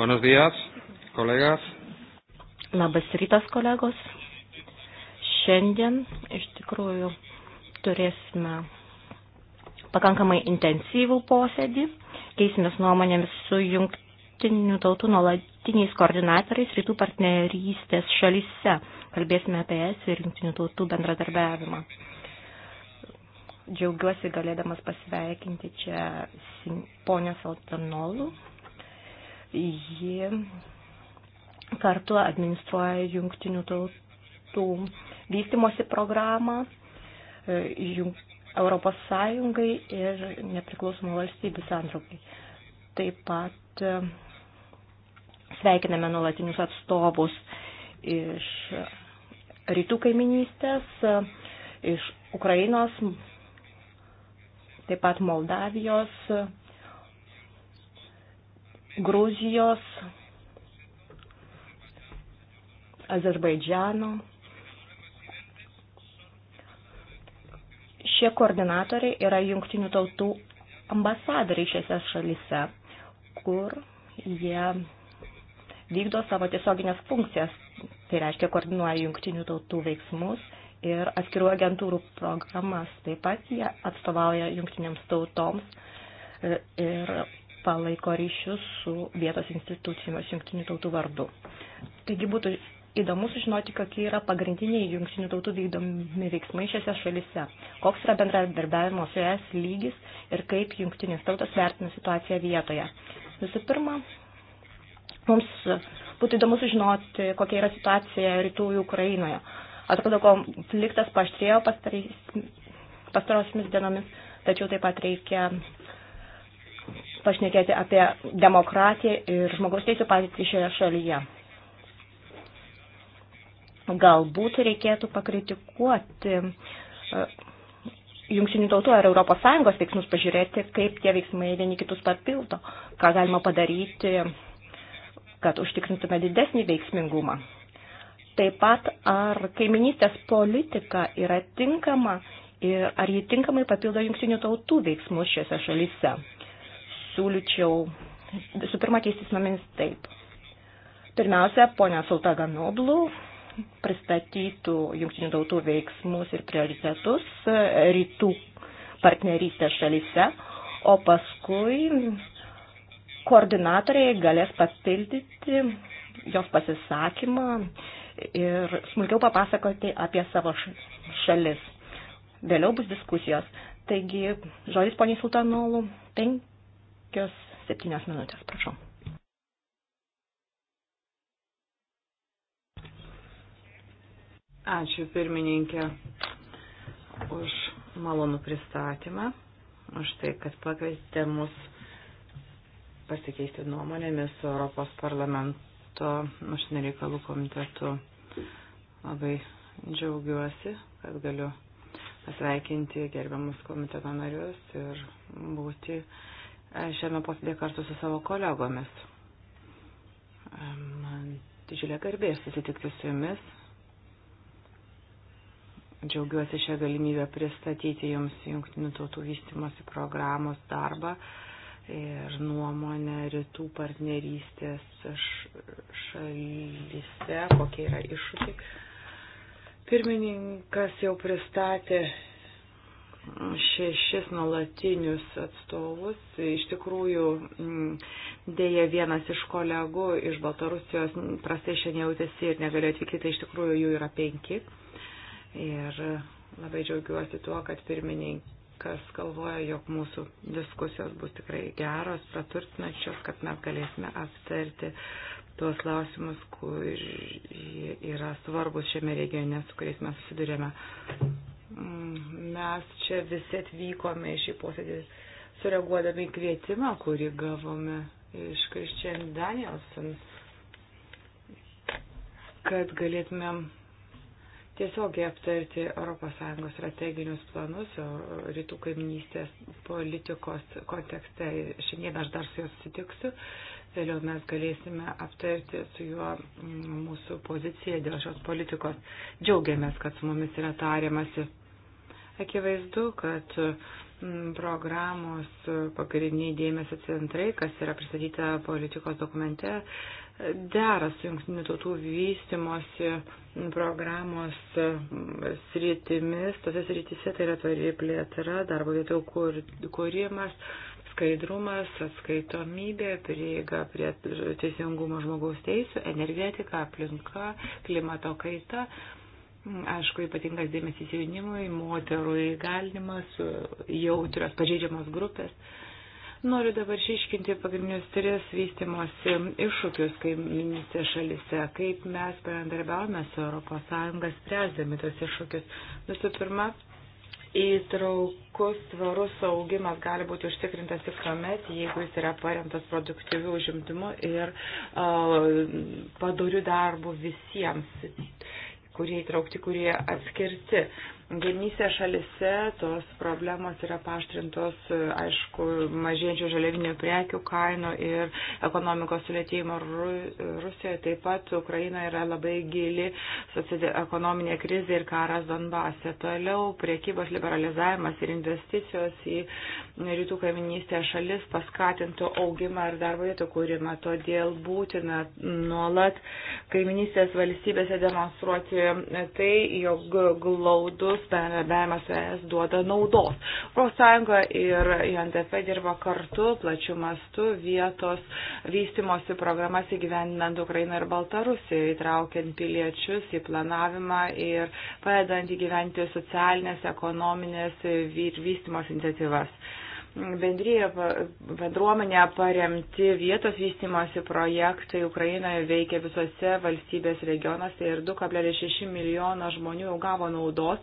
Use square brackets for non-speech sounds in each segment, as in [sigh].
Buenos días, kolegas. Labas rytas, kolegos. Šiandien iš tikrųjų turėsime pakankamai intensyvų posėdį. Keisimės nuomonėmis su jungtinių tautų nuolatiniais koordinatoriais rytų partnerystės šalyse. Kalbėsime apie es ir jungtinių tautų bendradarbiavimą. Džiaugiuosi galėdamas pasveikinti čia ponę Saltanolų, Ji kartu administruoja jungtinių tautų vystimosi programą e, Europos Sąjungai ir nepriklausomų valstybių santraukai. Taip pat e, sveikiname nuolatinius atstovus iš rytų kaiminystės, e, iš Ukrainos, taip pat Moldavijos, Gruzijos, Azerbaidžiano. Šie koordinatoriai yra jungtinių tautų ambasadoriai šiose šalise, kur jie vykdo savo tiesioginės funkcijas, tai reiškia koordinuoja jungtinių tautų veiksmus ir atskirų agentūrų programas. Taip pat jie atstovauja jungtinėms tautoms e, ir palaiko ryšius su vietos institucijomis jungtinių tautų vardu. Taigi būtų įdomu sužinoti, kokie yra pagrindiniai jungtinių tautų vykdomi veiksmai šiose šalise, koks yra bendradarbiavimo su ES lygis ir kaip jungtinės tautos vertina situaciją vietoje. Visų pirma, mums būtų įdomu sužinoti, kokia yra situacija rytų Ukrainoje. Atrodo, konfliktas paštrėjo pastarosiamis dienomis, tačiau taip pat reikia pašnekėti apie demokratiją ir žmogaus teisų patirtį šioje šalyje. Galbūt reikėtų pakritikuoti e, jungtinių tautų ar Europos Sąjungos veiksmus, pažiūrėti, kaip tie veiksmai vieni kitus papildo, ką galima padaryti, kad užtikrintume didesnį veiksmingumą. Taip pat, ar kaiminystės politika yra tinkama ir ar ji tinkamai papildo jungtinių tautų veiksmus šiuose šalyse siūlyčiau visų pirma keistis nuomis taip. Pirmiausia, ponia Sulta Ganoblų pristatytų jungtinių tautų veiksmus ir prioritetus rytų partnerystės šalyse, o paskui koordinatoriai galės papildyti jos pasisakymą ir smulkiau papasakoti apie savo šalis. Vėliau bus diskusijos. Taigi, žodis poniai Sultanolų, 5 Kios septynios minutės, prašau. Ačiū pirmininkė už malonų pristatymą, už tai, kad pakvietė mus pasikeisti nuomonėmis su Europos parlamento užsienio reikalų komitetu. Labai džiaugiuosi, kad galiu pasveikinti gerbiamus komiteto narius ir būti uh, šiame posėdėje kartu su savo kolegomis. Man didžiulė garbė susitikti su jumis. Džiaugiuosi šią galimybę pristatyti jums Junktinių tautų vystimosi programos darbą ir nuomonę rytų partnerystės šalyse, kokie yra iššūkiai. Pirmininkas jau pristatė šešis nuolatinius atstovus. Iš tikrųjų, mm, dėja vienas iš kolegų iš Baltarusijos prastai šiandien jautėsi ir negalėjo atvykti, tai iš tikrųjų jų yra penki. Ir labai džiaugiuosi tuo, kad pirmininkas galvoja, jog mūsų diskusijos bus tikrai geros, praturtinačios, kad mes galėsime aptarti tuos klausimus, kur yra svarbus šiame regione, su kuriais mes susidurėme mes čia visi atvykome į šį posėdį sureaguodami į kvietimą, kurį gavome iš Kristian Danielson, kad galėtumėm tiesiogiai aptarti ES strateginius planus rytų kaimynystės politikos kontekste. Šiandien aš dar su juo susitiksiu, vėliau mes galėsime aptarti su juo mūsų poziciją dėl šios politikos. Džiaugiamės, kad su mumis yra tariamasi. Akivaizdu, kad mm, programos pagrindiniai dėmesio centrai, kas yra pristatyta politikos dokumente, dera su jungtinių tautų vystimosi programos mm, sritimis, tose srityse tai yra tvari plėtra, darbo vietų kūrimas, skaidrumas, atskaitomybė, prieiga prie teisingumo žmogaus teisų, energetika, aplinka, klimato kaita. Aišku, ypatingas dėmesys jaunimui, moterų įgalinimas, jautrios pažeidžiamos grupės. Noriu dabar išiškinti pagrindinius tris vystimosi iššūkius kaiminėse šalise, kaip mes bendarbiaujame su ES spręsdami tos iššūkius. Visų pirma, įtraukus tvarus augimas gali būti užtikrintas tik tuomet, jeigu jis yra paremtas produktyviu užimtimu ir uh, padoriu darbu visiems kurie įtraukti, kurie atskirti. Gaiminysė šalise tos problemos yra paštrintos, aišku, mažėjančių žaliavinių prekių kainų ir ekonomikos sulėtėjimo Rusijoje. Taip pat Ukraina yra labai gili ekonominė krizė ir karas Donbase. Toliau priekybos liberalizavimas ir investicijos į rytų kaiminystę šalis paskatintų augimą ir darbo vietų kūrimą. Todėl būtina nuolat kaiminystės valstybėse demonstruoti tai, jog glaudus svarbus bendradarbiavimas su ES duoda naudos. Profsąjunga ir INDF dirba kartu, plačiu mastu, vietos vystimosi programas įgyvendinant Ukrainą ir Baltarusiją, įtraukiant piliečius į planavimą ir padedant įgyventi socialinės, ekonominės ir vystimos iniciatyvas bendryje bendruomenė paremti vietos vystimosi projektai Ukrainoje veikia visose valstybės regionuose ir 2,6 milijono žmonių jau gavo naudos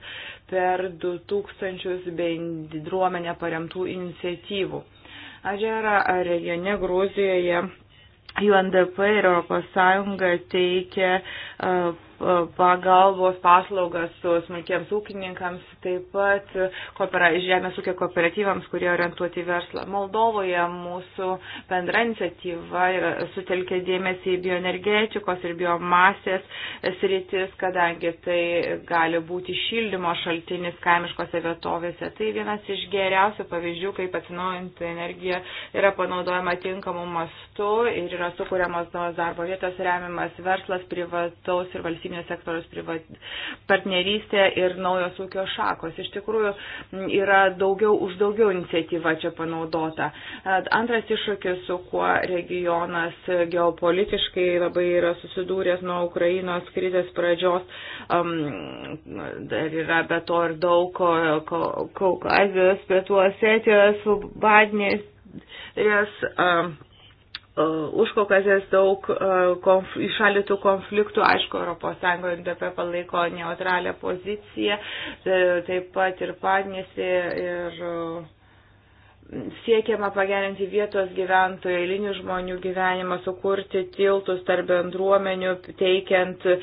per 2000 bendruomenė paremtų iniciatyvų. Adžera regione Gruzijoje UNDP ir ES teikia pagalbos paslaugas smulkiems ūkininkams taip pat koopera, žemės ūkio kooperatyvams, kurie orientuoti verslą. Moldovoje mūsų bendra iniciatyva sutelkė dėmesį į bioenergetikos ir biomasės sritis, kadangi tai gali būti šildymo šaltinis kaimiškose vietovėse. Tai vienas iš geriausių pavyzdžių, kaip atsinaujinti energiją yra panaudojama tinkamu mastu ir yra sukūriamos naujos darbo vietos, remiamas verslas, privataus ir valstybinės sektoriaus privat... partnerystė ir naujos ūkio šakos Kazakos. Iš tikrųjų yra daugiau už daugiau iniciatyva čia panaudota. Antras iššūkis, su kuo regionas geopolitiškai labai yra susidūręs nuo Ukrainos krizės pradžios, dar yra be to ir daug Kaukazijos, Pietų Osetijos, Badnės. Ries, um, E, užkaukazės daug e, konf, išalytų konfliktų, aišku, ES NDP palaiko neutralią poziciją, e, taip pat ir Padnėsi ir siekiama pagerinti vietos gyventojų, eilinių žmonių gyvenimą, sukurti tiltus tarp bendruomenių, teikiant e,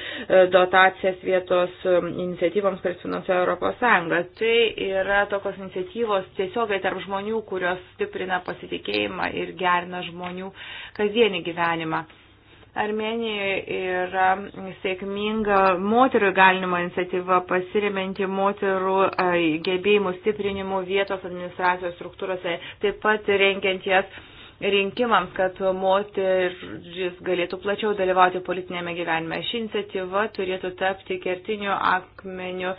dotacijas vietos e, iniciatyvams, kurias finansuoja ES. Tai yra tokios iniciatyvos tiesiogiai tarp žmonių, kurios stiprina pasitikėjimą ir gerina žmonių kasdienį gyvenimą. Armenijoje yra sėkminga moterų galinimo iniciatyva pasiriminti moterų e, gebėjimų stiprinimu vietos administracijos struktūrose, taip pat rengiant jas rinkimams, kad moteris galėtų plačiau dalyvauti politinėme gyvenime. Ši iniciatyva turėtų tapti kertiniu akmeniu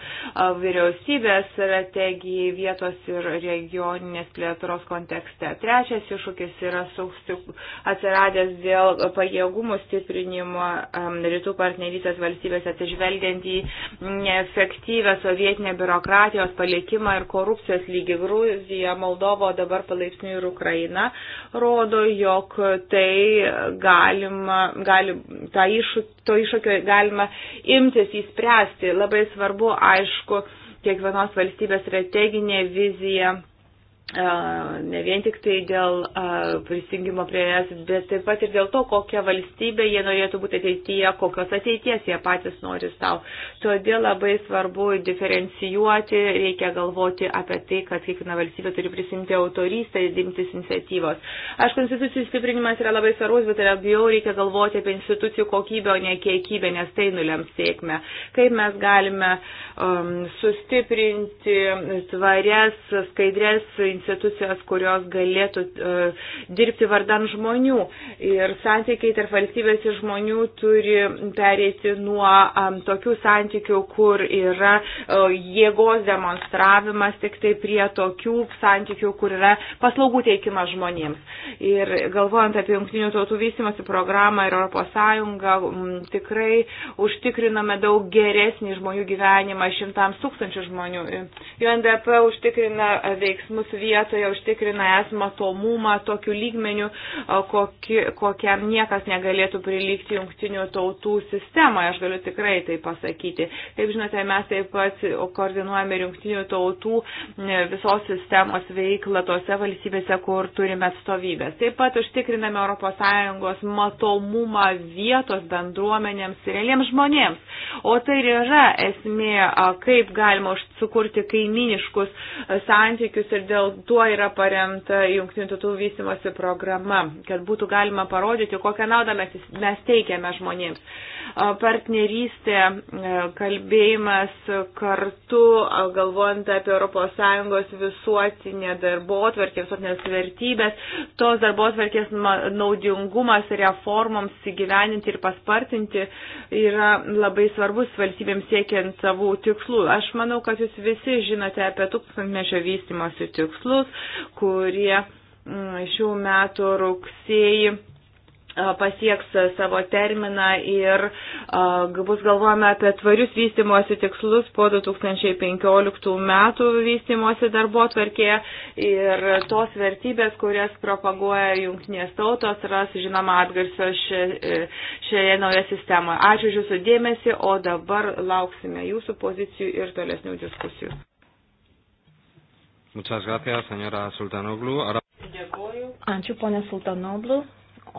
vyriausybės strategijai vietos ir regioninės plėtros kontekste. Trečias iššūkis yra atsiradęs dėl pajėgumų stiprinimo rytų partnerystės valstybės atsižvelgiant į neefektyvę sovietinę biurokratijos palikimą ir korupcijos lygį Gruzija, Moldovo, dabar palaipsniui ir Ukraina. Ro rodo, jog tai galima, gali, tą iššūk, to iššūkio galima imtis įspręsti. Labai svarbu, aišku, kiekvienos valstybės strateginė vizija ne vien tik tai dėl prisijungimo prie ES, bet taip pat ir dėl to, kokią valstybę jie norėtų būti ateityje, kokios ateities jie patys nori savo. Todėl labai svarbu diferencijuoti, reikia galvoti apie tai, kad kiekviena valstybė turi prisimti autorystę ir dimtis iniciatyvos. Aš konstitucijų stiprinimas yra labai svarbus, bet labiau reikia galvoti apie institucijų kokybę, o ne kiekybę, nes tai nulems sėkmę. Kaip mes galime um, sustiprinti tvarias, skaidrės institucijas institucijos, kurios galėtų uh, dirbti vardan žmonių. Ir santykiai tarp valstybės ir žmonių turi pereiti nuo um, tokių santykių, kur yra uh, jėgos demonstravimas, tik tai prie tokių santykių, kur yra paslaugų teikimas žmonėms. Ir galvojant apie Junktinių tautų vystimosi programą ir Europos Sąjungą, m, tikrai užtikriname daug geresnį žmonių gyvenimą šimtams tūkstančių žmonių. UNDP užtikrina veiksmus vietoje užtikrina esmatomumą tokiu lygmeniu, kokiam niekas negalėtų prilygti jungtinių tautų sistemoje. Aš galiu tikrai tai pasakyti. Kaip žinote, mes taip pat koordinuojame jungtinių tautų visos sistemos veiklą tose valstybėse, kur turime atstovybės. Taip pat užtikriname ES matomumą vietos bendruomenėms ir realiems žmonėms. O tai ir yra esmė, kaip galima sukurti kaiminiškus santykius ir dėl tuo yra paremta jungtinių tautų vystimosi programa, kad būtų galima parodyti, kokią naudą mes, mes teikiame žmonėms. Partnerystė, kalbėjimas kartu, galvojant apie ES visuotinę darbo atverkį, visuotinės vertybės, tos darbo atverkės naudingumas reformoms įgyveninti ir paspartinti yra labai svarbus valstybėms siekiant savų tikslų. Aš manau, kad jūs visi žinote apie tūkstantmečio vystimosi tikslus tikslus, kurie mm, šių metų rugsėjai pasieks savo terminą ir bus galvojame apie tvarius vystimosi tikslus po 2015 metų vystimosi darbo tvarkėje ir tos vertybės, kurias propaguoja jungtinės tautos, ras žinoma atgarsio e, šioje naujoje sistemoje. Ačiū Jūsų dėmesį, o dabar lauksime Jūsų pozicijų ir tolesnių diskusijų. Muchas gracias, senora Sultanoglu. Ara... Dėkuoju. Ačiū, ponė Sultanoglu.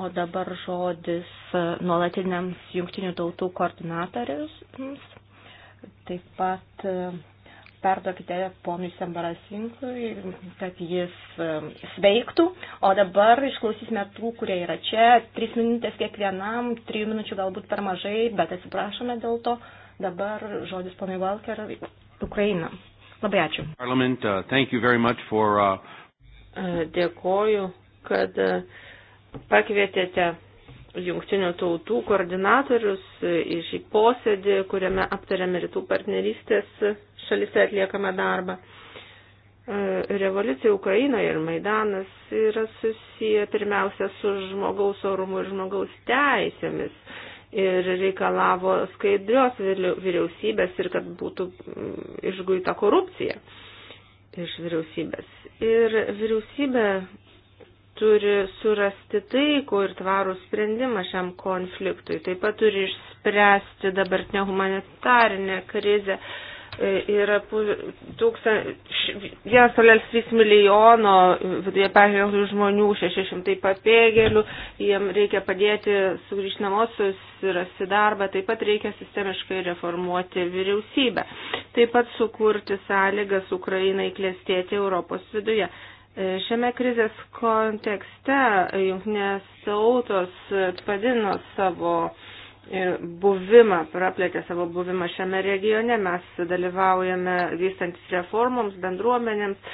O dabar žodis e, nuolatiniams jungtinių tautų koordinatoriams. Taip pat e, perduokite ponui Sembarasinkui, kad jis e, sveiktų. O dabar išklausysime tų, kurie yra čia. Tris minutės kiekvienam, trijų minučių galbūt per mažai, bet atsiprašome dėl to. Dabar žodis ponui Valker, Ukraina. Labai ačiū. Uh, for, uh... Dėkoju, kad pakvietėte jungtinių tautų koordinatorius į šį posėdį, kuriame aptariame rytų partnerystės šalise atliekamą darbą. Revoliucija Ukrainoje ir Maidanas yra susiję pirmiausia su žmogaus orumu ir žmogaus teisėmis ir reikalavo skaidrios vyriausybės ir kad būtų mm, išguita korupcija iš vyriausybės. Ir vyriausybė turi surasti taikų ir tvarų sprendimą šiam konfliktui. Taip pat turi išspręsti dabartinę humanitarinę krizę E, yra 1,3 milijono viduje peržiūrėtų žmonių, 600 papėgėlių, jiems reikia padėti sugrįžti namosius ir įsidarbą, taip pat reikia sistemiškai reformuoti vyriausybę, taip pat sukurti sąlygas Ukrainai klėstėti Europos viduje. E, šiame krizės kontekste jungtinės tautos padino savo uh, E, buvimą, praplėtė savo buvimą šiame regione. Mes dalyvaujame vystantis reformoms, bendruomenėms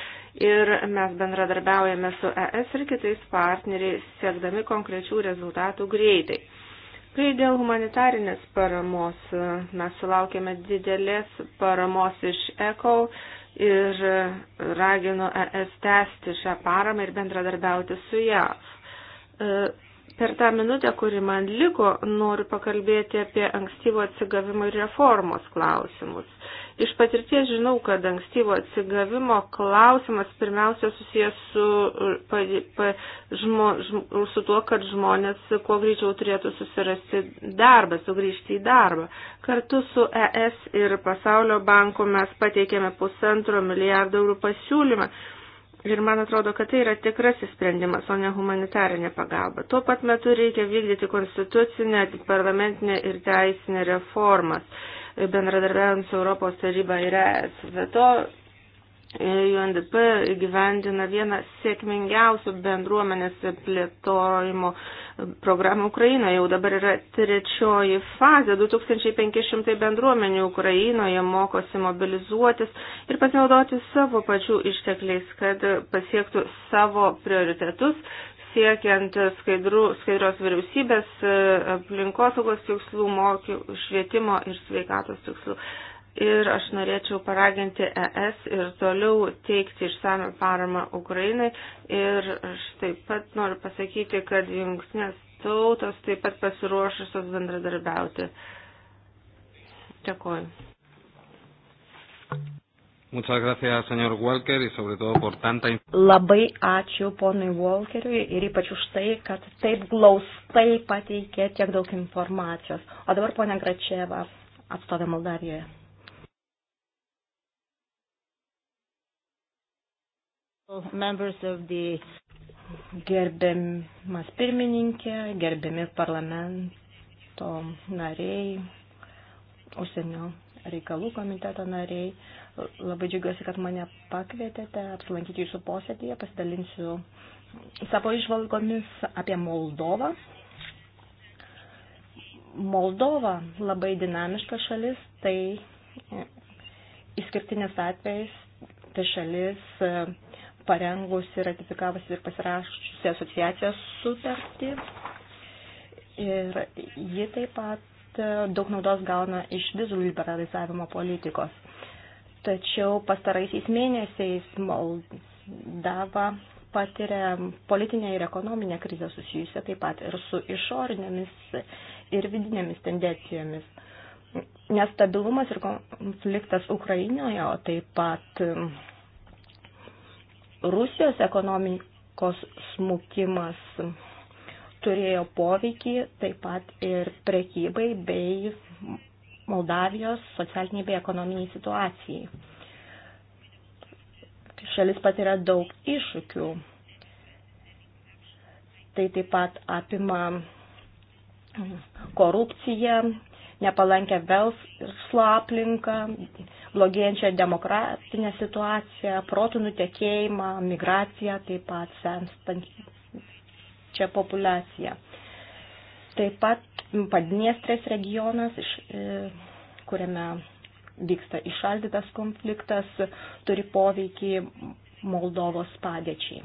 ir mes bendradarbiaujame su ES ir kitais partneriais, siekdami konkrečių rezultatų greitai. Kai dėl humanitarinės paramos e, mes sulaukėme didelės paramos iš ECO ir ragino ES tęsti šią paramą ir bendradarbiauti su JAV. E Per tą minutę, kuri man liko, noriu pakalbėti apie ankstyvo atsigavimo ir reformos klausimus. Iš patirties žinau, kad ankstyvo atsigavimo klausimas pirmiausia susijęs su, pa, pa, žmo, žm, su tuo, kad žmonės kuo greičiau turėtų susirasti darbą, sugrįžti į darbą. Kartu su ES ir Pasaulio banku mes pateikėme pusantro milijardo eurų pasiūlymą Ir man atrodo, kad tai yra tikrasis sprendimas, o ne humanitarinė pagalba. Tuo pat metu reikia vykdyti konstitucinę, parlamentinę ir teisinę reformas, bendradarbiavant su Europos taryba ir ES. Be to, UNDP gyvendina vieną sėkmingiausių bendruomenės plėtojimo programų Ukrainoje. Jau dabar yra trečioji fazė. 2500 bendruomenių Ukrainoje mokosi mobilizuotis ir pasinaudoti savo pačių ištekliais, kad pasiektų savo prioritetus, siekiant skaidrų, skaidros vyriausybės, aplinkosaugos tikslų, mokymo, švietimo ir sveikatos tikslų ir aš norėčiau paraginti ES ir toliau teikti išsame paramą Ukrainai. Ir aš taip pat noriu pasakyti, kad jungtinės tautos taip pat pasiruošusios bendradarbiauti. Dėkuoju. Muchas gracias, señor Walker, y sobre todo por tanta Labai ačiū ponui Walkeriui ir ypač už tai, kad taip glaustai pateikė tiek daug informacijos. O dabar ponia Gračieva atstovė Moldavijoje. Gerbiamas pirmininkė, gerbiami parlamento nariai, užsienio reikalų komiteto nariai, labai džiugiuosi, kad mane pakvietėte apsilankyti jūsų posėdėje, pasidalinsiu savo išvalgomis apie Moldovą. Moldova labai dinamiška šalis, tai išskirtinis atvejs, tai šalis parengusi, ratifikavusi ir pasirašusi asociacijos sutartį. Ir ji taip pat e, daug naudos gauna iš vizų liberalizavimo politikos. Tačiau pastaraisiais mėnesiais Moldava patiria politinę ir ekonominę krizę susijusią taip pat ir su išorinėmis ir vidinėmis tendencijomis. Nestabilumas ir konfliktas Ukrainoje, o taip pat Rusijos ekonomikos smukimas turėjo poveikį taip pat ir prekybai bei Moldavijos socialiniai bei ekonominiai situacijai. Šalis patiria daug iššūkių. Tai taip pat apima korupciją, nepalankę verslo aplinką, blogėjančią demokratinę situaciją, protų nutekėjimą, migraciją, taip pat senstančią populaciją. Taip pat Padniestrės regionas, iš, e, kuriame vyksta išaldytas konfliktas, turi poveikį Moldovos padėčiai.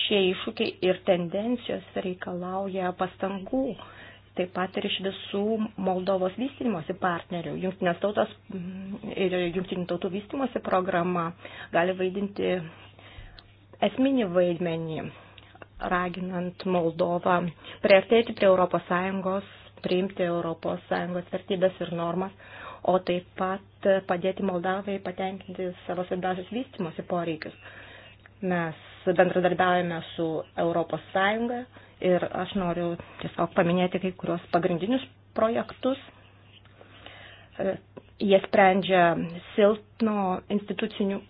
Šie iššūkiai ir tendencijos reikalauja pastangų taip pat ir iš visų Moldovos vystimosi partnerių. Jungtinės tautos mm, ir Jungtinių tautų vystimosi programa gali vaidinti esminį vaidmenį, raginant Moldovą priartėti prie ES, priimti ES vertybės ir normas, o taip pat padėti Moldavai patenkinti savo svarbiausius vystimosi poreikius. Mes bendradarbiavame su ES ir aš noriu tiesiog paminėti kai kurios pagrindinius projektus. E, jie sprendžia silpno institucinių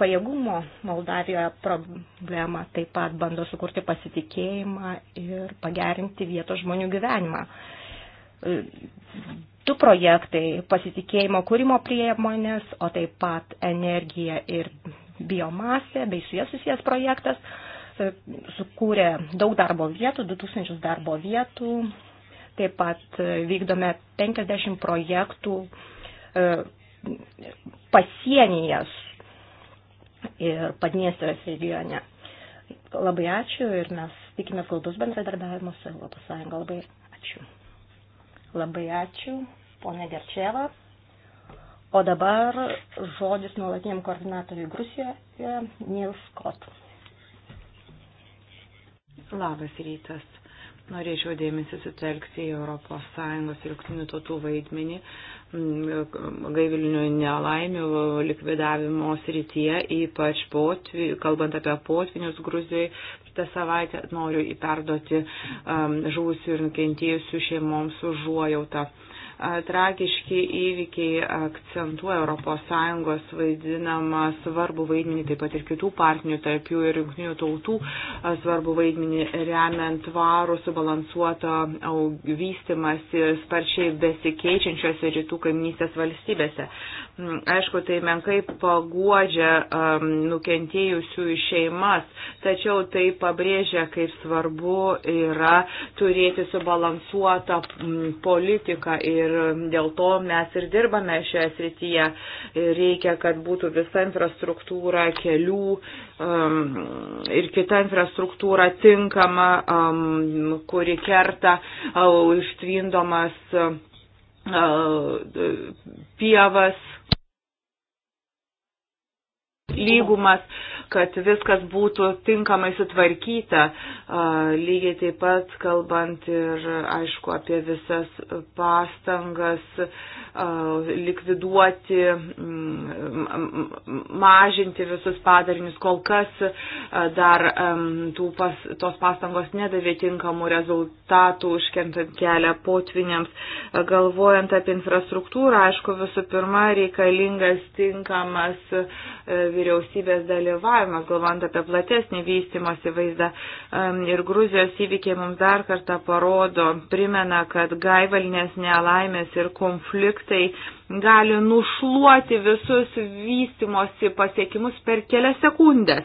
pajėgumo Moldavijoje problemą, taip pat bando sukurti pasitikėjimą ir pagerinti vietos žmonių gyvenimą. E, du projektai - pasitikėjimo kūrimo priemonės, o taip pat energija ir biomasė bei su jie susijęs projektas e, sukūrė daug darbo vietų, 2000 darbo vietų, taip pat e, vykdome 50 projektų e, pasienyje ir Padniestrės regione. Labai ačiū ir mes tikime glaudus bendradarbiavimo su ES. Labai ačiū. Labai ačiū, ponė Derčeva. O dabar žodis nuolatiniam koordinatoriui Grusijoje, Nils Scott. Labas rytas. Norėčiau dėmesį sutelkti į ES ir Junktinių tautų vaidmenį mm, gaivilinių nelaimių likvidavimo srityje, ypač potvi, kalbant apie potvinius Gruzijai. Šitą savaitę noriu įperduoti um, mm, žuvusių ir nukentėjusių šeimoms užuojautą. Už tragiški įvykiai akcentuoja ES vaidinamą svarbų vaidmenį, taip pat ir kitų partnerių, tarp jų ir jungtinių tautų svarbų vaidmenį, remiant tvarų, subalansuotą vystimas ir sparčiai besikeičiančiose rytų kaiminystės valstybėse. Mm, aišku, tai menkai paguodžia um, nukentėjusių šeimas, tačiau tai pabrėžia, kaip svarbu yra turėti subalansuotą mm, politiką ir mm, dėl to mes ir dirbame šioje srityje. Reikia, kad būtų visa infrastruktūra, kelių um, ir kita infrastruktūra tinkama, um, kuri kerta, uh, ištvindomas uh, pievas, lygumas, kad viskas būtų tinkamai sutvarkyta. Lygiai taip pat kalbant ir, aišku, apie visas pastangas likviduoti, mažinti visus padarinius. Kol kas dar pas, tos pastangos nedavė tinkamų rezultatų, užkentant kelią potviniams. Galvojant apie infrastruktūrą, aišku, visų pirma reikalingas tinkamas e, vyriausybės dalyvavimas, galvant apie platesnį vystimosi vaizdą. Ir Gruzijos įvykiai mums dar kartą parodo, primena, kad gaivalinės nelaimės ir konfliktai gali nušluoti visus vystimosi pasiekimus per kelias sekundės.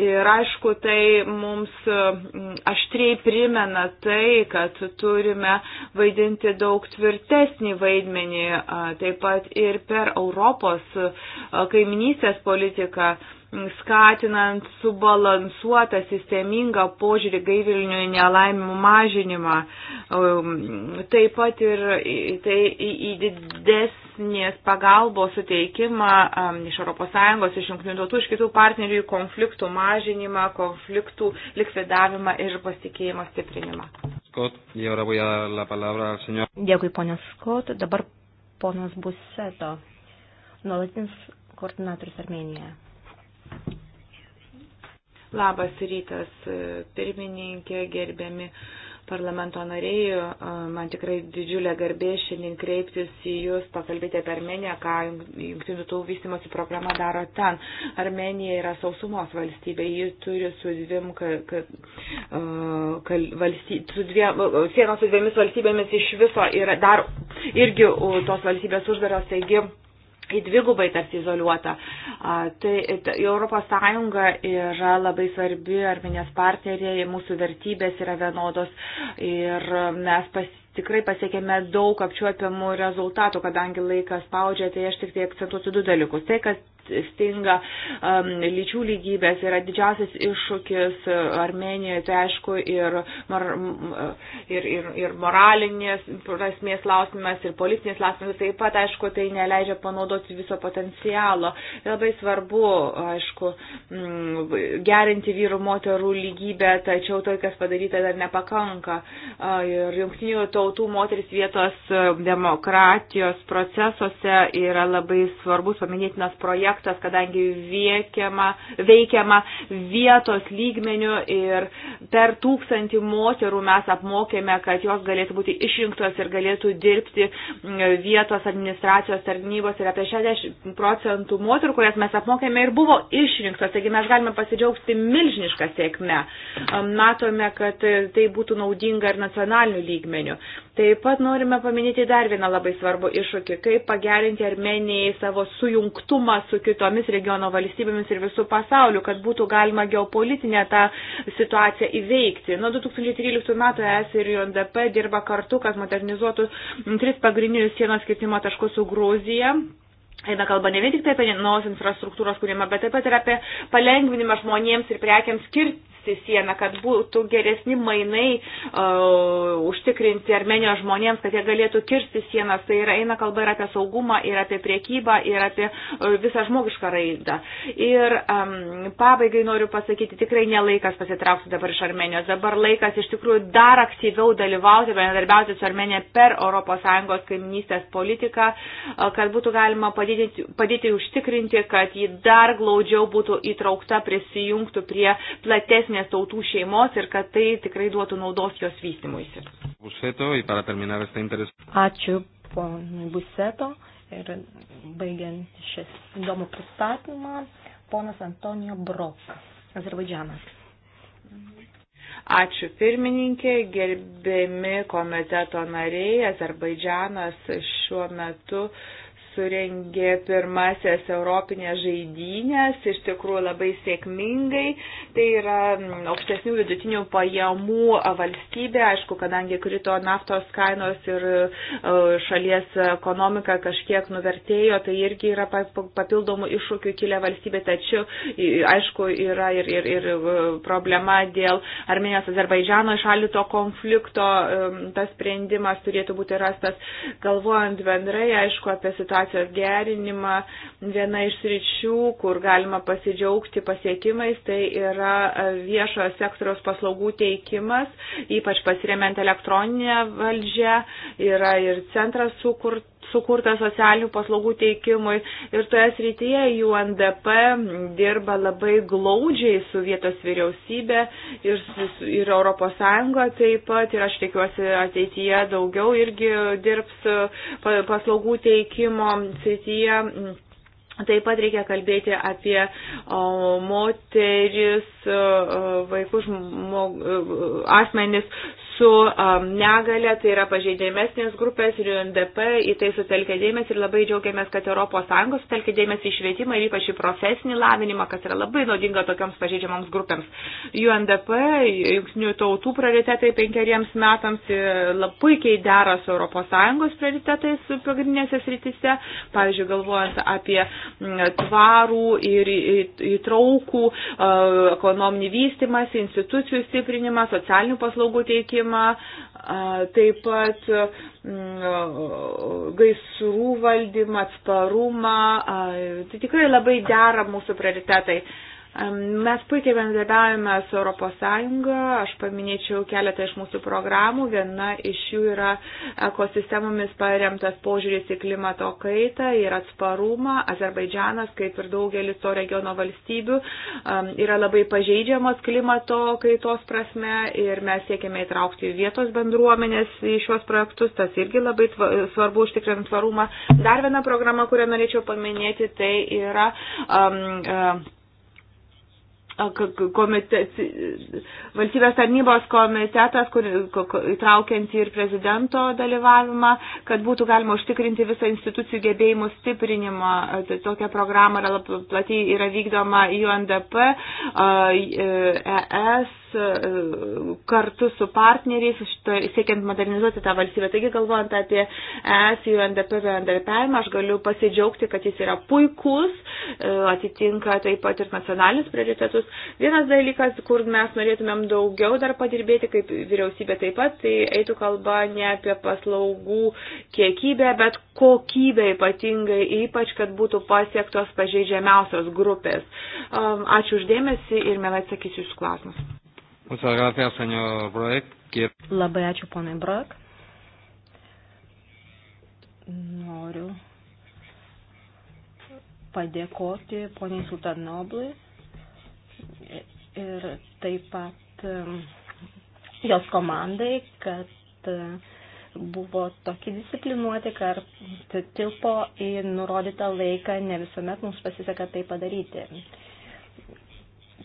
Ir aišku, tai mums mm, aštriai primena tai, kad turime vaidinti daug tvirtesnį vaidmenį, taip pat ir per Europos kaiminystės politiką Mm, skatinant subalansuotą sistemingą požiūrį gaivilinių nelaimimų mažinimą. Um, taip pat ir tai į didesnės pagalbos suteikimą um, iš ES, iš jungtinių tautų, iš kitų partnerių į konfliktų mažinimą, konfliktų likvidavimą ir pasitikėjimo stiprinimą. Scott, y ahora voy a dar la palabra al señor. Dėkui, ponas Scott. Dabar ponas Buseto, nuolatinis koordinatorius Armenijoje. Labas rytas, pirmininkė, gerbiami parlamento nariai. Man tikrai didžiulė garbė šiandien kreiptis į Jūs, pakalbėti apie Armeniją, ką Junktinių tautų vystimosi programa daro ten. Armenija yra sausumos valstybė, ji turi su dviem, ka, ka, kal, valsty, su dviem sienos su dviemis valstybėmis iš viso yra dar irgi tos valstybės uždaros, taigi į dvigubai tarsi izoliuota. Tai Europos Sąjunga yra labai svarbi armenės partneriai, mūsų vertybės yra vienodos ir mes pas, tikrai pasiekėme daug apčiuopiamų rezultatų, kadangi laikas spaudžia, tai aš tik tai akcentuosiu du dalykus. Tai, kas stinga um, lyčių lygybės, yra didžiausias iššūkis Armenijoje, tai aišku, ir, mar, ir, ir, ir moralinės prasmės klausimas, ir politinės klausimas, taip pat, aišku, tai neleidžia panaudoti viso potencialo. Labai svarbu, aišku, gerinti vyrų moterų lygybę, tačiau tai, kas padaryta, dar nepakanka. Ir jungtinių tautų moteris vietos demokratijos procesuose yra labai svarbus paminėtinas projektas projektas, kadangi viekiama, veikiama vietos lygmenių ir per tūkstantį moterų mes apmokėme, kad jos galėtų būti išrinktos ir galėtų dirbti mm, vietos administracijos tarnybos ir apie 60 procentų moterų, kurias mes apmokėme ir buvo išrinktos. Taigi mes galime pasidžiaugti milžinišką sėkmę. Matome, kad tai būtų naudinga ir nacionaliniu lygmeniu. Taip pat norime paminėti dar vieną labai svarbų iššūkį, kaip pagerinti Armenijai savo sujungtumą su kitomis regiono valstybėmis ir visų pasauliu, kad būtų galima geopolitinę tą situaciją įveikti. Nuo 2013 metų ES ir UNDP dirba kartu, kad modernizuotų tris pagrindinius sienos kirtimo taškus su Gruzija. Eina kalba ne vien tik tai apie naujos infrastruktūros kūrimą, bet taip pat ir apie palengvinimą žmonėms ir prekiams skirti sieną, kad būtų geresni mainai uh, užtikrinti Armenijos žmonėms, kad jie galėtų kirsti sienas. Tai yra, eina kalba ir apie saugumą, ir apie priekybą, ir apie uh, visą žmogišką raidą. Ir um, pabaigai noriu pasakyti, tikrai nelaikas pasitraukti dabar iš Armenijos. Dabar laikas iš tikrųjų dar aktyviau dalyvauti, bendradarbiauti su Armenija per ES kaiminystės politiką, e, kad būtų galima padėti, padėti užtikrinti, kad ji dar glaudžiau būtų įtraukta, prisijungtų prie platesnio jungtinės tautų šeimos ir kad tai tikrai duotų naudos jos vystimuisi. Ačiū ponui Buseto ir baigiant šis įdomų pristatymą, ponas Antonijo Brok, Azerbaidžianas. Ačiū pirmininkė, gerbiami komiteto nariai, Azerbaidžianas šiuo metu uh, surengė pirmasias Europinės žaidynės, iš tikrųjų labai sėkmingai. Tai yra mm, aukštesnių vidutinių pajamų valstybė, aišku, kadangi krito naftos kainos ir e, šalies ekonomika kažkiek nuvertėjo, tai irgi yra papildomų iššūkių kilę valstybė, tačiau, aišku, yra ir, ir, ir e, problema dėl Armenijos Azerbaidžiano šalito konflikto, tas sprendimas turėtų būti rastas, galvojant bendrai, aišku, apie situaciją situacijos gerinimą. Viena iš sričių, kur galima pasidžiaugti pasiekimais, tai yra e, viešojo sektoriaus paslaugų teikimas, ypač pasiremiant elektroninę valdžią. Yra ir centras sukurtas sukurta socialinių paslaugų teikimui ir toje srityje UNDP dirba labai glaudžiai su vietos vyriausybė ir, ir Europos Sąjunga taip pat ir aš tikiuosi ateityje daugiau irgi dirbs paslaugų teikimo srityje. Taip pat reikia kalbėti apie o, moteris, vaikus, žmog, asmenis su um, negale, tai yra pažeidėmesnės grupės ir UNDP į tai sutelkė dėmesį ir labai džiaugiamės, kad ES sutelkė dėmesį į švietimą ir ypač į profesinį lavinimą, kas yra labai naudinga tokioms pažeidžiamoms grupėms. UNDP, jungtinių tautų prioritetai penkeriems metams labai dera su ES prioritetais pagrindinėse sritise, pavyzdžiui, galvojant apie mm, tvarų ir įtraukų ekonominį vystimąsi, institucijų stiprinimą, socialinių paslaugų teikimą valdymą, taip pat gaisrų valdymą, atsparumą. Tai tikrai labai dera mūsų prioritetai. Mes puikiai bendradarbiavame su ES, aš paminėčiau keletą iš mūsų programų, viena iš jų yra ekosistemomis paremtas požiūris į klimato kaitą ir atsparumą. Azerbaidžianas, kaip ir daugelis to regiono valstybių, yra labai pažeidžiamas klimato kaitos prasme ir mes siekiame įtraukti vietos bendruomenės į šios projektus, tas irgi labai svarbu užtikrinti tvarumą. Dar viena programa, kurią norėčiau paminėti, tai yra um, um, komite, valstybės tarnybos komitetas, kur įtraukianti ir prezidento dalyvavimą, kad būtų galima užtikrinti visą institucijų gebėjimų stiprinimą. Tai tokia programa yra platiai yra vykdoma UNDP, ES e E, kartu su partneriais, šito, siekiant modernizuoti tą valstybę. Taigi, galvojant apie ES ir NDP bendarbiavimą, aš galiu pasidžiaugti, kad jis yra puikus, e, atitinka taip pat ir nacionalinius prioritetus. Vienas dalykas, kur mes norėtumėm daugiau dar padirbėti, kaip vyriausybė taip pat, tai eitų kalba ne apie paslaugų kiekybę, bet kokybę ypatingai, ypač, kad būtų pasiektos pažeidžiamiausios grupės. Um, ačiū uždėmesi ir mielai atsakysiu jūsų klausimus. Labai ačiū, ponai Brok. Noriu padėkoti poniai Sultanoblui ir taip pat jos komandai, kad buvo tokie disciplinuoti, kad tilpo į nurodytą laiką, ne visuomet mums pasiseka tai padaryti.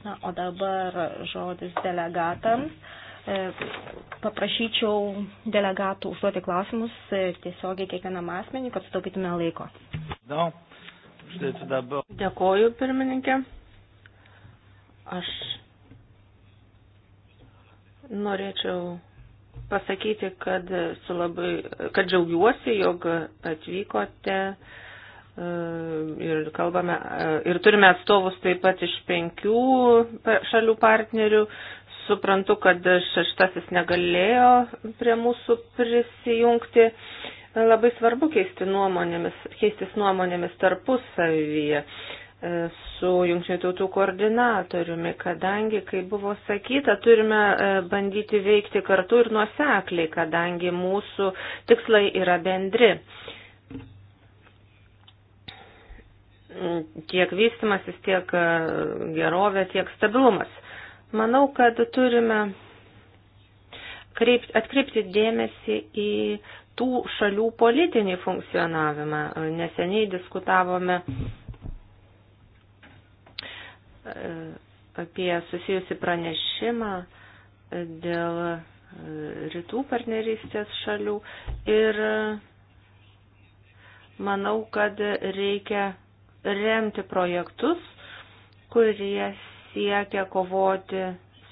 Na, o dabar žodis delegatams. E, paprašyčiau delegatų užduoti klausimus e, tiesiogiai kiekvienam asmeniui, kad sutaupytume laiko. Dėkoju, pirmininkė. Aš norėčiau pasakyti, kad, labai, kad džiaugiuosi, jog atvykote Ehm, ir, kalbame, e, ir turime atstovus taip pat iš penkių šalių partnerių. Suprantu, kad šeštasis negalėjo prie mūsų prisijungti. E, labai svarbu keisti nuomonėmis, keistis nuomonėmis tarpusavyje e, su jungtinių tautų koordinatoriumi, kadangi, kaip buvo sakyta, turime bandyti veikti kartu ir nuosekliai, kadangi mūsų tikslai yra bendri. tiek vystimasis, tiek e, gerovė, tiek stabilumas. Manau, kad turime kreipti, atkreipti dėmesį į tų šalių politinį funkcionavimą. Neseniai diskutavome e, apie susijusi pranešimą dėl e, rytų partnerystės šalių ir manau, kad reikia remti projektus, kurie siekia kovoti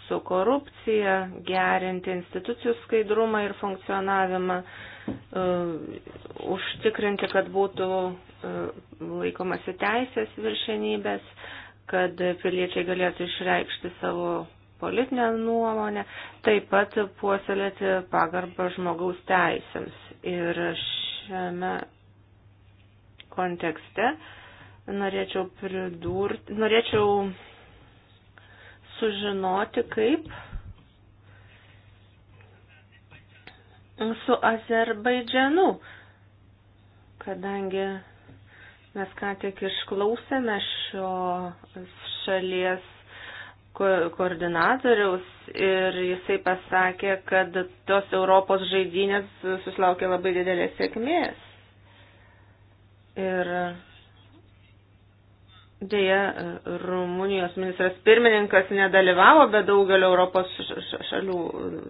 su korupcija, gerinti institucijų skaidrumą ir funkcionavimą, e, užtikrinti, kad būtų e, laikomasi teisės viršenybės, kad piliečiai galėtų išreikšti savo politinę nuomonę, taip pat puoselėti pagarbą žmogaus teisėms. Ir šiame kontekste uh, norėčiau pridurti, norėčiau sužinoti, kaip su Azerbaidžianu, kadangi mes ką tik išklausėme šio šalies ko koordinatoriaus ir jisai pasakė, kad tos Europos žaidynės susilaukė labai didelės sėkmės. Ir Deja, Rumunijos ministras pirmininkas nedalyvavo, bet daugelio Europos šalių e,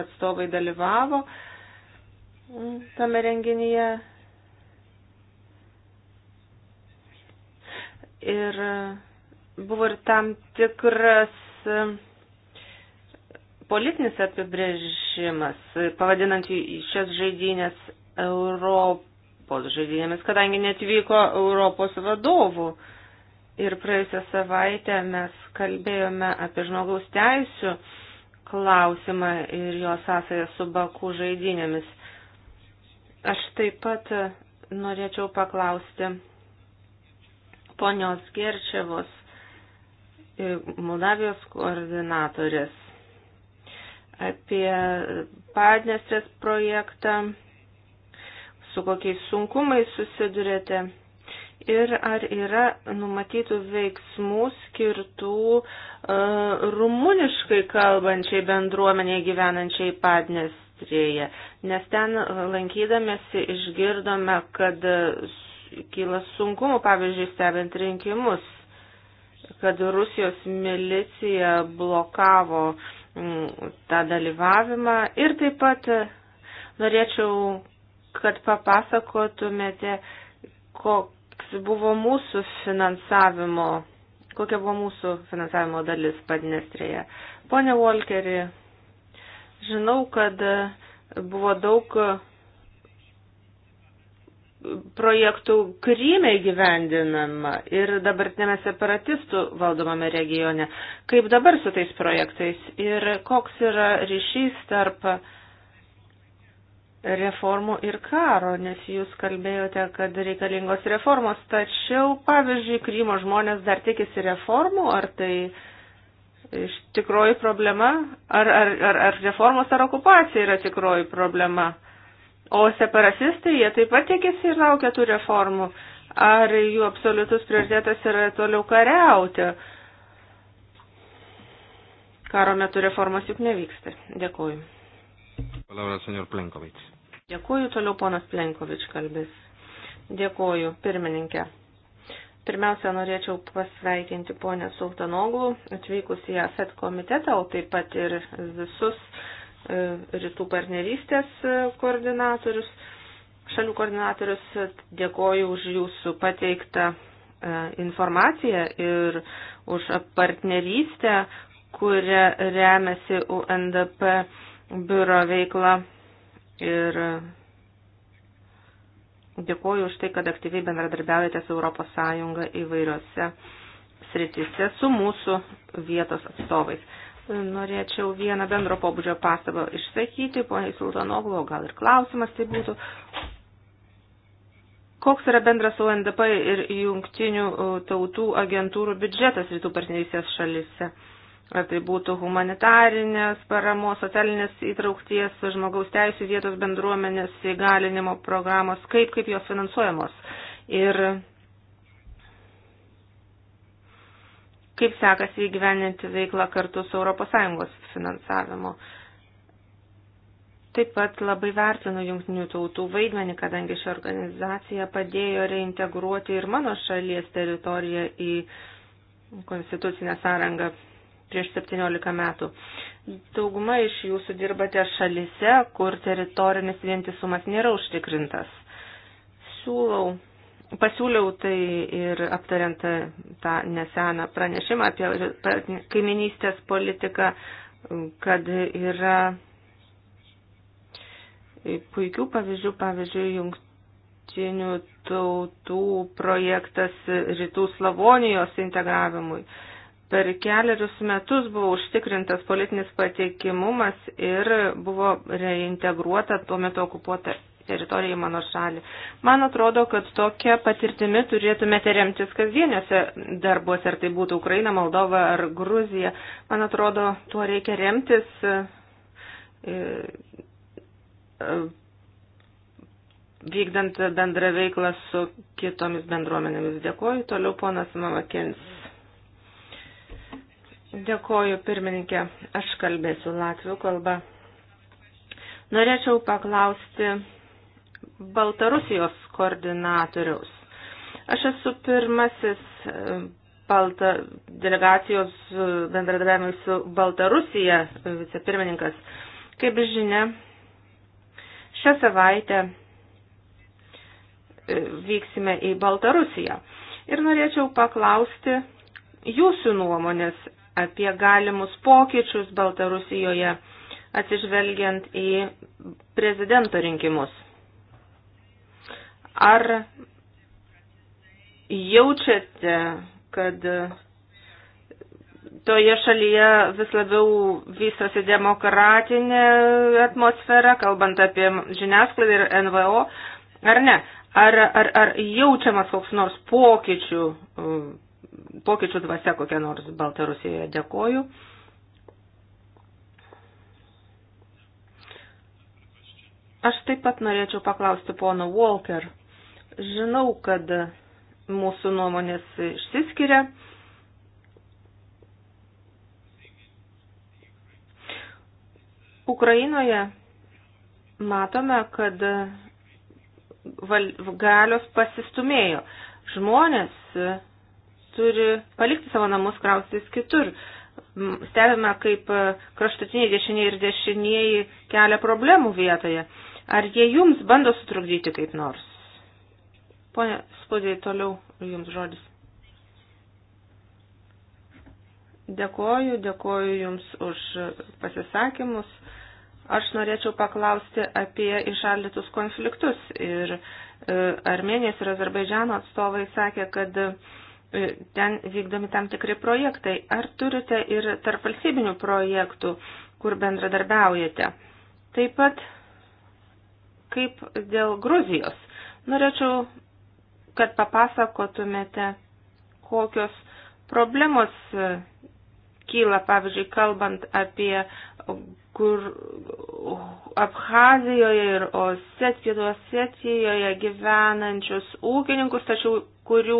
atstovai dalyvavo tame renginyje. Ir e, buvo ir tam tikras e, politinis apibrėžimas, pavadinant šias žaidynės Europos žaidynėmis, kadangi netvyko Europos vadovų. Uh, ir praėjusią savaitę mes kalbėjome apie žmogaus teisų klausimą ir jo sąsąją su Bakų žaidynėmis. Aš taip pat norėčiau paklausti ponios Gerčevos ir e, Moldavijos koordinatorės apie Padnestrės projektą, su kokiais sunkumais susidurėte ir ar yra numatytų veiksmų skirtų uh, rumuniškai kalbančiai bendruomeniai gyvenančiai Padnestrėje, nes ten lankydamėsi išgirdome, kad kyla sunkumų, pavyzdžiui, stebint rinkimus, kad Rusijos milicija blokavo mm, tą dalyvavimą ir taip pat norėčiau, kad papasakotumėte, ko, buvo mūsų finansavimo, kokia buvo mūsų finansavimo dalis Padnestrėje. Pone Volkeri, žinau, kad buvo daug projektų Kryme įgyvendinama ir dabartinėme separatistų valdomame regione. Kaip dabar su tais projektais ir koks yra ryšys tarp uh, reformų ir karo, nes jūs kalbėjote, kad reikalingos reformos, tačiau, pavyzdžiui, Krymo žmonės dar tikisi reformų, ar tai iš tikroji problema, ar, ar, ar, ar reformos ar okupacija yra tikroji problema, o separatistai, jie taip pat tikisi ir laukia tų reformų, ar jų absoliutus prioritetas yra toliau kariauti. Karo metu reformos juk nevyksta. Dėkuoju. Palabra al señor Plenković. Dėkuoju, toliau ponas Plenkovič kalbės. Dėkuoju, pirmininkė. Pirmiausia, norėčiau pasveikinti ponę Sultanoglų, atvykus į ASET komitetą, o taip pat ir visus e, rytų partnerystės e, koordinatorius, šalių koordinatorius. Dėkoju už jūsų pateiktą e, informaciją ir už partnerystę, kuria remiasi UNDP biuro veikla ir dėkoju už tai, kad aktyviai bendradarbiaujate su ES įvairiose sritise su mūsų vietos atstovais. Norėčiau vieną bendro pobūdžio pastabą išsakyti, poniai Sultanovlo, gal ir klausimas tai būtų. Koks yra bendras UNDP ir jungtinių tautų agentūrų biudžetas rytų partnerystės šalise? ar tai būtų humanitarinės paramos, socialinės įtraukties, žmogaus teisų vietos bendruomenės įgalinimo programos, kaip, kaip jos finansuojamos ir kaip sekasi įgyveninti veiklą kartu su ES finansavimu. Taip pat labai vertinu jungtinių tautų vaidmenį, kadangi ši organizacija padėjo reintegruoti ir mano šalies teritoriją į konstitucinę sąrangą prieš 17 metų. Dauguma iš jūsų dirbate šalise, kur teritorinis vientisumas nėra užtikrintas. Siūlau, pasiūliau tai ir aptariant tą neseną pranešimą apie kaiminystės politiką, kad yra puikių pavyzdžių, pavyzdžiui, jungtų jungtinių tautų projektas rytų Slavonijos integravimui. Per keliarius metus buvo užtikrintas politinis patikimumas ir buvo reintegruota tuo metu okupuota teritorija į mano šalį. Man atrodo, kad tokia patirtimi turėtumėte remtis kasdieniuose darbuose, ar tai būtų Ukraina, Moldova ar Gruzija. Man atrodo, tuo reikia remtis. E, e, vykdant bendrą veiklą su kitomis bendruomenėmis. Dėkuoju. Toliau ponas Mamakins. Dėkoju, pirmininkė. Aš kalbėsiu latvių kalbą. Norėčiau paklausti Baltarusijos koordinatoriaus. Aš esu pirmasis e, Balta, delegacijos e, bendradarbiavimui su Baltarusija vicepirmininkas. Kaip žinia, šią savaitę e, vyksime į Baltarusiją. Ir norėčiau paklausti jūsų nuomonės apie galimus pokyčius Baltarusijoje atsižvelgiant į prezidento rinkimus. Ar jaučiate, kad toje šalyje vis labiau vystosi demokratinė atmosfera, kalbant apie žiniasklaidą ir NVO, ar ne? Ar, ar, ar jaučiamas koks nors pokyčių pokyčių dvasia kokia nors Baltarusijoje. Dėkoju. Aš taip pat norėčiau paklausti pono Walker. Žinau, kad mūsų nuomonės išsiskiria. Ukrainoje matome, kad galios pasistumėjo. Žmonės turi palikti savo namus kraustis kitur. Stebime, kaip e, kraštutiniai dešiniai ir dešinieji kelia problemų vietoje. Ar jie jums bando sutrukdyti kaip nors? Pone Spudė, toliau jums žodis. Dėkoju, dėkoju jums už pasisakymus. Aš norėčiau paklausti apie išaldytus konfliktus. Ir e, Armenijos ir Azerbaidžiano atstovai sakė, kad E, ten vykdomi tam tikri projektai. Ar turite ir tarp valstybinių projektų, kur bendradarbiaujate? Taip pat, kaip dėl Gruzijos, norėčiau, kad papasakotumėte, kokios problemos e, kyla, pavyzdžiui, kalbant apie kur Abhazijoje ir Oset, Pietų Osetijoje gyvenančius ūkininkus, tačiau kurių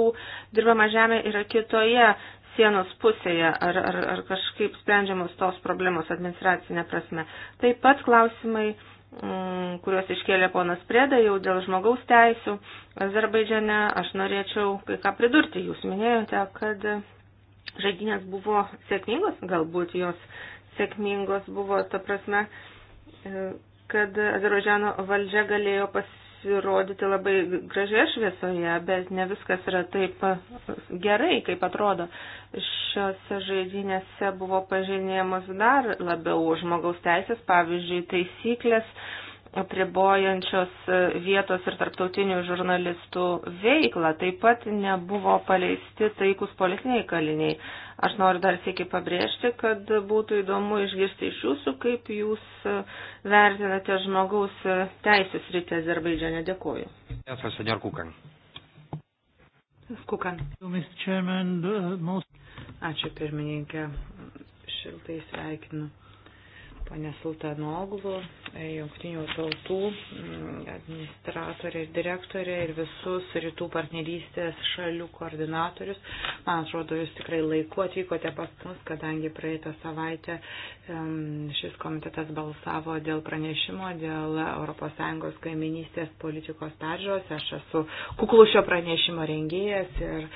dirbama žemė yra kitoje sienos pusėje ar, ar, ar kažkaip sprendžiamos tos problemos administracinė prasme. Taip pat klausimai, m, mm, kuriuos iškėlė ponas Prėda jau dėl žmogaus teisų Azerbaidžiane, aš norėčiau kai ką pridurti. Jūs minėjote, kad žaidynės buvo sėkmingos, galbūt jos sėkmingos buvo, ta prasme, e, kad Azerbaidžiano valdžia galėjo pasirodyti labai gražioje šviesoje, bet ne viskas yra taip gerai, kaip atrodo. Šiose žaidynėse buvo pažinėjamos dar labiau žmogaus teisės, pavyzdžiui, taisyklės, apribojančios e, vietos ir tarptautinių žurnalistų veiklą. Taip pat nebuvo paleisti taikus politiniai kaliniai. Aš noriu dar sėki pabrėžti, kad būtų įdomu išgirsti iš jūsų, kaip jūs e, vertinate žmogaus e, teisės rytį Azerbaidžiane. Dėkuoju. Skukan. Ačiū pirmininkė, šiltai sveikinu. Pane Sultanoglu, jungtinių tautų mm, administratorė ir direktorė ir visus rytų partnerystės šalių koordinatorius. Man atrodo, jūs tikrai laiku atvykote pas mus, kadangi praeitą savaitę šis komitetas balsavo dėl pranešimo dėl ES kaiminystės politikos peržiūros. Aš esu kuklų šio pranešimo rengėjas ir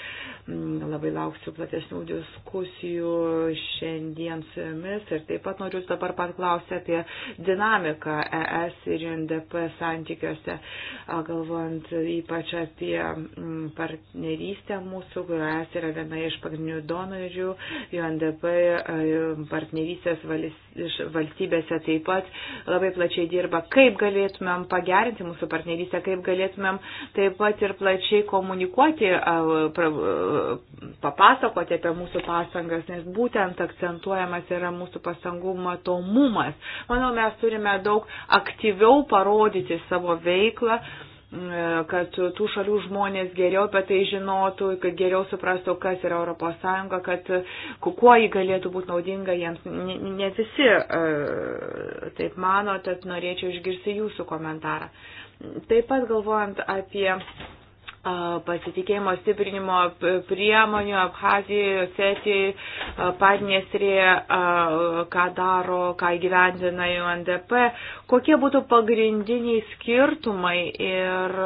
mm, labai lauksiu platesnių diskusijų šiandien su jumis. Ir taip pat noriu jūs dabar paklausti apie dinamiką įtaką ES ir UNDP santykiuose, galvojant ypač apie mm, partnerystę mūsų, kur ES yra viena iš pagrindinių donorių, UNDP partnerystės valstybėse taip pat labai plačiai dirba. Kaip galėtumėm pagerinti mūsų partnerystę, kaip galėtumėm taip pat ir plačiai komunikuoti, papasakoti apie mūsų pastangas, nes būtent akcentuojamas yra mūsų pastangų matomumas. Manau, mes turime daug daug aktyviau parodyti savo veiklą e, kad tų šalių žmonės geriau apie tai žinotų, kad geriau suprastų, kas yra ES, kad e, kuo jį galėtų būti naudinga jiems. Ne, ne visi e, taip mano, tad norėčiau išgirsti jūsų komentarą. Taip pat galvojant apie pasitikėjimo stiprinimo priemonių Abhazijoje, Osetijoje, Padniestrėje, ką daro, ką gyvendina UNDP, kokie būtų pagrindiniai skirtumai ir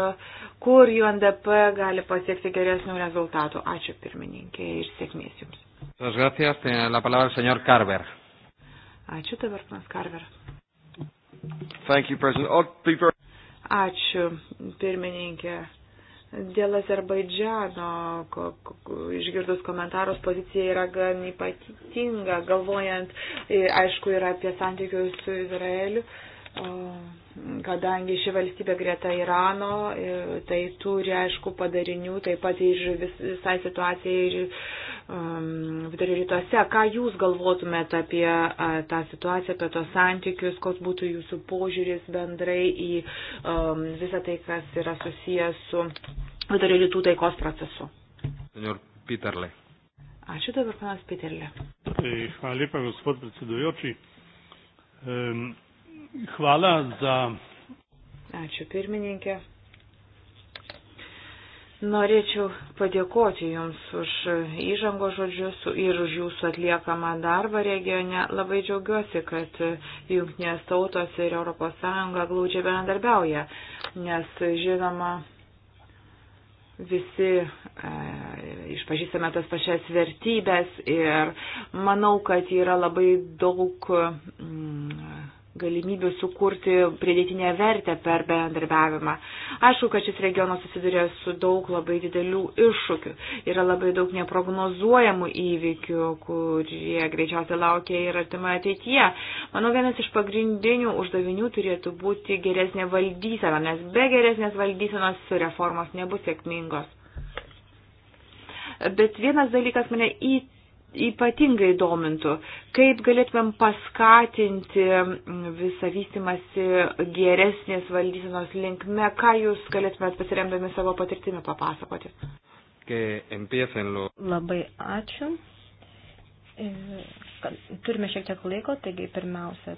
kur UNDP gali pasiekti geresnių rezultatų. Ačiū pirmininkė ir sėkmės Jums. Ačiū dabar, panas Karver. Thank you, President. I'll be very... Ačiū, pirmininkė. Dėl Azerbaidžiano, išgirdus komentarus, pozicija yra gan ypatinga, galvojant, e, aišku, ir apie santykius su Izraeliu, kadangi ši valstybė greta Irano, e, tai turi, aišku, padarinių taip pat ir vis, visai situacijai ir Um, vidurio rytuose. Ką Jūs galvotumėte apie tą situaciją, apie tos santykius, koks būtų Jūsų požiūris bendrai į um, visą tai, kas yra susijęs su vidurio rytų taikos procesu? Senior Peterle. Ačiū dabar, panas Peterle. Hvala lepa, gospod predsedujoči. Hvala za. Ačiū pirmininkė. Norėčiau padėkoti Jums už įžango žodžius ir už Jūsų atliekamą darbą regione. Labai džiaugiuosi, kad Junktinės tautos ir ES glaudžiai bendarbiauja, nes žinoma, visi e, išpažįstame tas pačias vertybės ir manau, kad yra labai daug. Mm, galimybių sukurti pridėtinę vertę per bendarbiavimą. Aišku, kad šis regionas susiduria su daug labai didelių iššūkių. Yra labai daug neprognozuojamų įvykių, kurie greičiausiai laukia ir artima ateityje. Manau, vienas iš pagrindinių uždavinių turėtų būti geresnė valdysena, nes be geresnės valdysenos reformos nebus sėkmingos. Bet vienas dalykas mane įtikė ypatingai domintų, kaip galėtumėm paskatinti visą vystimąsi geresnės valdysenos linkme, ką jūs galėtumėt pasiremdami savo patirtimi papasakoti. Labai ačiū. E, turime šiek tiek laiko, taigi pirmiausia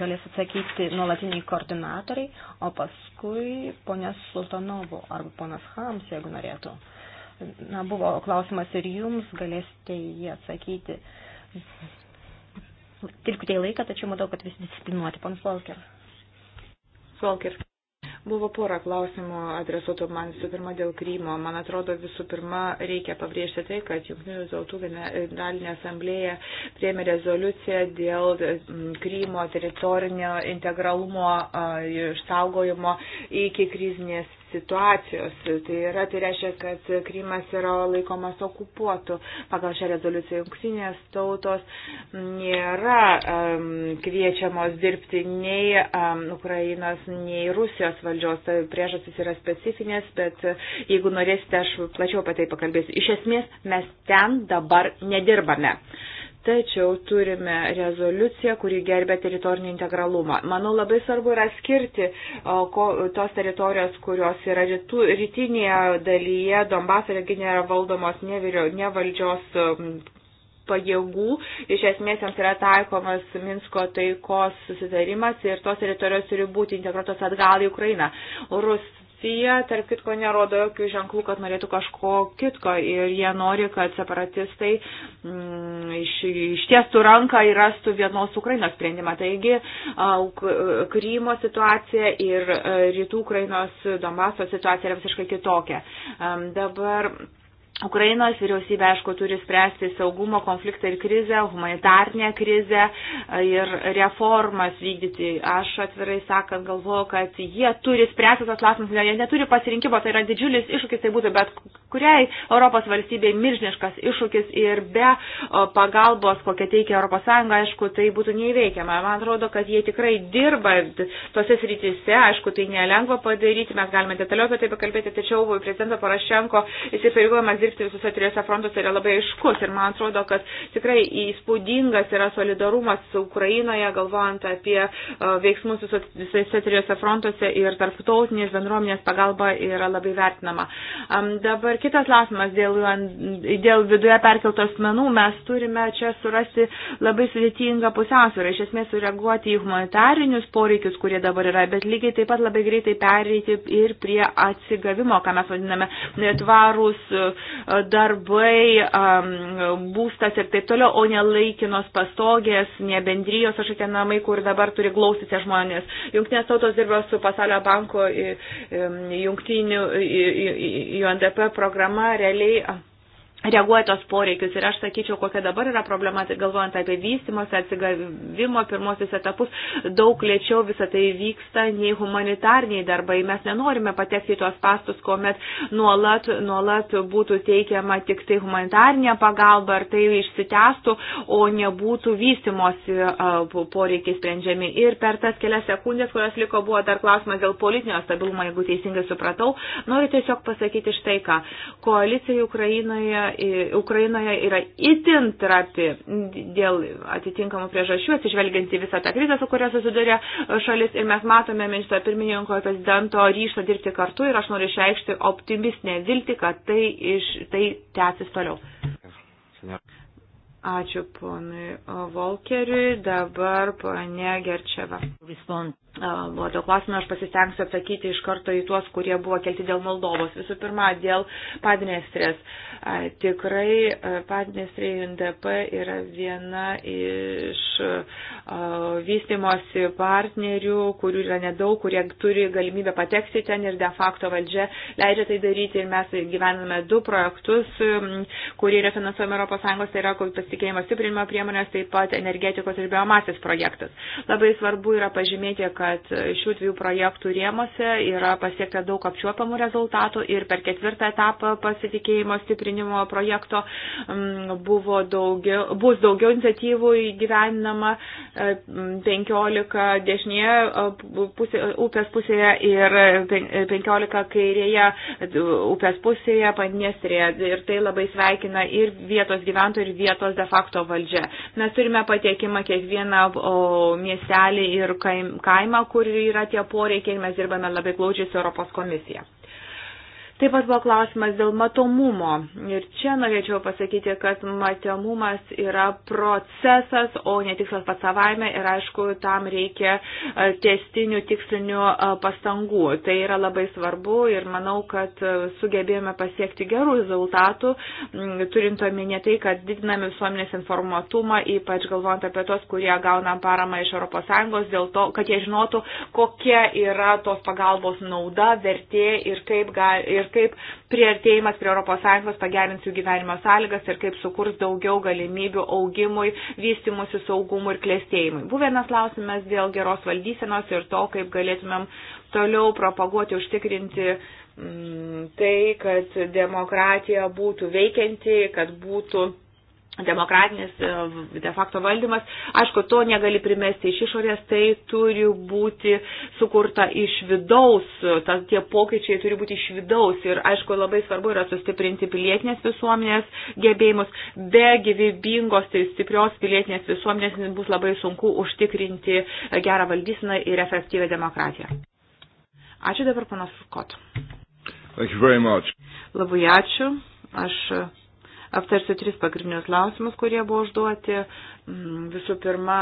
galės atsakyti nuolatiniai koordinatoriai, o paskui ponės Sultanovo arba ponas Hams, jeigu norėtų na, buvo klausimas ir jums, galėsite jį atsakyti. Tilkite į laiką, tačiau matau, kad visi disciplinuoti, pons Volker. Volker. Buvo pora klausimų adresuotų man visų pirma dėl Krymo. Man atrodo, visų pirma, reikia pabrėžti tai, kad Junktinių tautų generalinė asamblėja priemė rezoliuciją dėl Krymo teritorinio integralumo išsaugojimo iki krizinės situacijos. Tai yra, tai reiškia, kad Krymas yra laikomas okupuotu. Pagal šią rezoliuciją jungtinės tautos nėra um, kviečiamos dirbti nei um, Ukrainos, nei Rusijos valdžios. Tai priežastys yra specifinės, bet jeigu norėsite, aš plačiau apie tai pakalbėsiu. Iš esmės, mes ten dabar nedirbame. Uh, tačiau turime rezoliuciją, kuri gerbė teritorinį integralumą. Manau, labai svarbu yra skirti ko, tos teritorijos, kurios yra rytų, rytinėje dalyje, Donbaso regione yra valdomos nevyrio, nevaldžios pajėgų, iš esmės jiems yra taikomas Minsko taikos susitarimas ir tos teritorijos turi būti integruotos atgal į Ukrainą. Rus, Rusija, tarp kitko, nerodo jokių ženklų, kad norėtų kažko kitko ir jie nori, kad separatistai mm, iš, ištiestų ranką ir rastų vienos Ukrainos sprendimą. Taigi, Krymo situacija ir e, rytų Ukrainos Donbaso situacija yra visiškai kitokia. Dabar Ukrainos vyriausybė, aišku, turi spręsti saugumo konfliktą ir krizę, humanitarnę krizę e, ir reformas vykdyti. Aš atvirai sakant galvoju, kad jie turi spręsti tas klausimus, jie neturi pasirinkimo, tai yra didžiulis iššūkis, tai būtų bet kuriai Europos valstybei milžiniškas iššūkis ir be pagalbos, kokią teikia ES, aišku, tai būtų neįveikiama. Man atrodo, kad jie tikrai dirba tose srityse, aišku, tai nelengva padaryti, mes galime detaliau apie tai pakalbėti, tačiau prezidento Parašenko įsipareigojimas dirbti tai visose trijose frontuose yra labai aiškus ir man atrodo, kad tikrai įspūdingas yra solidarumas Ukrainoje, galvojant apie e, veiksmus visose trijose frontuose ir tarptautinės bendruomenės pagalba yra labai vertinama. Dabar kitas klausimas dėl, dėl viduje perkeltos menų. Mes turime čia surasti labai sudėtingą pusiausvyrą, iš esmės sureaguoti į humanitarinius poreikius, kurie dabar yra, bet lygiai taip pat labai greitai pereiti ir prie atsigavimo, ką mes vadiname e, tvarus e, darbai, būstas ir taip toliau, o ne laikinos pastogės, ne bendrijos kažkokie namai, kur dabar turi glaustysi žmonės. Junktinės tautos dirba su pasaulio banko jungtiniu UNDP programa realiai reaguoja tos poreikius. Ir aš sakyčiau, kokia dabar yra problema, tai galvojant apie vystimosi, atsigavimo pirmosius etapus, daug lėčiau visą tai vyksta nei humanitarniai darbai. Mes nenorime patekti į tuos pastus, kuomet nuolat, nuolat būtų teikiama tik tai humanitarnė pagalba, ar tai išsitęstų, o nebūtų vystimosi poreikiai sprendžiami. Ir per tas kelias sekundės, kurios liko, buvo dar klausimas dėl politinio stabilumo, jeigu teisingai supratau. Noriu tiesiog pasakyti štai ką. Koalicija Ukrainoje Ukrainoje yra itin trapi dėl atitinkamų priežasčių, atsižvelgiant į visą tą krizę, su kuria susiduria e, šalis. Ir mes matome ministro pirmininko ir prezidento ryštą dirbti kartu ir aš noriu išreikšti optimistinę viltį, kad tai, iš, tai tęsis toliau. Ačiū ponui Volkeriui, dabar ponė Gerčeva. Respond. Buvo daug klausimų, aš pasistengsiu atsakyti iš karto į tuos, kurie buvo kelti dėl Moldovos. Visų pirma, dėl Padnestrės. Tikrai Padnestrė UNDP yra viena iš vystimosi partnerių, kurių yra nedaug, kurie turi galimybę patekti ten ir de facto valdžia leidžia tai daryti. Ir mes gyvename du projektus, kurie yra finansuojami ES, tai yra pasitikėjimo stiprinimo priemonės, taip pat energetikos ir biomasės projektas. Labai svarbu yra pažymėti, kad šių dviejų projektų rėmose yra pasiekta daug apčiuopiamų rezultatų ir per ketvirtą etapą pasitikėjimo stiprinimo projekto mm, buvo daugiau, bus daugiau iniciatyvų įgyvendinama 15 e, mm, dešinėje e, pusė, upės pusėje ir 15 e, kairėje upės pusėje Padniestrėje. Ir tai labai sveikina ir vietos gyventojų, ir vietos de facto valdžia. Mes turime patiekimą kiekvieną miestelį ir kaimą sprendimą, kur yra tie poreikiai ir mes dirbame labai glaudžiai su Europos komisija. Taip pat buvo klausimas dėl matomumo. Ir čia norėčiau pasakyti, kad matomumas yra procesas, o ne tikslas pats savaime ir aišku, tam reikia e, testinių tikslinių e, pastangų. Tai yra labai svarbu ir manau, kad e, sugebėjome pasiekti gerų rezultatų, mm, turint omenyje tai, kad didiname visuomenės informatumą, ypač galvojant apie tos, kurie gauna paramą iš ES, dėl to, kad jie žinotų, kokia yra tos pagalbos nauda, vertė ir kaip gali ir kaip prieartėjimas prie ES pagerins jų gyvenimo sąlygas ir kaip sukurs daugiau galimybių augimui, vystimusi saugumui ir klėstėjimui. Buvo vienas klausimas dėl geros valdysenos ir to, kaip galėtumėm toliau propaguoti, užtikrinti mm, tai, kad demokratija būtų veikianti, kad būtų demokratinis e, de facto valdymas. Aišku, to negali primesti iš išorės, tai turi būti sukurta iš vidaus, tas, tie pokyčiai turi būti iš vidaus ir aišku, labai svarbu yra sustiprinti pilietinės visuomenės gebėjimus. Be gyvybingos, tai stiprios pilietinės visuomenės bus labai sunku užtikrinti gerą valdysiną ir efektyvę demokratiją. Ačiū dabar, panas Skot. Labai ačiū. Aš Aptarsiu tris pagrindinius klausimus, kurie buvo užduoti. Mm, visų pirma,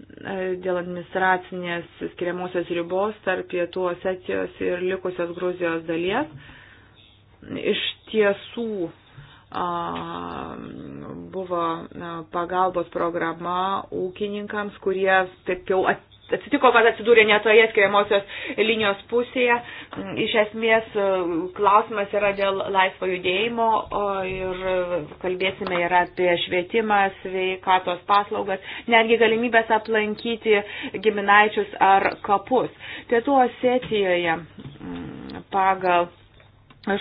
e, dėl administracinės skiriamosios ribos tarp pietų Osetijos ir likusios Gruzijos dalies. Iš tiesų buvo pagalbos programa ūkininkams, kurie taip jau atsitiko, kad atsidūrė netoje skiriamosios linijos pusėje. Iš esmės e, klausimas yra dėl laisvo judėjimo ir kalbėsime ir apie švietimą, sveikatos paslaugas, netgi galimybės aplankyti giminaičius ar kapus. Pietų Osetijoje pagal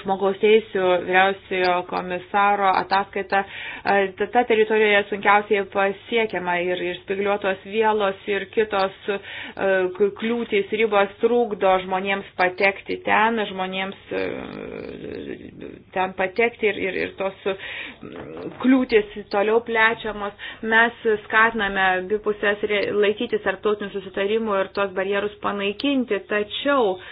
žmogaus teisų vyriausiojo komisaro ataskaita, e, ta teritorijoje sunkiausiai pasiekiama ir, ir spigliuotos vielos ir kitos e, kliūtys ribos trūkdo žmonėms patekti ten, žmonėms e, ten patekti ir, ir, ir tos kliūtys toliau plečiamos. Mes skatiname abipusės laikytis tarptautinių susitarimų ir tos barjerus panaikinti, tačiau uh,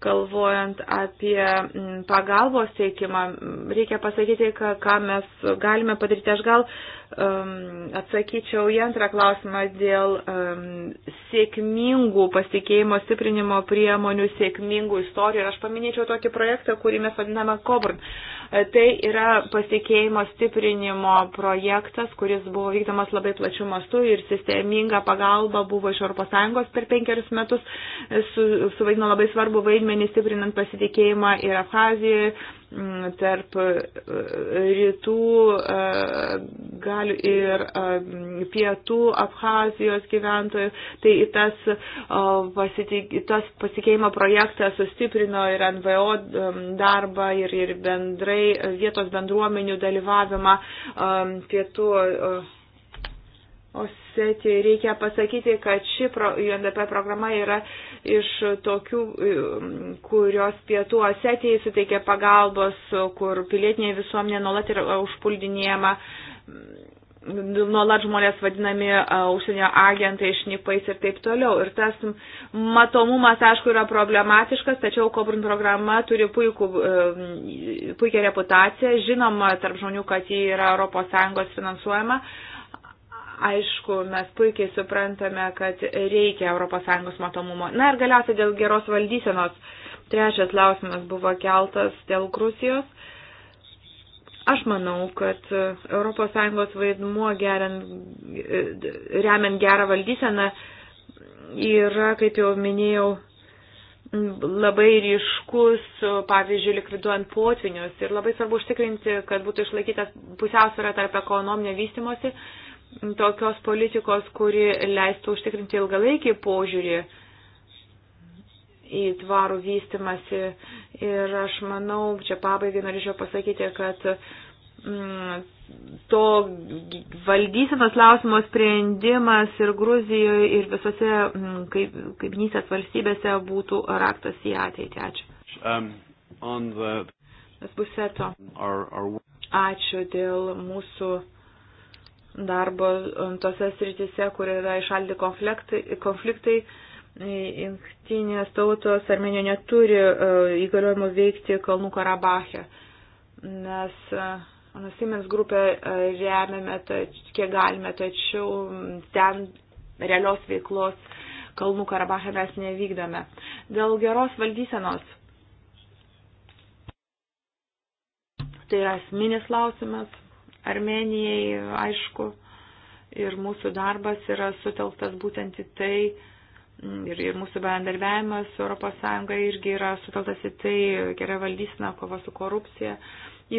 galvojant apie mm, pagalbos teikimą, mm, reikia pasakyti, ką mes galime padaryti. Aš gal um, atsakyčiau į antrą klausimą dėl um, sėkmingų pasikeimo stiprinimo priemonių, sėkmingų istorijų. Ir aš paminėčiau tokį projektą, kurį mes vadiname Coburn. E, tai yra pasikeimo stiprinimo projektas, kuris buvo vykdomas labai plačių mastų ir sisteminga pagalba buvo iš ES per penkerius metus, e, su, suvaidino labai svarbu vaidmenį stiprinant pasitikėjimą ir Abhazijoje Mm, tarp e, rytų e, galių ir e, pietų Abhazijos gyventojų. Tai tas, pasitik, tas pasikeimo projektas sustiprino ir NVO darbą ir, ir bendrai vietos bendruomenių dalyvavimą pietų Osetijai reikia pasakyti, kad ši UNDP programa yra iš tokių, um, kurios pietų Osetijai suteikia pagalbos, kur pilietinė visuomenė nuolat yra užpuldinėjama, nuolat žmonės vadinami užsienio agentai, šnipais ir taip toliau. Ir tas matomumas, aišku, yra problematiškas, tačiau Kobrin programa turi puikų, um, puikią reputaciją, žinoma tarp žmonių, kad ji yra ES finansuojama Aišku, mes puikiai suprantame, kad reikia ES matomumo. Na ir galiausiai dėl geros valdysenos. Trečias klausimas buvo keltas dėl Rusijos. Aš manau, kad ES vaidmuo gerint, remiant gerą valdyseną yra, kaip jau minėjau, labai ryškus, pavyzdžiui, likviduojant potvinius ir labai svarbu užtikrinti, kad būtų išlaikytas pusiausvėra tarp ekonominio vystimosi tokios politikos, kuri leistų užtikrinti ilgalaikį požiūrį į tvarų vystimasi. Ir aš manau, čia pabaigai norėčiau pasakyti, kad mm, to valdysenos klausimo sprendimas ir Gruzijoje, ir visose mm, kaip, kaimynystės valstybėse būtų raktas į ateitį. Ačiū. Um, the... Buseto. Our, our... Ačiū dėl mūsų darbo um, tose sritise, kur yra išaldi konfliktai. konfliktai Jungtinės tautos Armenija neturi uh, įgaliojimų veikti Kalnų Karabache. Mes uh, Siemens grupę uh, remiame, tač, kiek galime, tačiau um, ten realios veiklos Kalnų Karabache mes nevykdome. Dėl geros valdysenos. Tai yra asminis klausimas. Armenijai, aišku, ir mūsų darbas yra sutelktas būtent į tai, mm, ir, ir mūsų bendarbiavimas su ES irgi yra suteltas į tai, gera valdysena, kova su korupcija,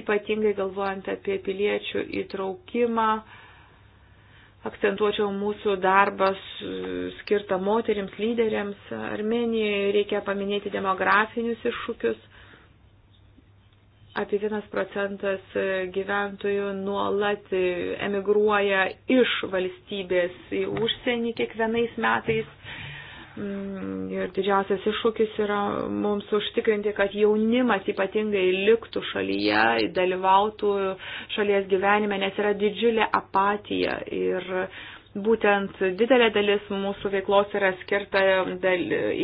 ypatingai galvojant apie piliečių įtraukimą. Akcentuočiau mūsų darbas skirtą moteriams, lyderiams. Armenijoje reikia paminėti demografinius iššūkius apie 1 procentas gyventojų nuolat emigruoja iš valstybės į užsienį kiekvienais metais. Mm, ir didžiausias iššūkis yra mums užtikrinti, kad jaunimas ypatingai liktų šalyje, dalyvautų šalies gyvenime, nes yra didžiulė apatija. Ir būtent didelė dalis mūsų veiklos yra skirta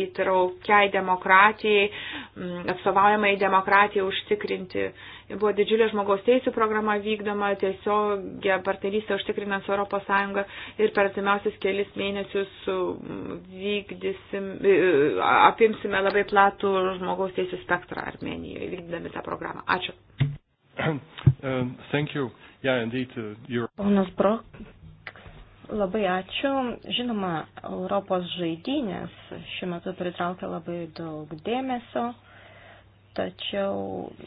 įtraukiai demokratijai, mm, atstovaujamai demokratijai užtikrinti. Buvo didžiulė žmogaus teisų programa vykdoma tiesiog partnerystė užtikrinant su ES ir per atimiausius kelis mėnesius mm, vykdysim, e, apimsime labai platų žmogaus teisų spektrą Armenijoje, vykdydami tą programą. Ačiū. [clears throat] Um, thank you. Yeah, indeed, uh, you're... Ponas Brok, Labai ačiū. Žinoma, Europos žaidynės šiuo metu pritraukia labai daug dėmesio, tačiau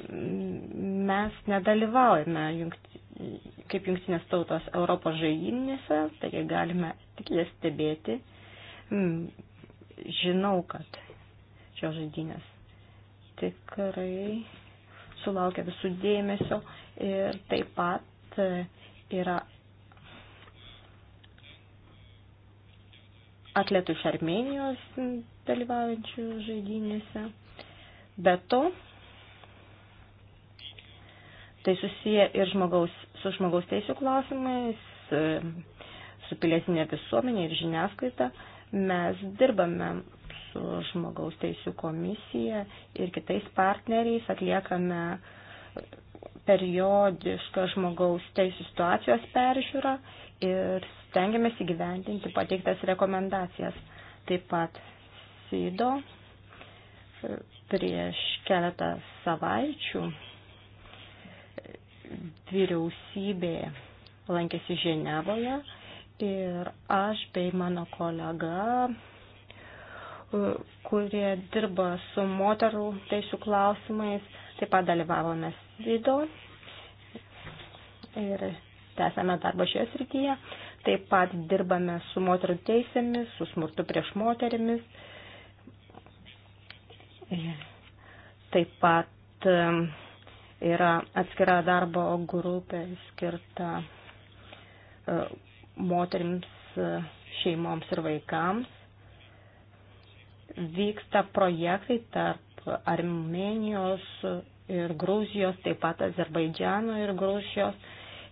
mes nedalyvaujame jungti, kaip jungtinės tautos Europos žaidynėse, taigi galime tik jas stebėti. Hmm, žinau, kad šios žaidynės tikrai sulaukia visų dėmesio ir taip pat yra atletų iš Armenijos dalyvaujančių žaidynėse. Be to, tai susiję ir žmogaus, su žmogaus teisų klausimais, su pilietinė visuomenė ir žiniasklaida. Mes dirbame su žmogaus teisų komisija ir kitais partneriais, atliekame periodišką žmogaus teisų situacijos peržiūrą ir stengiamės įgyvendinti pateiktas rekomendacijas. Taip pat SIDO e, prieš keletą savaičių e, vyriausybė lankėsi Ženevoje ir aš bei mano kolega, e, kurie dirba su moterų teisų klausimais, taip pat dalyvavome Rydo ir tęsame darbą šioje srityje. Taip pat dirbame su moterų teisėmis, su smurtu prieš moterimis. Taip pat yra atskira darbo grupė skirta e, moterims, e, šeimoms ir vaikams. Vyksta projektai tarp Armenijos, ir Gruzijos, taip pat Azerbaidžiano ir Gruzijos.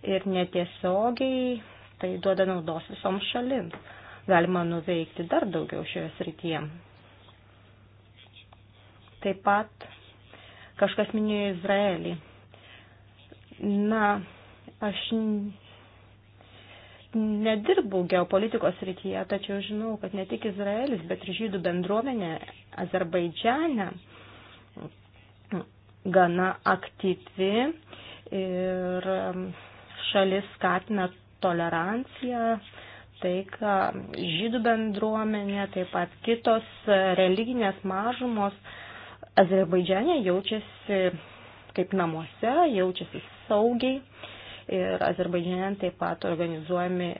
Ir netiesiogiai tai duoda naudos visoms šalims. Galima nuveikti dar daugiau šioje srityje. Taip pat kažkas minėjo Izraelį. Na, aš nedirbu geopolitikos rytyje, tačiau žinau, kad ne tik Izraelis, bet ir žydų bendruomenė Azerbaidžiane gana aktyvi ir um, šalis skatina toleranciją, taiką žydų bendruomenė, taip pat kitos religinės mažumos Azerbaidžiane jaučiasi kaip namuose, jaučiasi saugiai ir Azerbaidžiane taip pat organizuojami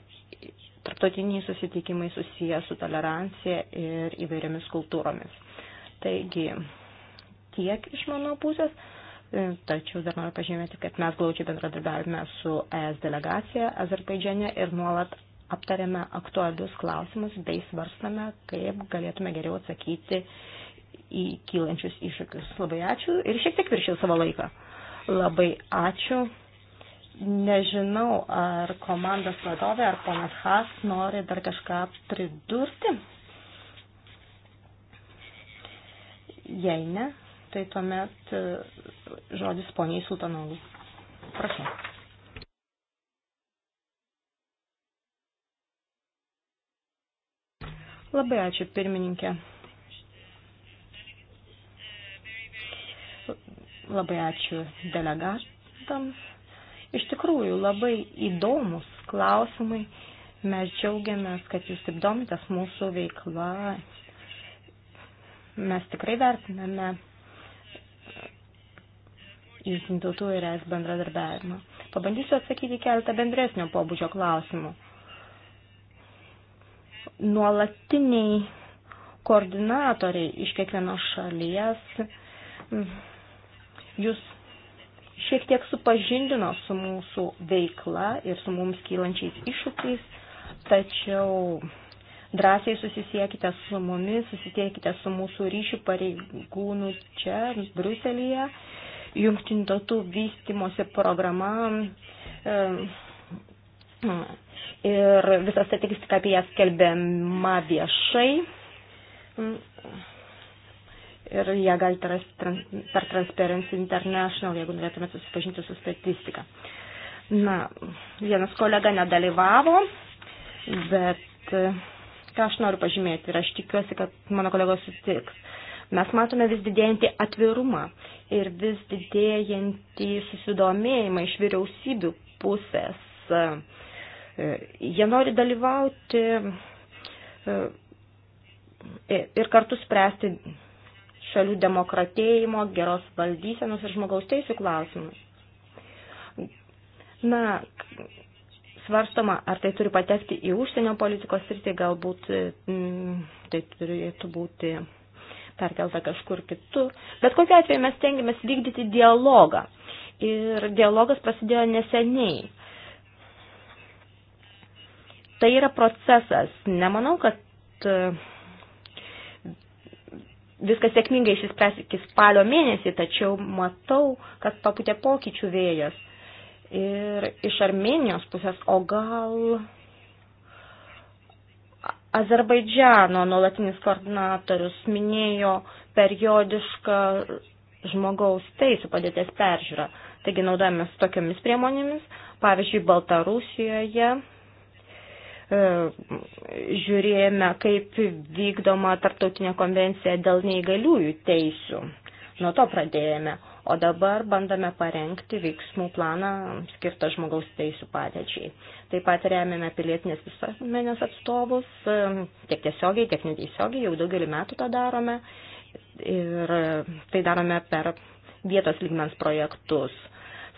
tarptautiniai susitikimai susiję su tolerancija ir įvairiomis kultūromis. Taigi, tiek iš mano pusės. E, tačiau dar noriu pažymėti, kad mes glaučiai bendradarbiavime su ES delegacija Azerbaidžiane ir nuolat aptarėme aktualius klausimus bei svarstame, kaip galėtume geriau atsakyti į kylančius iššūkius. Labai ačiū ir šiek tiek viršiau savo laiką. Labai ačiū. Nežinau, ar komandos vadovė, ar ponas Has nori dar kažką pridurti. Jei ne, Tai tuomet e, žodis poniai Sultanovui. Prašau. Labai ačiū, pirmininkė. Labai ačiū delegatams. Iš tikrųjų, labai įdomus klausimai. Mes džiaugiamės, kad jūs taip domitės mūsų veikla. Mes tikrai vertiname jungtinių tautų ir es bendradarbiavimą. Pabandysiu atsakyti keletą bendresnio pobūdžio klausimų. Nuolatiniai koordinatoriai iš kiekvienos šalies mm, jūs šiek tiek supažindino su mūsų veikla ir su mums kylančiais iššūkiais, tačiau drąsiai susisiekite su mumis, susisiekite su mūsų ryšių pareigūnų čia, Bruselėje jungtinių tautų vystimosi programa e, ir visa statistika apie ją skelbiama viešai. Ir ją galite rasti per Transparency International, jeigu norėtumėte susipažinti su statistika. Na, vienas kolega nedalyvavo, bet e, ką aš noriu pažymėti ir aš tikiuosi, kad mano kolegos sutiks. Mes matome vis didėjantį atvirumą ir vis didėjantį susidomėjimą iš vyriausybių pusės. Jie nori dalyvauti e, ir kartu spręsti šalių demokratėjimo, geros valdysenos ir žmogaus teisų klausimus. Na, svarstoma, ar tai turi patekti į užsienio politikos sritį, galbūt mm, tai turėtų būti perkelta kažkur kitur. Bet kokiu atveju mes tengiamės vykdyti dialogą. Ir dialogas prasidėjo neseniai. Tai yra procesas. Nemanau, kad e, viskas sėkmingai išsispręs iki spalio mėnesį, tačiau matau, kad paputė pokyčių vėjas. Ir iš Armenijos pusės, o gal Azerbaidžiano nuolatinis koordinatorius minėjo periodišką žmogaus teisų padėties peržiūrą. Taigi naudojame tokiamis priemonėmis. Pavyzdžiui, Baltarusijoje e, žiūrėjome, kaip vykdoma tarptautinė konvencija dėl neįgaliųjų teisių. Nuo to pradėjome. O dabar bandome parengti veiksmų planą skirtą žmogaus teisų padėčiai. Taip pat remiame pilietinės visuomenės atstovus, tiek tiesiogiai, tiek netiesiogiai, jau daugelį metų tą darome. Ir tai darome per vietos lygmens projektus.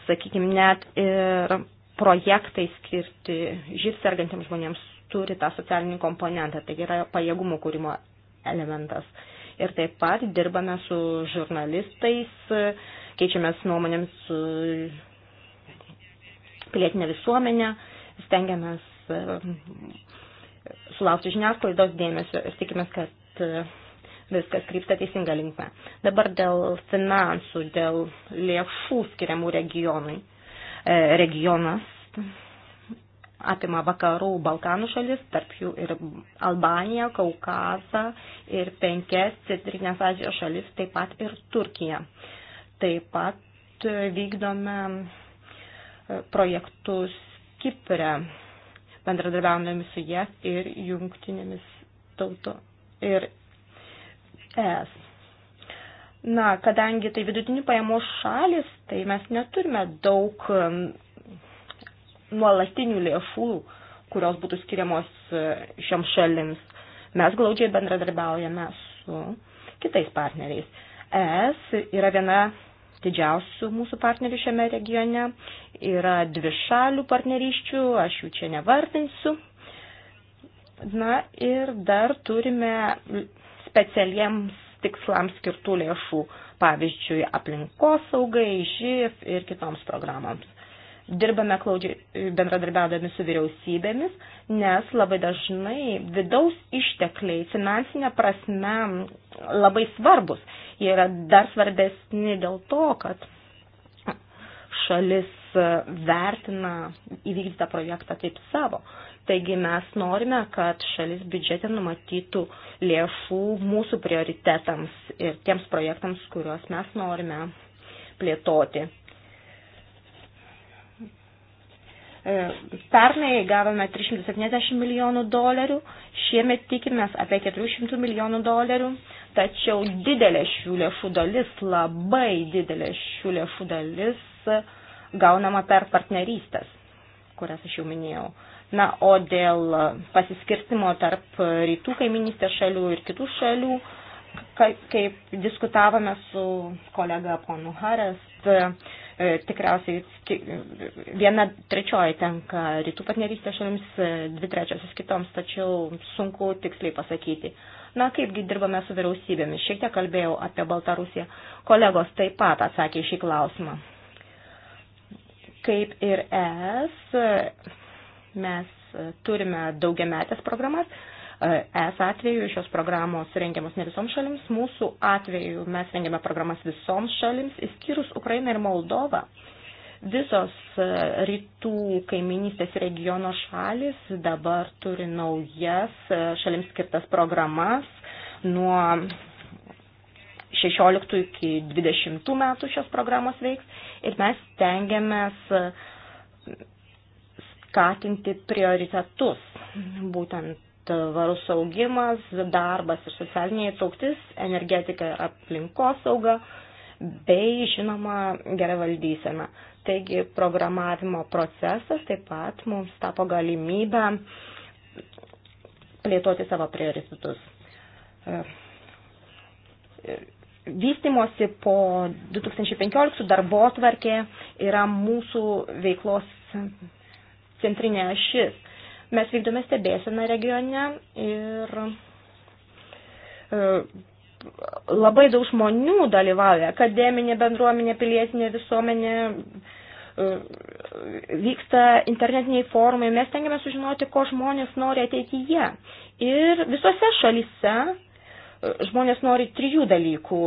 Sakykime, net ir projektai skirti živ sergantiems žmonėms turi tą socialinį komponentą, tai yra pajėgumų kūrimo elementas. Uh, ir taip pat dirbame su žurnalistais, keičiamės nuomonėms su pilietinė visuomenė, stengiamės um, sulaukti žiniasklaidos dėmesio ir tikimės, kad uh, viskas krypsta teisinga linkme. Dabar dėl finansų, dėl lėšų skiriamų regionui. Uh, regionas apima vakarų Balkanų šalis, tarp jų ir Albaniją, Kaukazą ir penkias Centrinės Azijos šalis, taip pat ir Turkiją. Taip pat vykdome e, projektus Kiprę, bendradarbiaujame su JAV ir jungtinėmis tauto ir ES. Na, kadangi tai vidutinių pajamų šalis, tai mes neturime daug nuolatinių lėšų, kurios būtų skiriamos e, šiom šalims. Mes glaudžiai bendradarbiaujame su kitais partneriais. ES yra viena didžiausių mūsų partnerių šiame regione, yra dvi šalių partnerysčių, aš jų čia nevardinsiu. Na ir dar turime specialiems tikslams skirtų lėšų, pavyzdžiui, aplinkosaugai, živ ir kitoms programoms dirbame klaudžiai e, bendradarbiaudami su vyriausybėmis, nes labai dažnai vidaus ištekliai finansinė prasme labai svarbus. Jie yra dar svarbesni dėl to, kad šalis e, vertina įvykdytą projektą kaip savo. Taigi mes norime, kad šalis biudžete numatytų lėšų mūsų prioritetams ir tiems projektams, kuriuos mes norime plėtoti. E, pernai gavome 370 milijonų dolerių, šiemet tikimės apie 400 milijonų dolerių, tačiau didelė šių lėšų dalis, labai didelė šių lėšų dalis gaunama per partnerystės, kurias aš jau minėjau. Na, o dėl pasiskirstimo tarp rytų kaiminystės šalių ir kitų šalių, kaip, kaip diskutavome su kolega ponu Haras, E, tikriausiai viena trečioji tenka rytų partnerystės šalims, e, dvi trečiosios kitoms, tačiau sunku tiksliai pasakyti. Na, kaipgi dirbame su vyriausybėmis, šiek tiek kalbėjau apie Baltarusiją, kolegos taip pat atsakė šį klausimą. Kaip ir ES, mes turime daugiametės programas, E, ES atveju šios programos rengiamos ne visoms šalims, mūsų atveju mes rengiame programas visoms šalims, įskyrus Ukrainą ir Moldovą. Visos e, rytų kaiminystės regiono šalis dabar turi naujas e, šalims skirtas programas nuo 16 iki 20 metų šios programos veiks ir mes tengiamės skatinti prioritetus, būtent tvarus e, augimas, darbas ir socialiniai atsauktis, energetika ir aplinkosauga bei, žinoma, gera valdysena. Taigi programavimo procesas taip pat mums tapo galimybę plėtoti savo prioritetus. E, e, vystimosi po 2015 darbo tvarkė yra mūsų veiklos centrinė ašis. Mes vykdome stebėseną regione ir e, labai daug žmonių dalyvauja, akademinė bendruomenė, pilietinė visuomenė, e, vyksta internetiniai forumai, mes tengiame sužinoti, ko žmonės nori ateityje. Ir visose šalyse e, žmonės nori trijų dalykų.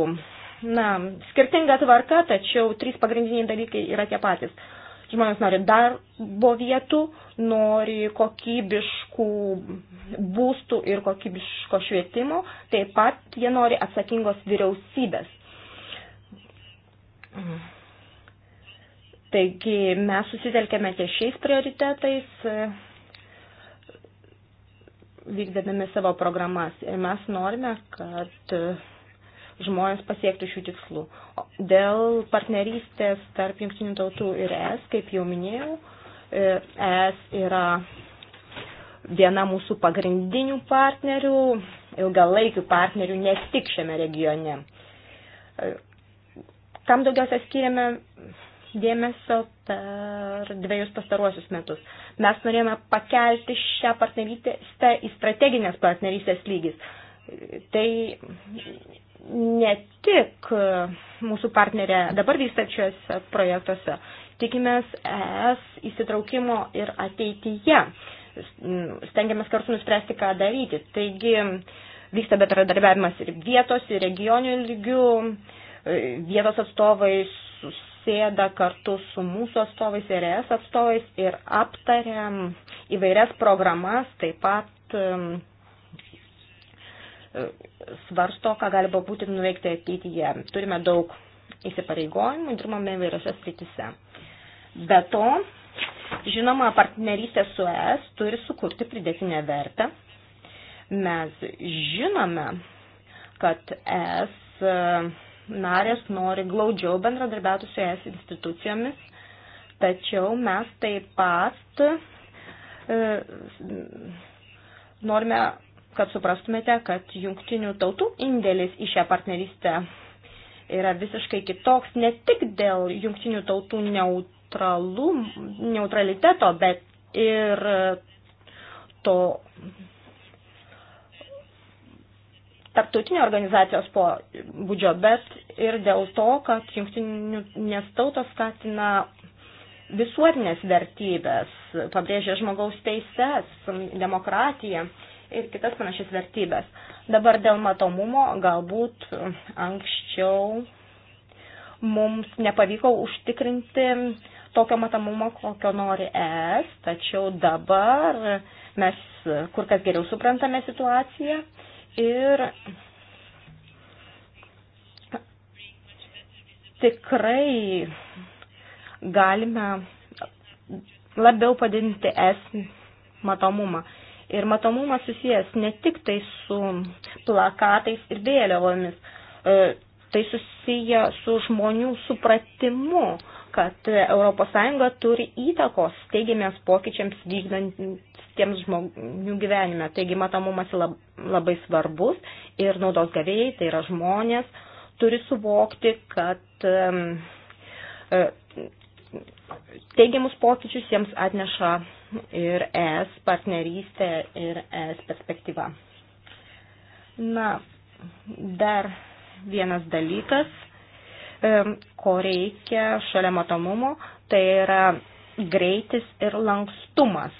Na, skirtinga tvarka, tačiau trys pagrindiniai dalykai yra tie patys. Žmonės nori darbo vietų, nori kokybiškų būstų ir kokybiško švietimo, taip pat jie nori atsakingos vyriausybės. Taigi mes susitelkėme ties šiais prioritetais, vykdami savo programas. Ir mes norime, kad žmonės pasiektų šių tikslų. Dėl partnerystės tarp jungtinių tautų ir ES, kaip jau minėjau, e, ES yra viena mūsų pagrindinių partnerių, ilgalaikių partnerių ne tik šiame regione. E, kam daugiausia skiriame dėmesio per dviejus pastaruosius metus. Mes norėjome pakelti šią partnerystę į strateginės partnerystės lygis. E, tai ne tik e, mūsų partnerė dabar vykstačiuose projektuose, tikimės ES įsitraukimo ir ateityje. Stengiamės kartu nuspręsti, ką daryti. Taigi vyksta bendradarbiavimas ir vietos, ir regionių lygių. E, vietos atstovai susėda kartu su mūsų atstovais ir ES atstovais ir aptariam įvairias programas, taip pat e, svarsto, ką galima būti nuveikti ateityje. Turime daug įsipareigojimų, dirbame įvairiose sritise. Be to, žinoma, partnerystė su ES turi sukurti pridėtinę vertę. Mes žinome, kad ES e, narės nori glaudžiau bendradarbiauti su ES institucijomis, tačiau mes taip pat e, norime kad suprastumėte, kad jungtinių tautų indėlis į šią partnerystę yra visiškai kitoks ne tik dėl jungtinių tautų neutralų, neutraliteto, bet ir to tarptautinio organizacijos pobūdžio, bet ir dėl to, kad jungtinės tautos skatina visuotinės vertybės, pabrėžia žmogaus teises, demokratiją ir kitas panašias vertybės. Dabar dėl matomumo galbūt anksčiau mums nepavyko užtikrinti tokio matomumo, kokio nori es, tačiau dabar mes kur kas geriau suprantame situaciją ir tikrai galime labiau padinti es matomumą. Ir matomumas susijęs ne tik tai su plakatais ir vėliavomis, e, tai susiję su žmonių supratimu, kad ES turi įtakos teigiamiems pokyčiams vykdantiems žmonių gyvenime. Taigi matomumas labai svarbus ir naudos gavėjai, tai yra žmonės, turi suvokti, kad e, teigiamus pokyčius jiems atneša ir ES partnerystė ir ES perspektyva. Na, dar vienas dalykas, ko reikia šalia matomumo, tai yra greitis ir lankstumas.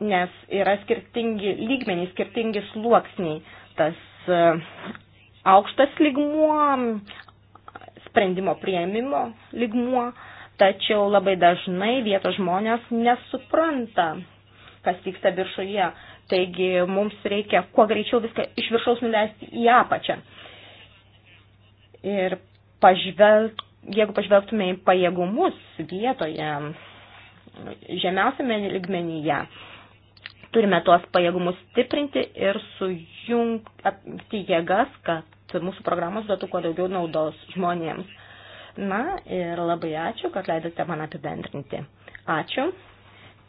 Nes yra skirtingi lygmenys, skirtingi sluoksniai. Tas e, aukštas lygmuo, sprendimo prieimimo lygmuo tačiau labai dažnai vietos žmonės nesupranta, kas vyksta viršuje. Taigi mums reikia kuo greičiau viską iš viršaus nuleisti į apačią. Ir pažvelg, jeigu pažvelgtume į pajėgumus vietoje, žemiausiame ligmenyje, turime tuos pajėgumus stiprinti ir sujungti jėgas, kad mūsų programos duotų kuo daugiau naudos žmonėms. Na ir labai ačiū, kad leidote man apibendrinti. Ačiū.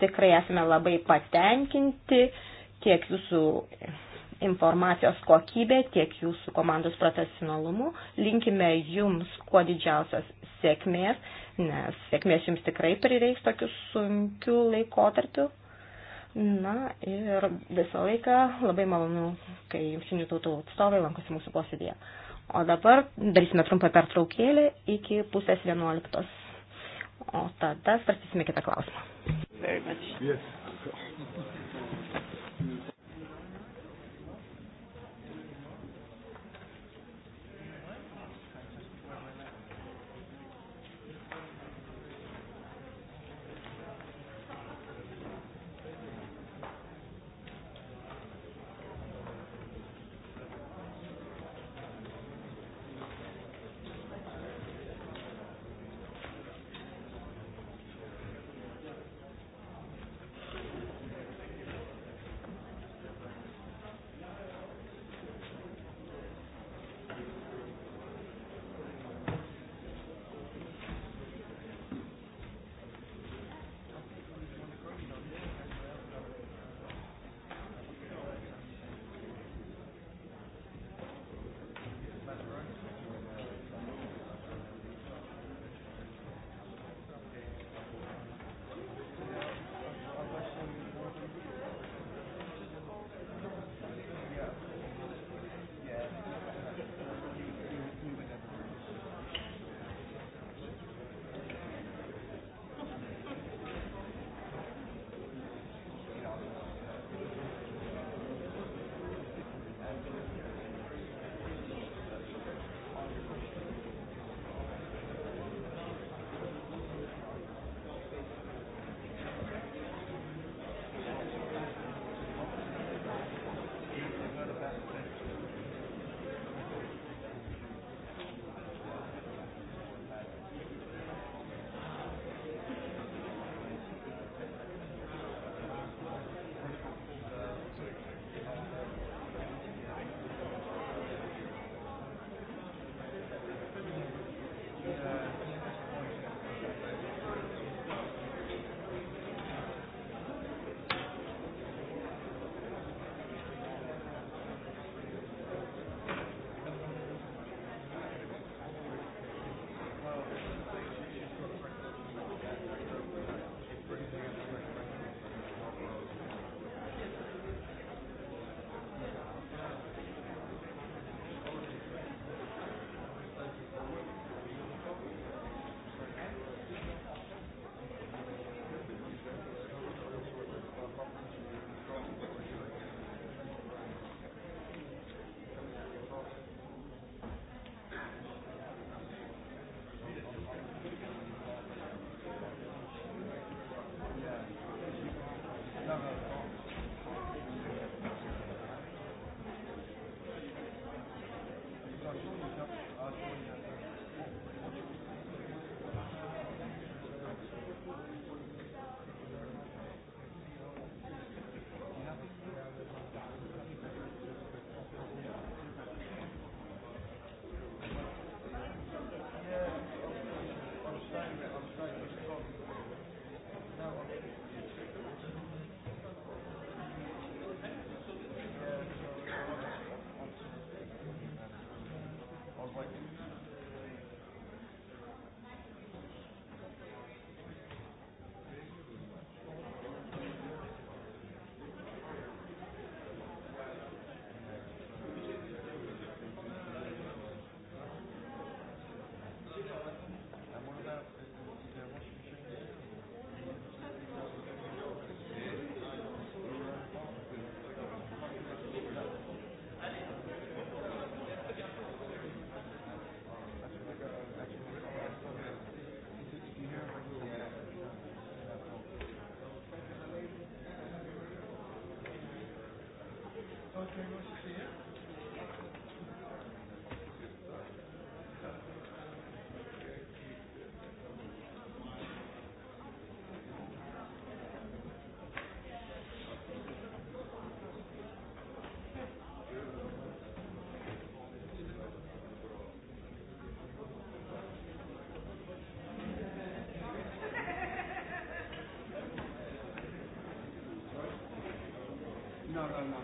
Tikrai esame labai patenkinti tiek jūsų informacijos kokybė, tiek jūsų komandos profesionalumu. Linkime jums kuo didžiausios sėkmės, nes sėkmės jums tikrai prireiks tokiu sunkiu laikotarpiu. Na ir visą laiką labai malonu, kai jungtinių tautų atstovai lankosi mūsų posėdėje. O dabar darysime trumpą pertraukėlį iki pusės vienuoliktos. O tada svarstysime kitą klausimą. Very much. Yes. no, no, no.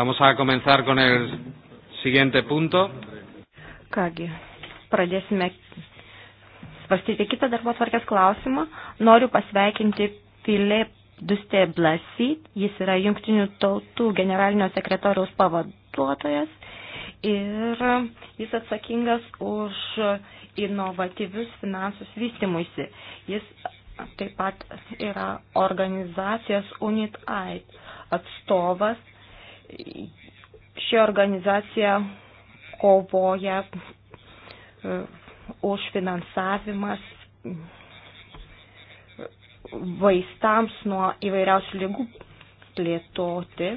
Vamos a comenzar con el siguiente punto. Kągi, pradėsime svarstyti kitą darbo tvarkės klausimą. Noriu pasveikinti Filip Dustė Blasi, jis yra jungtinių tautų generalinio sekretoriaus pavaduotojas ir jis atsakingas už inovatyvius finansus vystimuisi. Jis taip pat yra organizacijos UNITAID atstovas Ši organizacija kovoja e, už finansavimas vaistams nuo įvairiausių lygų plėtoti,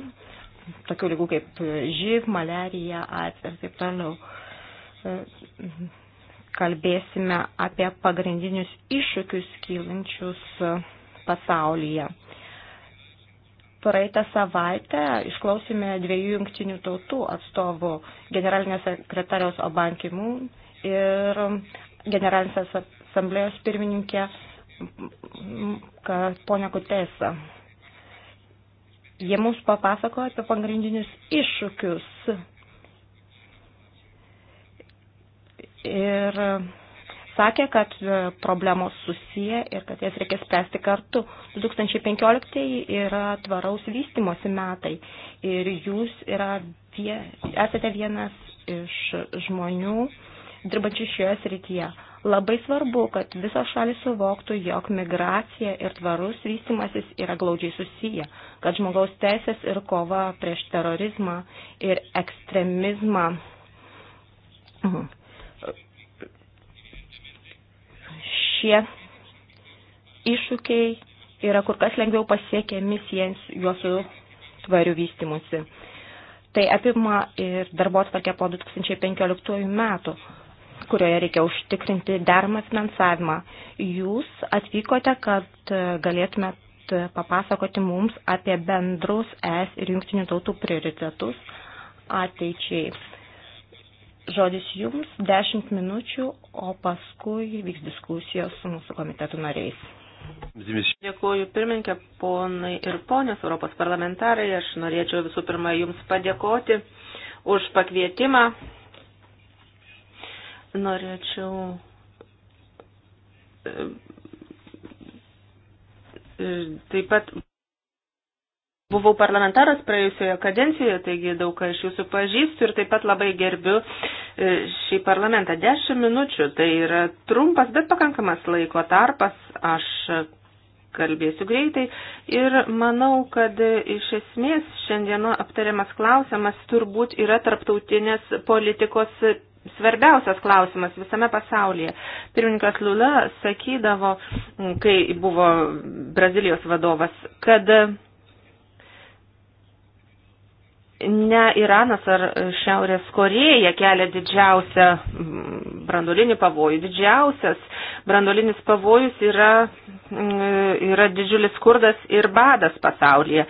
tokių lygų kaip živ, malerija, AIDS ir taip toliau. E, kalbėsime apie pagrindinius iššūkius kylančius pasaulyje. Praeitą savaitę išklausėme dviejų jungtinių tautų atstovų generalinės sekretariaus Obankimų ir generalinės asamblėjos pirmininkė ponia Kutesa. Jie mums papasakojo apie pagrindinius iššūkius ir sakė, kad e, problemos susiję ir kad jas reikia spręsti kartu. 2015 yra tvaraus vystimosi metai ir jūs yra, vie, esate vienas iš žmonių dirbančių šioje srityje. Labai svarbu, kad visos šalis suvoktų, jog migracija ir tvarus vystimasis yra glaudžiai susiję, kad žmogaus teisės ir kova prieš terorizmą ir ekstremizmą mhm, šie iššūkiai yra kur kas lengviau pasiekiami siejant juos su tvariu vystimusi. Tai apima ir darbo atvarkė po 2015 metų, kurioje reikia užtikrinti dermą finansavimą. Jūs atvykote, kad galėtumėt papasakoti mums apie bendrus ES ir jungtinių tautų prioritetus ateičiai. Žodis jums 10 minučių, o paskui vyks diskusijos su mūsų komitetų nariais. Dėkuoju pirmininkė, ponai ir ponios Europos parlamentarai. Aš norėčiau visų pirma Jums padėkoti už pakvietimą. Norėčiau e, e, taip pat Buvau parlamentaras praėjusioje kadencijoje, taigi daug ką iš jūsų pažįstu ir taip pat labai gerbiu e, šį parlamentą. Dešimt minučių tai yra trumpas, bet pakankamas laiko tarpas. Aš kalbėsiu greitai ir manau, kad iš esmės šiandieno aptariamas klausimas turbūt yra tarptautinės politikos svarbiausias klausimas visame pasaulyje. Pirmininkas Lula sakydavo, kai buvo Brazilijos vadovas, kad ne Iranas ar Šiaurės Koreja kelia didžiausią mm, brandolinį pavojų. Didžiausias brandolinis pavojus yra, mm, yra didžiulis skurdas ir badas pasaulyje.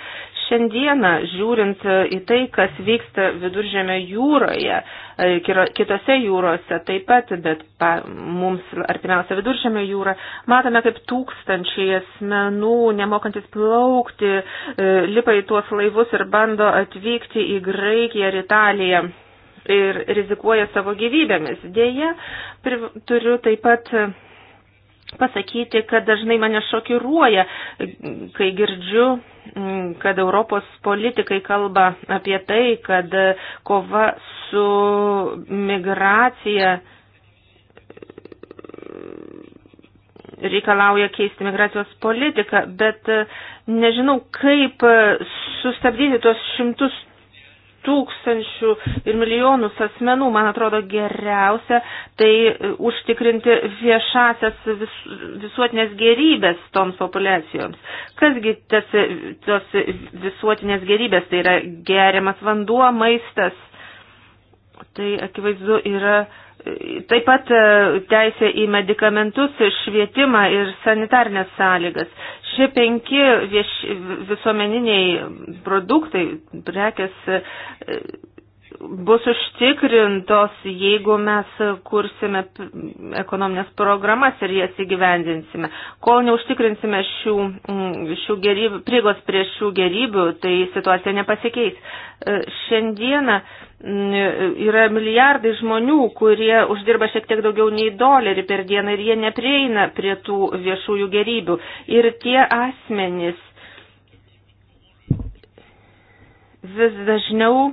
Šiandieną, žiūrint į tai, kas vyksta viduržėme jūroje, e, kitose jūrose taip pat, bet pa, mums artimiausia viduržėme jūra, matome, kaip tūkstančiai asmenų, nemokantis plaukti, e, lipa į tuos laivus ir bando atvykti į Graikiją ir Italiją ir rizikuoja savo gyvybėmis. Dėja, turiu taip pat pasakyti, kad dažnai mane šokiruoja, kai girdžiu, mm, kad Europos politikai kalba apie tai, kad kova su migracija reikalauja keisti migracijos politiką, bet nežinau, kaip sustabdyti tuos šimtus tūkstančių ir milijonus asmenų, man atrodo, geriausia tai e, užtikrinti viešasias vis, visuotinės gerybės toms populiacijoms. Kasgi tas, e, tos visuotinės gerybės, tai yra geriamas vanduo, maistas, tai akivaizdu yra Taip pat e, teisė į medikamentus, švietimą ir sanitarnės sąlygas. Šie penki vieš, visuomeniniai produktai, prekes e, bus užtikrintos, jeigu mes kursime ekonominės programas ir jas įgyvendinsime. Kol neužtikrinsime šių, šių gerybių, prigos prie šių gerybių, tai situacija nepasikeis. E, šiandieną yra milijardai žmonių, kurie uždirba šiek tiek daugiau nei dolerį per dieną ir jie neprieina prie tų viešųjų gerybių. Ir tie asmenys vis dažniau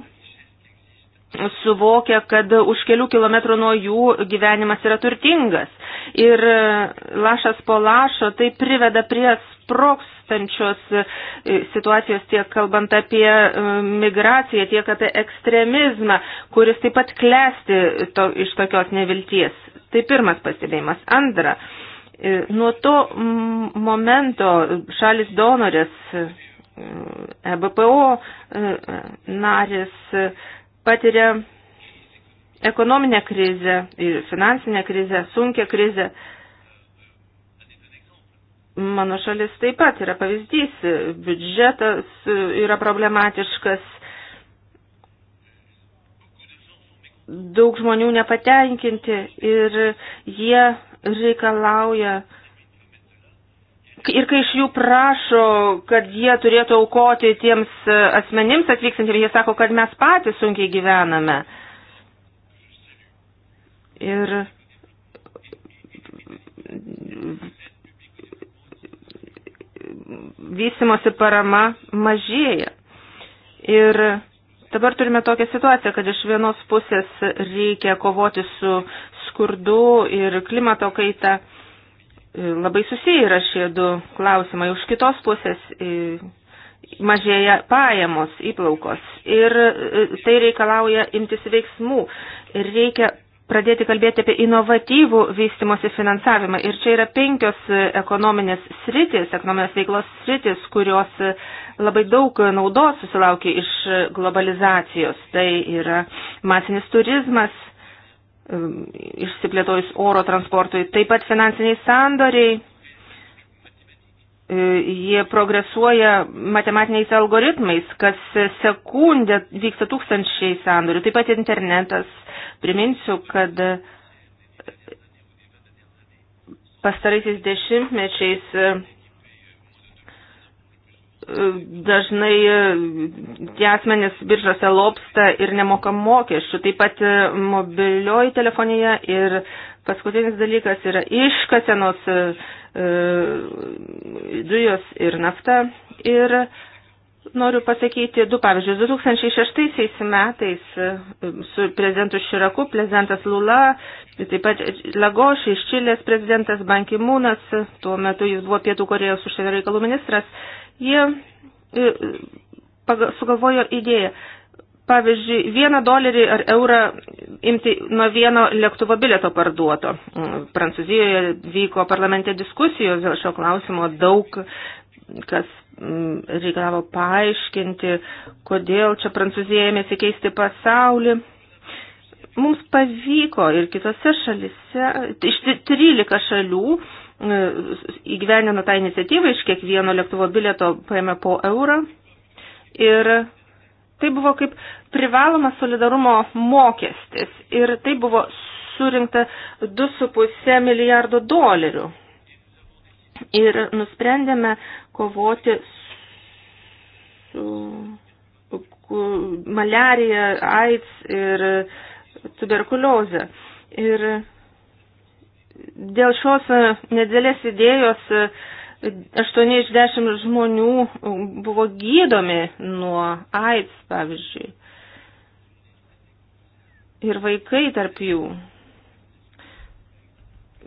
suvokia, kad už kelių kilometrų nuo jų gyvenimas yra turtingas. Ir e, lašas po lašo tai priveda prie sprokstančios e, situacijos tiek kalbant apie e, migraciją, tiek apie ekstremizmą, kuris taip pat klesti to, iš tokios nevilties. Tai pirmas pastebėjimas. Antra, nuo to momento šalis donorės, EBPO narės, patiria ekonominę krizę, finansinę krizę, sunkę krizę. Mano šalis taip pat yra pavyzdys, biudžetas yra problematiškas, daug žmonių nepatenkinti ir jie reikalauja Ir kai iš jų prašo, kad jie turėtų aukoti tiems e, asmenims atvykstantiems, jie sako, kad mes patys sunkiai gyvename. Ir vystimosi parama mažėja. Ir dabar turime tokią situaciją, kad iš vienos pusės reikia kovoti su skurdu ir klimato kaita E, labai susiję yra šie du klausimai. Už kitos pusės e, mažėja pajamos įplaukos ir e, tai reikalauja imtis veiksmų ir reikia pradėti kalbėti apie inovatyvų vystimosi finansavimą. Ir čia yra penkios ekonominės sritis, ekonominės veiklos sritis, kurios labai daug naudos susilaukia iš globalizacijos. Tai yra masinis turizmas, Um, išsiplėtojus oro transportui. Taip pat finansiniai sandoriai, e, jie progresuoja matematiniais algoritmais, kas sekundę vyksta tūkstančiai sandorių. Taip pat internetas, priminsiu, kad pastaraisiais dešimtmečiais dažnai e, tie asmenys biržose lopsta ir nemoka mokesčių. Taip pat e, mobilioji telefonija ir paskutinis dalykas yra iškasenos e, dujos ir nafta. Ir noriu pasakyti du pavyzdžius. 2006 metais su prezidentu Širaku, prezidentas Lula, taip pat Lagoš iš Čilės prezidentas Bankimūnas, tuo metu jis buvo Pietų Korejos užsienio reikalų ministras, Jie e, sugalvojo idėją. Pavyzdžiui, vieną dolerį ar eurą imti nuo vieno lėktuvo bileto parduoto. Mm, Prancūzijoje vyko parlamente diskusijos dėl šio klausimo daug kas mm, reikalavo paaiškinti, kodėl čia Prancūzija ėmėsi keisti pasaulį. Mums pavyko ir kitose šalise, iš 13 šalių E, įgyvenino tą iniciatyvą, iš kiekvieno lėktuvo bilieto paėmė po eurą. Ir tai buvo kaip privalomas solidarumo mokestis. Ir tai buvo surinkta 2,5 milijardo dolerių. Ir nusprendėme kovoti su malerija, AIDS ir tuberkuliozė. Ir Dėl šios e, nedėlės idėjos 8 e, iš 10 žmonių e, buvo gydomi nuo AIDS, pavyzdžiui. Ir vaikai tarp jų.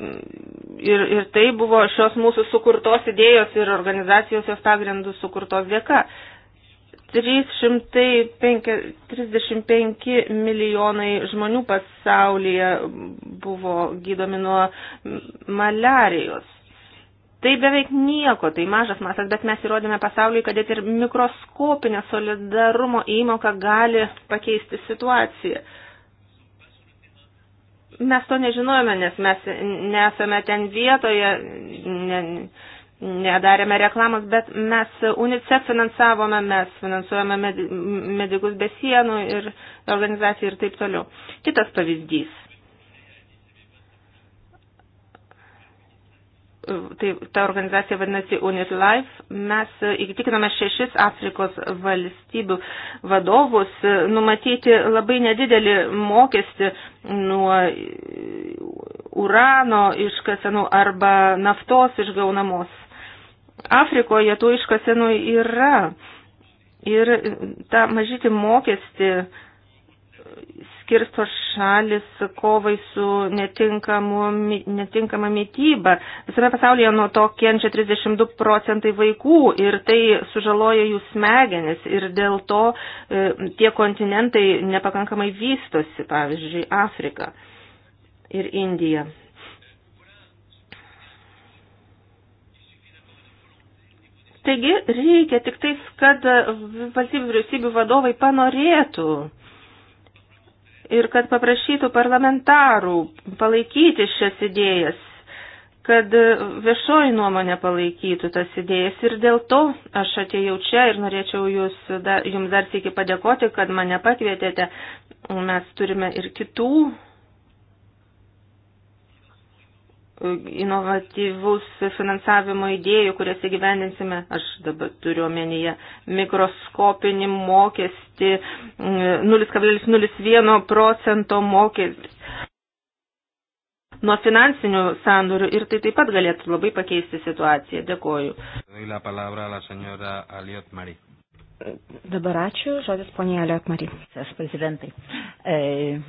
Ir, ir tai buvo šios mūsų sukurtos idėjos ir organizacijos jos pagrindų sukurtos dėka. 335 milijonai žmonių pasaulyje buvo gydomi nuo malarijos. Tai beveik nieko, tai mažas masas, bet mes įrodėme pasauliui, kad ir mikroskopinė solidarumo įmoka gali pakeisti situaciją. Mes to nežinojame, nes mes nesame ten vietoje, ne, nedarėme reklamos, bet mes UNICEF finansavome, mes finansuojame medikus be sienų ir organizaciją ir taip toliau. Kitas pavyzdys. Tai ta organizacija vadinasi Unit Life. Mes įtikiname šešis Afrikos valstybių vadovus numatyti labai nedidelį mokestį nuo urano iškasenų arba naftos išgaunamos Afrikoje tų iškasenų yra. Ir tą mažyti mokestį skirsto šalis kovai su netinkama mytyba. Visame pasaulyje nuo to kenčia 32 procentai vaikų ir tai sužaloja jų smegenis ir dėl to e, tie kontinentai nepakankamai vystosi, pavyzdžiui, Afrika ir Indija. Taigi reikia tik tais, kad valstybių vyriausybių vadovai panorėtų ir kad paprašytų parlamentarų palaikyti šias idėjas, kad viešoji nuomonė palaikytų tas idėjas. Ir dėl to aš atėjau čia ir norėčiau jūs, da, jums dar sėki padėkoti, kad mane pakvietėte. Mes turime ir kitų inovatyvus finansavimo idėjų, kurias įgyvendinsime, aš dabar turiu omenyje mikroskopinį mokestį, 0,01 mm, procento mokestį nuo finansinių sandorių ir tai taip pat galėtų labai pakeisti situaciją. Dėkoju. Dabar ačiū, žodis ponė Aliot Mari. Aš prezidentai. Eh,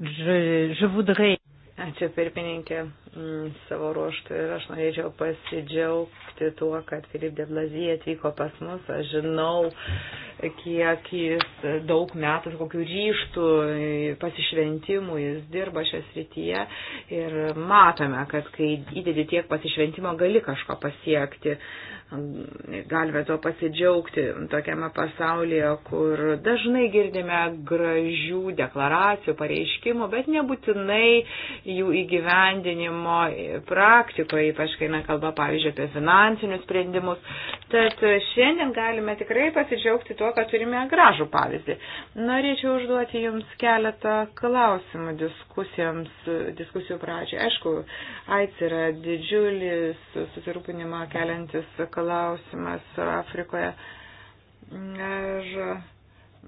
je, je voudrais... Ačiū pirmininkė mm, savo ruoštų ir aš norėčiau pasidžiaugti tuo, kad Filip de Blazija atvyko pas mus. Aš žinau, kiek jis daug metų ir kokiu ryštų pasišventimu jis dirba šią srityje ir matome, kad kai įdedi tiek pasišventimo, gali kažko pasiekti galime to pasidžiaugti tokiame pasaulyje, kur dažnai girdime gražių deklaracijų, pareiškimų, bet nebūtinai jų įgyvendinimo praktikoje, ypač kai nekalba, pavyzdžiui, apie finansinius sprendimus. Tad šiandien galime tikrai pasidžiaugti tuo, kad turime gražų pavyzdį. Norėčiau užduoti Jums keletą klausimų diskusijoms, diskusijų pradžiai. Aišku, AIDS yra didžiulis susirūpinimą keliantis klausimas Afrikoje. Ir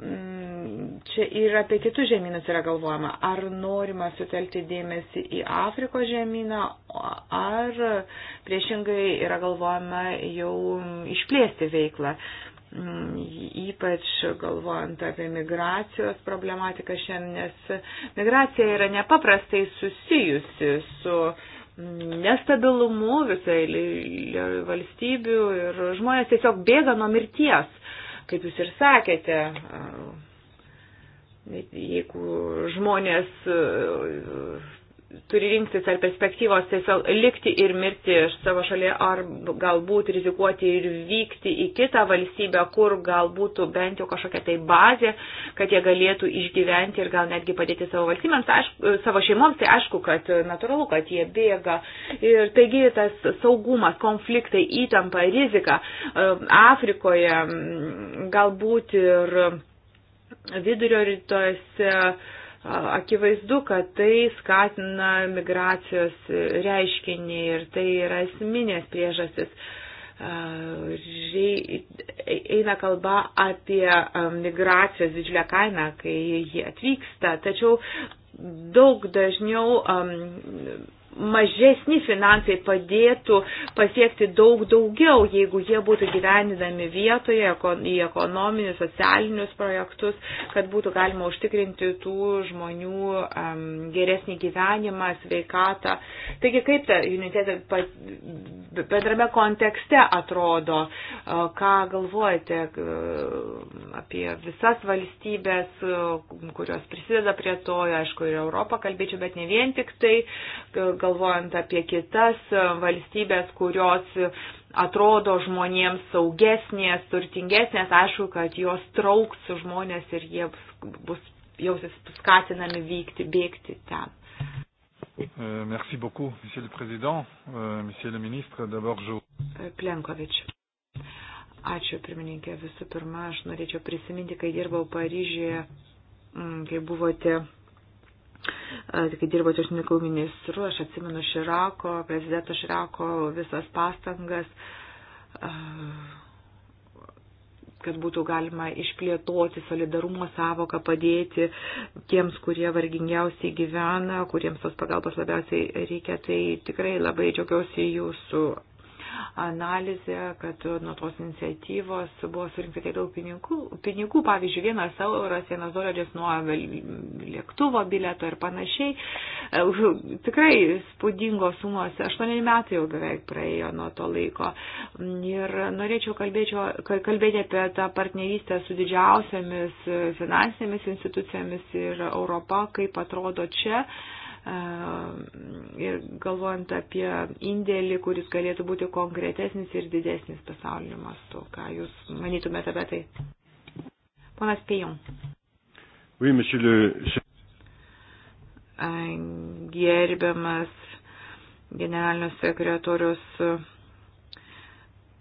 mm, čia ir apie kitus žemynus yra galvojama, ar norima sutelkti dėmesį į Afrikos žemyną, ar priešingai yra galvojama jau išplėsti veiklą mm, ypač galvojant apie migracijos problematiką šiandien, nes migracija yra nepaprastai susijusi su nestabilumu visai valstybių ir žmonės tiesiog bėga nuo mirties, kaip jūs ir sakėte. Jeigu žmonės turi rinktis ar perspektyvos tiesiog likti ir mirti iš savo šalyje, ar galbūt rizikuoti ir vykti į kitą valstybę, kur galbūt bent jau kažkokia tai bazė, kad jie galėtų išgyventi ir gal netgi padėti savo valstybėms, aišku, savo šeimoms, tai aišku, kad natūralu, kad jie bėga. Ir taigi tas saugumas, konfliktai, įtampa, rizika um, Afrikoje, mm, galbūt ir vidurio rytuose Akivaizdu, kad tai skatina migracijos reiškinį ir tai yra esminės priežastis eina kalba apie migracijos didžiulę kainą, kai jie atvyksta, tačiau daug dažniau mažesni finansai padėtų pasiekti daug daugiau, jeigu jie būtų gyvenidami vietoje į ekonominius, socialinius projektus, kad būtų galima užtikrinti tų žmonių um, geresnį gyvenimą, sveikatą. Taigi kaip ta UNICEF bendrame kontekste atrodo, ką galvojate apie visas valstybės, kurios prisideda prie to, aišku, ir Europą kalbėčiau, bet ne vien tik tai. Gal galvojant apie kitas valstybės, kurios atrodo žmonėms saugesnės, turtingesnės, aišku, kad jos trauks žmonės ir jie bus jausis skatinami vykti, bėgti ten. Euh, merci beaucoup, Monsieur le Président, euh, Monsieur le Ministre. D'abord, je. Plenkovič. Ačiū, pirmininkė. Visų pirma, aš norėčiau prisiminti, kai dirbau Paryžyje, mm, kai buvote Tai kai dirbote užsienio reikalų ministru, aš atsimenu Širako, prezidento Širako visas pastangas, kad būtų galima išplėtoti solidarumo savoką, padėti tiems, kurie vargingiausiai gyvena, kuriems tos pagalbos labiausiai reikia. Tai tikrai labai džiaugiausi jūsų analizę, kad nuo tos iniciatyvos buvo surinkta tiek daug pinigų. pinigų pavyzdžiui, vienas euras, vienas doleris nuo lėktuvo bileto ir panašiai. E, tikrai spūdingos sumos, aštuoni metai jau beveik praėjo nuo to laiko. Ir norėčiau kalbėti apie tą partnerystę su didžiausiamis finansinėmis institucijomis ir Europa, kaip atrodo čia. Uh, ir galvojant apie indėlį, kuris galėtų būti konkretesnis ir didesnis pasauliniu mastu. Ką Jūs manytumėte apie tai? Ponas Pijon. Oui, monsieur le... Gerbiamas generalinio sekretorius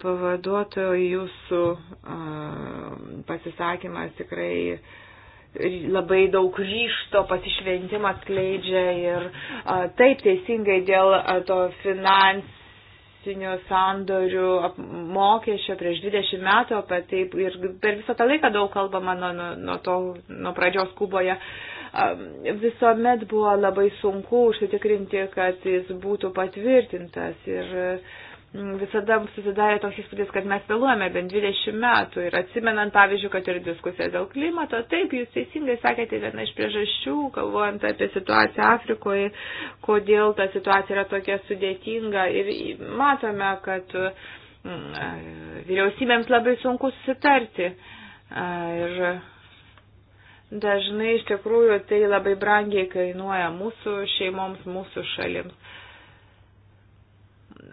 pavaduotojo jūsų pasisakymas tikrai uh, labai daug ryšto pasišventimą skleidžia ir taip teisingai dėl to finansinių sandorių mokesčio prieš 20 metų apie taip ir per visą tą laiką daug kalbama nuo, nuo, to, nuo pradžios Kuboje. Visuomet buvo labai sunku užsitikrinti, kad jis būtų patvirtintas ir uh, Mm, visada susidarė toks įspūdis, kad mes vėluojame bent 20 metų ir atsimenant, pavyzdžiui, kad ir diskusija dėl klimato, taip, jūs teisingai sakėte, viena iš priežasčių, kalbuojant apie situaciją Afrikoje, kodėl ta situacija yra tokia sudėtinga ir matome, kad mm, vyriausybėms labai sunku susitarti. Ir dažnai iš tikrųjų tai labai brangiai kainuoja mūsų šeimoms, mūsų šalims.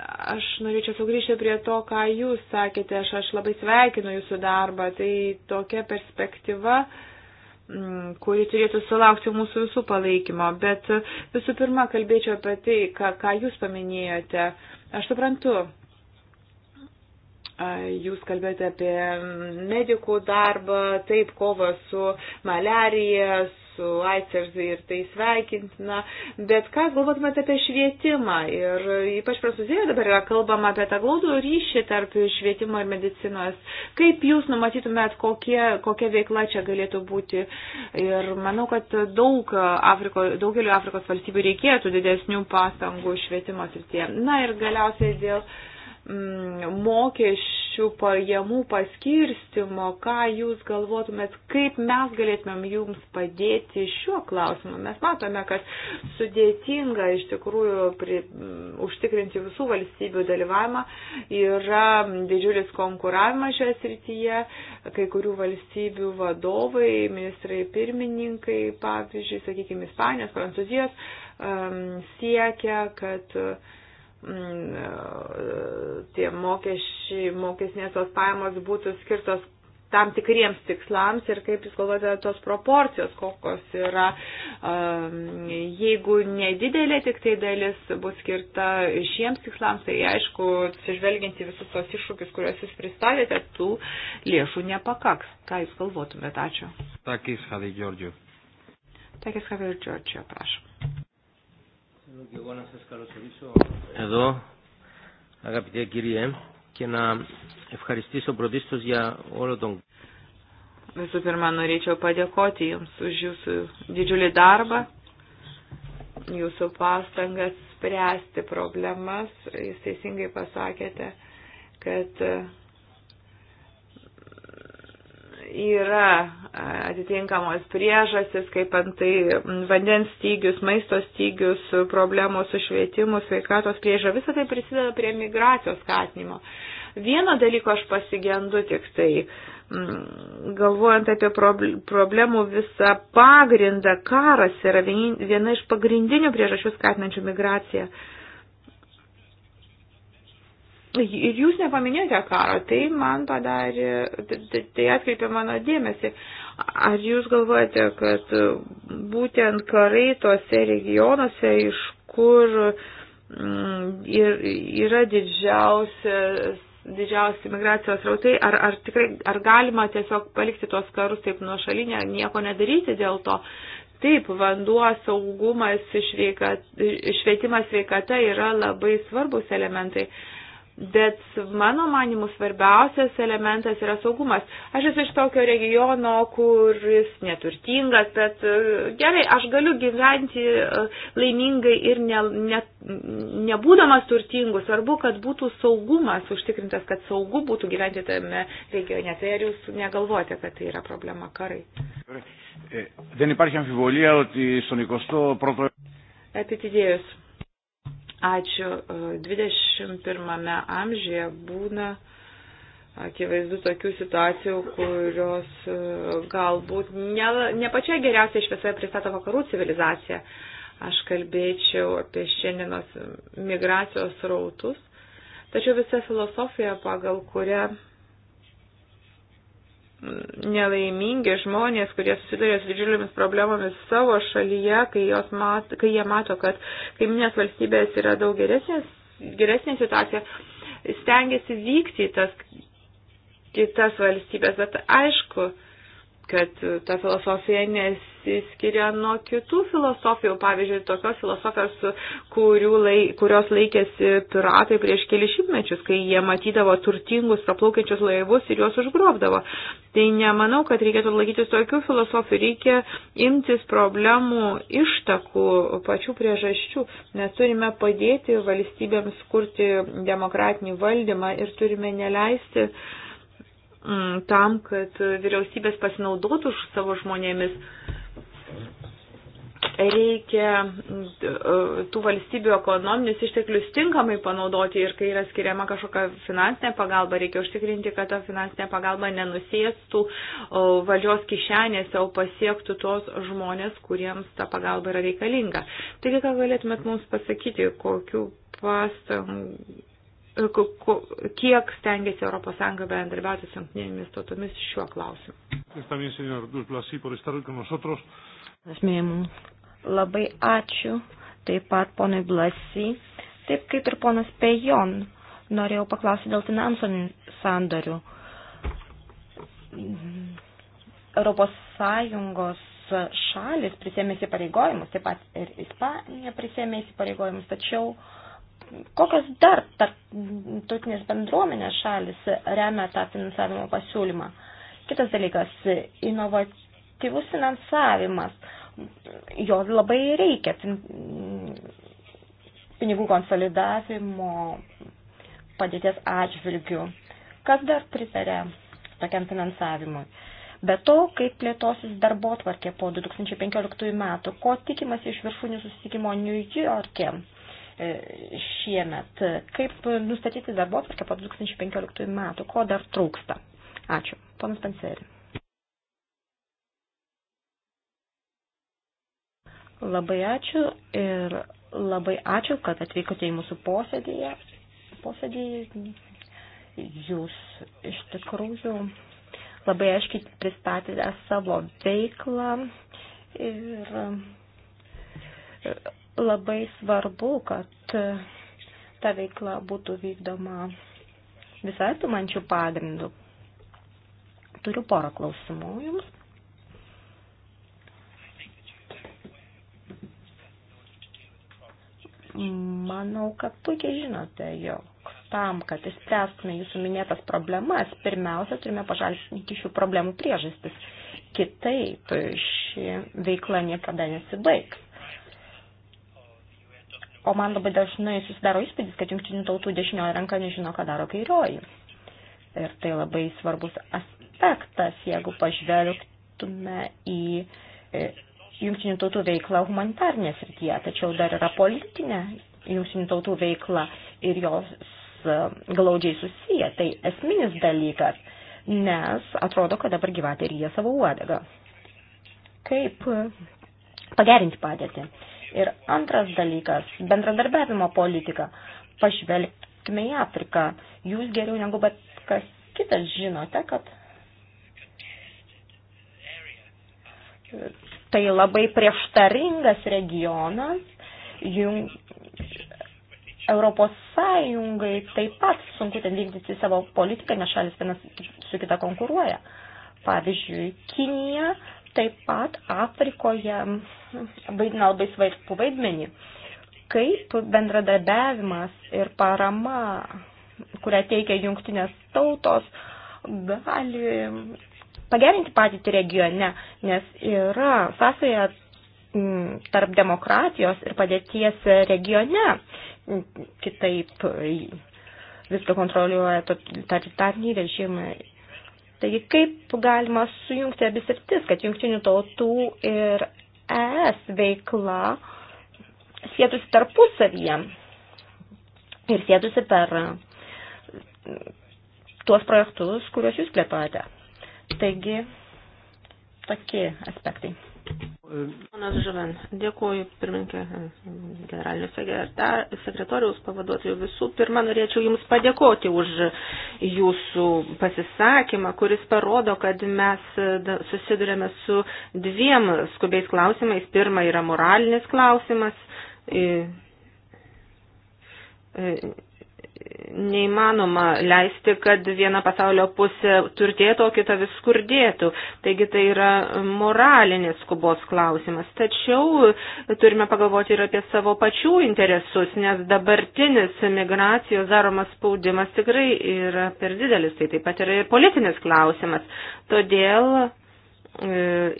Aš norėčiau sugrįžti prie to, ką jūs sakėte, aš, aš labai sveikinu jūsų darbą, tai tokia perspektyva mm, kuri turėtų sulaukti mūsų visų palaikymo. Bet visų pirma, kalbėčiau apie tai, ką, ką jūs paminėjote. Aš suprantu, Jūs kalbėjote apie medikų darbą, taip, kovą su malerija, su AIDS ir tai sveikintina, bet ką galvotumėte apie švietimą? Ir ypač Prancūzijoje dabar yra kalbama apie tą glaudų ryšį tarp švietimo ir medicinos. Kaip jūs numatytumėt, kokie, kokia veikla čia galėtų būti? Ir manau, kad daug Afriko, daugeliu Afrikos valstybių reikėtų didesnių pastangų švietimo srityje. Na ir galiausiai dėl mm, mokesčių mokesčių pajamų paskirstimo, ką jūs galvotumėt, kaip mes galėtumėm jums padėti šiuo klausimu. Mes matome, kad sudėtinga iš tikrųjų pri, m, užtikrinti visų valstybių dalyvavimą, yra didžiulis konkuravimas šioje srityje, kai kurių valstybių vadovai, ministrai pirmininkai, pavyzdžiui, sakykime, Ispanijos, Prancūzijos, um, siekia, kad uh, Mm, tie mokesčiai, mokesnės tos pajamos būtų skirtos tam tikriems tikslams ir kaip jūs galvojate tos proporcijos, kokios yra, jeigu nedidelė tik tai dalis bus skirta šiems tikslams, tai aišku, atsižvelginti visus tos iššūkius, kuriuos jūs pristatėte, tų lėšų nepakaks. Ką jūs galvotumėte? Ačiū. Takis Hadidžiordžiu. Takis Hadidžiordžiu, prašom. Και εγώ να σας καλωσορίσω εδώ, αγαπητέ κύριε, και να ευχαριστήσω πρωτίστως για όλο τον... Visų pirma, norėčiau padėkoti Jums už Jūsų didžiulį darbą, Jūsų pastangas spręsti problemas. Jūs teisingai pasakėte, kad uh, yra atitinkamos priežastis, kaip antai vandens stygius, maisto stygius, problemos su švietimu, sveikatos prieža, visą tai prisideda prie migracijos skatinimo. Vieno dalyko aš pasigendu tik tai, mm, galvojant apie problemų visą pagrindą, karas yra viena iš pagrindinių priežasčių skatinančių migraciją. Ir jūs nepaminėjote karo, tai man padarė, tai, tai, tai atkreipė mano dėmesį. Ar jūs galvojate, kad būtent karai tuose regionuose, iš kur mm, ir, yra didžiausias didžiausi migracijos rautai, ar, ar tikrai, ar galima tiesiog palikti tuos karus taip nuošalinę, nieko nedaryti dėl to, Taip, vanduo, saugumas, šveika, švietimas, sveikata yra labai svarbus elementai. Bet mano manimu svarbiausias elementas yra saugumas. Aš esu iš tokio regiono, kuris neturtingas, bet e, gerai, aš galiu gyventi e, laimingai ir ne, ne, nebūdamas turtingu. Svarbu, kad būtų saugumas užtikrintas, kad saugu būtų gyventi tame regione. Tai ar jūs negalvojate, kad tai yra problema karai? Δεν υπάρχει αμφιβολία ότι στον 21ο. Επιτιδίως. Ačiū. 21 e, amžiuje būna akivaizdu tokių situacijų, kurios e, galbūt ne, ne pačia geriausia šviesoje pristato vakarų civilizaciją. Aš kalbėčiau apie šiandienos migracijos rautus, tačiau visa filosofija, pagal kurią nelaimingi žmonės, kurie susiduria su didžiulėmis problemomis savo šalyje, kai, mat, kai jie mato, kad kaiminės valstybės yra daug geresnės, geresnė situacija, stengiasi vykti į tas kitas valstybės. Bet aišku, kad e, ta filosofija nesiskiria nuo kitų filosofijų, pavyzdžiui, tokios filosofijos, lai, kurios laikėsi piratai prieš keli šimtmečius, kai jie matydavo turtingus praplaukiančius laivus ir juos užgrobdavo. Tai nemanau, kad reikėtų laikytis tokių filosofijų, reikia imtis problemų ištakų, pačių priežasčių, nes turime padėti valstybėms kurti demokratinį valdymą ir turime neleisti uh, Mm, tam, kad vyriausybės pasinaudotų už savo žmonėmis. Reikia mm, tų valstybių ekonominius išteklius tinkamai panaudoti ir kai yra skiriama kažkokia finansinė pagalba, reikia užtikrinti, kad ta finansinė pagalba nenusėstų valdžios kišenėse, o pasiektų tos žmonės, kuriems ta pagalba yra reikalinga. Taigi, ką galėtumėt mums pasakyti, kokiu pastangu E, kiek stengiasi ES bendarbiauti su jungtinėmis tautomis šiuo klausimu. Labai ačiū taip pat ponui Blasi, taip kaip ir ponas Pejon. Norėjau paklausyti dėl finansų sandorių. Europos Sąjungos šalis prisėmė įsipareigojimus, taip pat ir Ispanija prisėmė įsipareigojimus, tačiau uh, Kokios dar tarptautinės bendruomenės šalis remia tą finansavimo pasiūlymą? Kitas dalykas - inovatyvus finansavimas. Jo labai reikia pinigų konsolidavimo padėties atžvilgių. Kas dar pritarė tokiam finansavimui? Be to, kaip plėtosis darbo tvarkė po 2015 metų, ko tikimasi iš viršūnių susitikimo New York'e? E, šiemet. Kaip nustatyti darbo atvarkę po 2015 metų? Ko dar trūksta? Ačiū. Ponas Panseri. Labai ačiū ir labai ačiū, kad atvykote į mūsų posėdėje. posėdį. Jūs iš tikrųjų labai aiškiai pristatėte savo veiklą ir labai svarbu, kad ta veikla būtų vykdoma visai tumančių pagrindų. Turiu porą klausimų jums. Manau, kad puikiai žinote, jog tam, kad įspręstume jūsų minėtas problemas, pirmiausia, turime pašalinti šių problemų priežastis. Kitaip ši veikla niekada nesibaigs. O man labai dažnai susidaro įspūdis, kad jungtinių tautų dešinioji ranka nežino, ką daro kairioji. Ir tai labai svarbus aspektas, jeigu pažvelgtume į e, jungtinių tautų veiklą humanitarnės rytyje, tačiau dar yra politinė jungtinių tautų veikla ir jos e, glaudžiai susiję. Tai esminis dalykas, nes atrodo, kad dabar gyvatė ryja savo uodegą. Kaip e, pagerinti padėtį? Ir antras dalykas - bendradarbiavimo politika. Pažvelgime į Afriką. Jūs geriau negu bet kas kitas žinote, kad tai labai prieštaringas regionas. Jung... Europos Sąjungai taip pat sunku ten vykdyti savo politiką, nes šalis vienas su kita konkuruoja. Pavyzdžiui, Kinija taip pat Afrikoje vaidina labai svarbų vaidmenį. Kaip bendradarbiavimas ir parama, kurią teikia jungtinės tautos, gali pagerinti patį regione, nes yra sąsaja mm, tarp demokratijos ir padėties regione. Kitaip viską kontroliuoja totalitariniai režimai Taigi, kaip galima sujungti abis rytis, kad jungtinių tautų ir ES veikla sėtųsi tarpusavyje ir sėtųsi per tuos projektus, kuriuos jūs plėtojate. Taigi, tokie aspektai. Ponas Žuvin, dėkuoju pirmininkė generalinio sekretoriaus pavaduotojų. Visų pirma, norėčiau Jums padėkoti už Jūsų pasisakymą, kuris parodo, kad mes susidurėme su dviem skubiais klausimais. Pirma yra moralinis klausimas neįmanoma leisti, kad viena pasaulio pusė turtėtų, o kita vis skurdėtų. Taigi tai yra moralinis skubos klausimas. Tačiau turime pagalvoti ir apie savo pačių interesus, nes dabartinis migracijos daromas spaudimas tikrai yra per didelis. Tai taip pat yra ir politinis klausimas. Todėl E,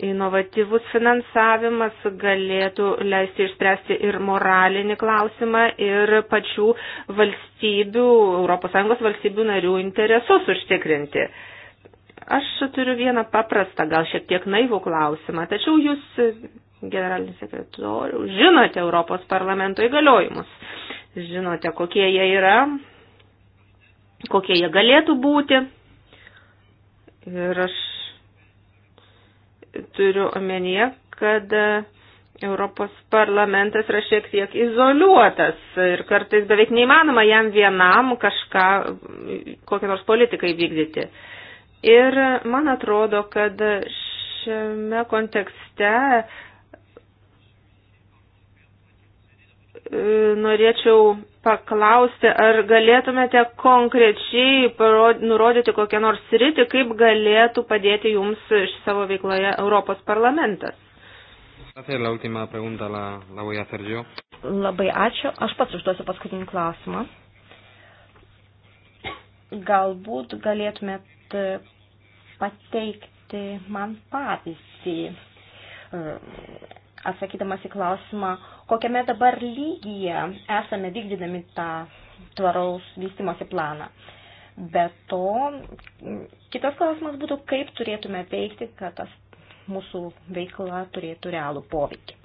inovatyvus finansavimas galėtų leisti išspręsti ir moralinį klausimą, ir pačių valstybių, ES valstybių narių interesus užtikrinti. Aš turiu vieną paprastą, gal šiek tiek naivų klausimą, tačiau jūs, generalinis sekretoriau, žinote Europos parlamento įgaliojimus, žinote, kokie jie yra, kokie jie galėtų būti. Ir aš turiu omenyje, kad e, Europos parlamentas yra šiek tiek izoliuotas ir kartais beveik neįmanoma jam vienam kažką, kokią nors politiką įvykdyti. Ir man atrodo, kad šiame kontekste E, norėčiau paklausti, ar galėtumėte konkrečiai nurodyti kokią nors sritį, kaip galėtų padėti jums iš savo veikloje Europos parlamentas? Labai ačiū. Aš pats užduosiu paskutinį klausimą. Galbūt galėtumėt e, pateikti man pavyzdį e, atsakydamas į klausimą, kokiame dabar lygyje esame vykdydami tą tvaraus vystimosi planą. Be to, kitas klausimas būtų, kaip turėtume veikti, kad tas mūsų veikla turėtų realų poveikį.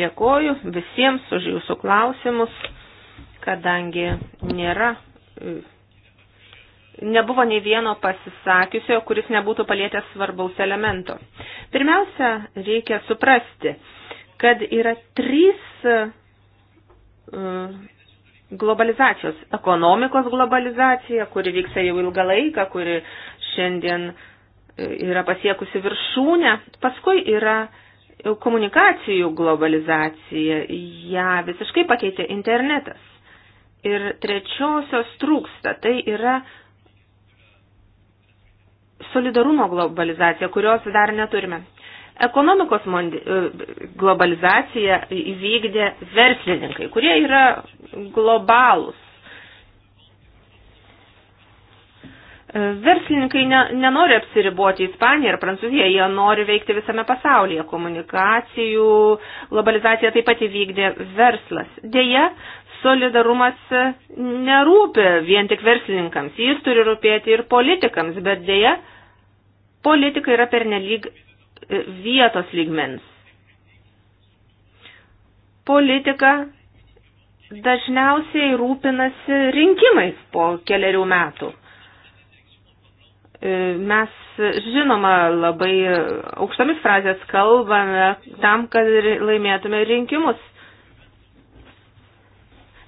Dėkoju visiems už jūsų klausimus, kadangi nėra nebuvo nei vieno pasisakiusio, kuris nebūtų palietęs svarbaus elemento. Pirmiausia, reikia suprasti, kad yra trys e, globalizacijos. Ekonomikos globalizacija, kuri vyksta jau ilgą laiką, kuri šiandien e, yra pasiekusi viršūnę. Paskui yra komunikacijų globalizacija, ją visiškai pakeitė internetas. Ir trečiosios trūksta, tai yra solidarumo globalizacija, kurios dar neturime. Ekonomikos e, globalizacija įvykdė verslininkai, kurie yra globalūs. E, verslininkai ne, nenori apsiriboti Ispaniją ir Prancūziją, jie nori veikti visame pasaulyje. Komunikacijų globalizacija taip pat įvykdė verslas. Deja, solidarumas nerūpi vien tik verslininkams, jis turi rūpėti ir politikams, bet dėja, politika yra pernelyg e, vietos lygmens. Politika dažniausiai rūpinasi rinkimais po keliarių metų. E, mes, žinoma, labai aukštomis frazės kalbame tam, kad laimėtume rinkimus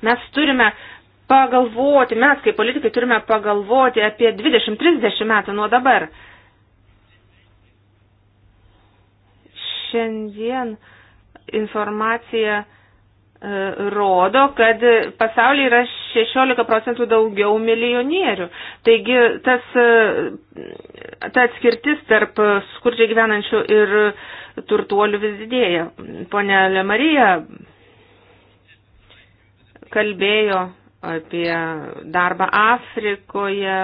Mes turime pagalvoti, mes kaip politikai turime pagalvoti apie 20-30 metų nuo dabar. Šiandien informacija e, rodo, kad pasaulyje yra 16 procentų daugiau milijonierių. Taigi tas, e, ta atskirtis tarp skurdžiai gyvenančių ir turtuolių vis didėja. Pone Lemarija kalbėjo apie darbą Afrikoje.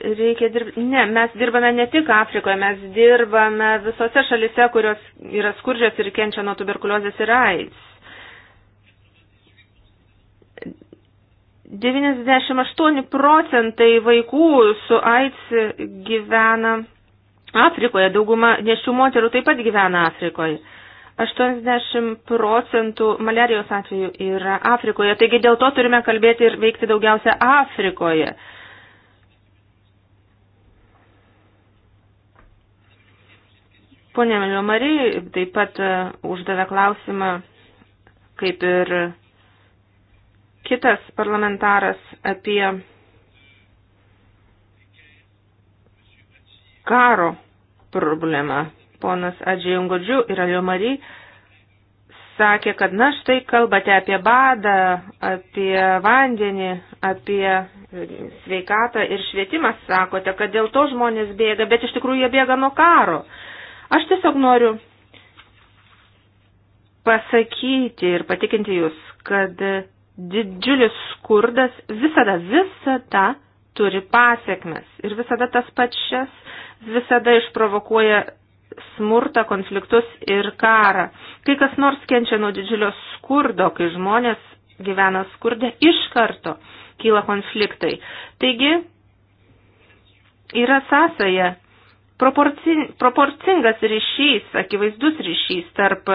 Reikia dirbti. Ne, mes dirbame ne tik Afrikoje, mes dirbame visose šalise, kurios yra skurdžios ir kenčia nuo tuberkuliozės ir AIDS. 98 procentai vaikų su AIDS gyvena Afrikoje dauguma nešių moterų taip pat gyvena Afrikoje. 80 procentų malerijos atvejų yra Afrikoje, taigi dėl to turime kalbėti ir veikti daugiausia Afrikoje. Pone Melio Marijai taip pat e, uždavė klausimą, kaip ir kitas parlamentaras, apie karo problema. Ponas Adžiungodžių ir Aliomary sakė, kad na štai kalbate apie badą, apie vandenį, apie sveikatą ir švietimą, sakote, kad dėl to žmonės bėga, bet iš tikrųjų jie bėga nuo karo. Aš tiesiog noriu pasakyti ir patikinti jūs, kad didžiulis skurdas visada, visada turi pasiekmes. Ir visada tas pačias, visada išprovokuoja smurtą, konfliktus ir karą. Kai kas nors kenčia nuo didžiulio skurdo, kai žmonės gyvena skurdė, iš karto kyla konfliktai. Taigi, yra sąsaja, proporcingas ryšys, akivaizdus ryšys tarp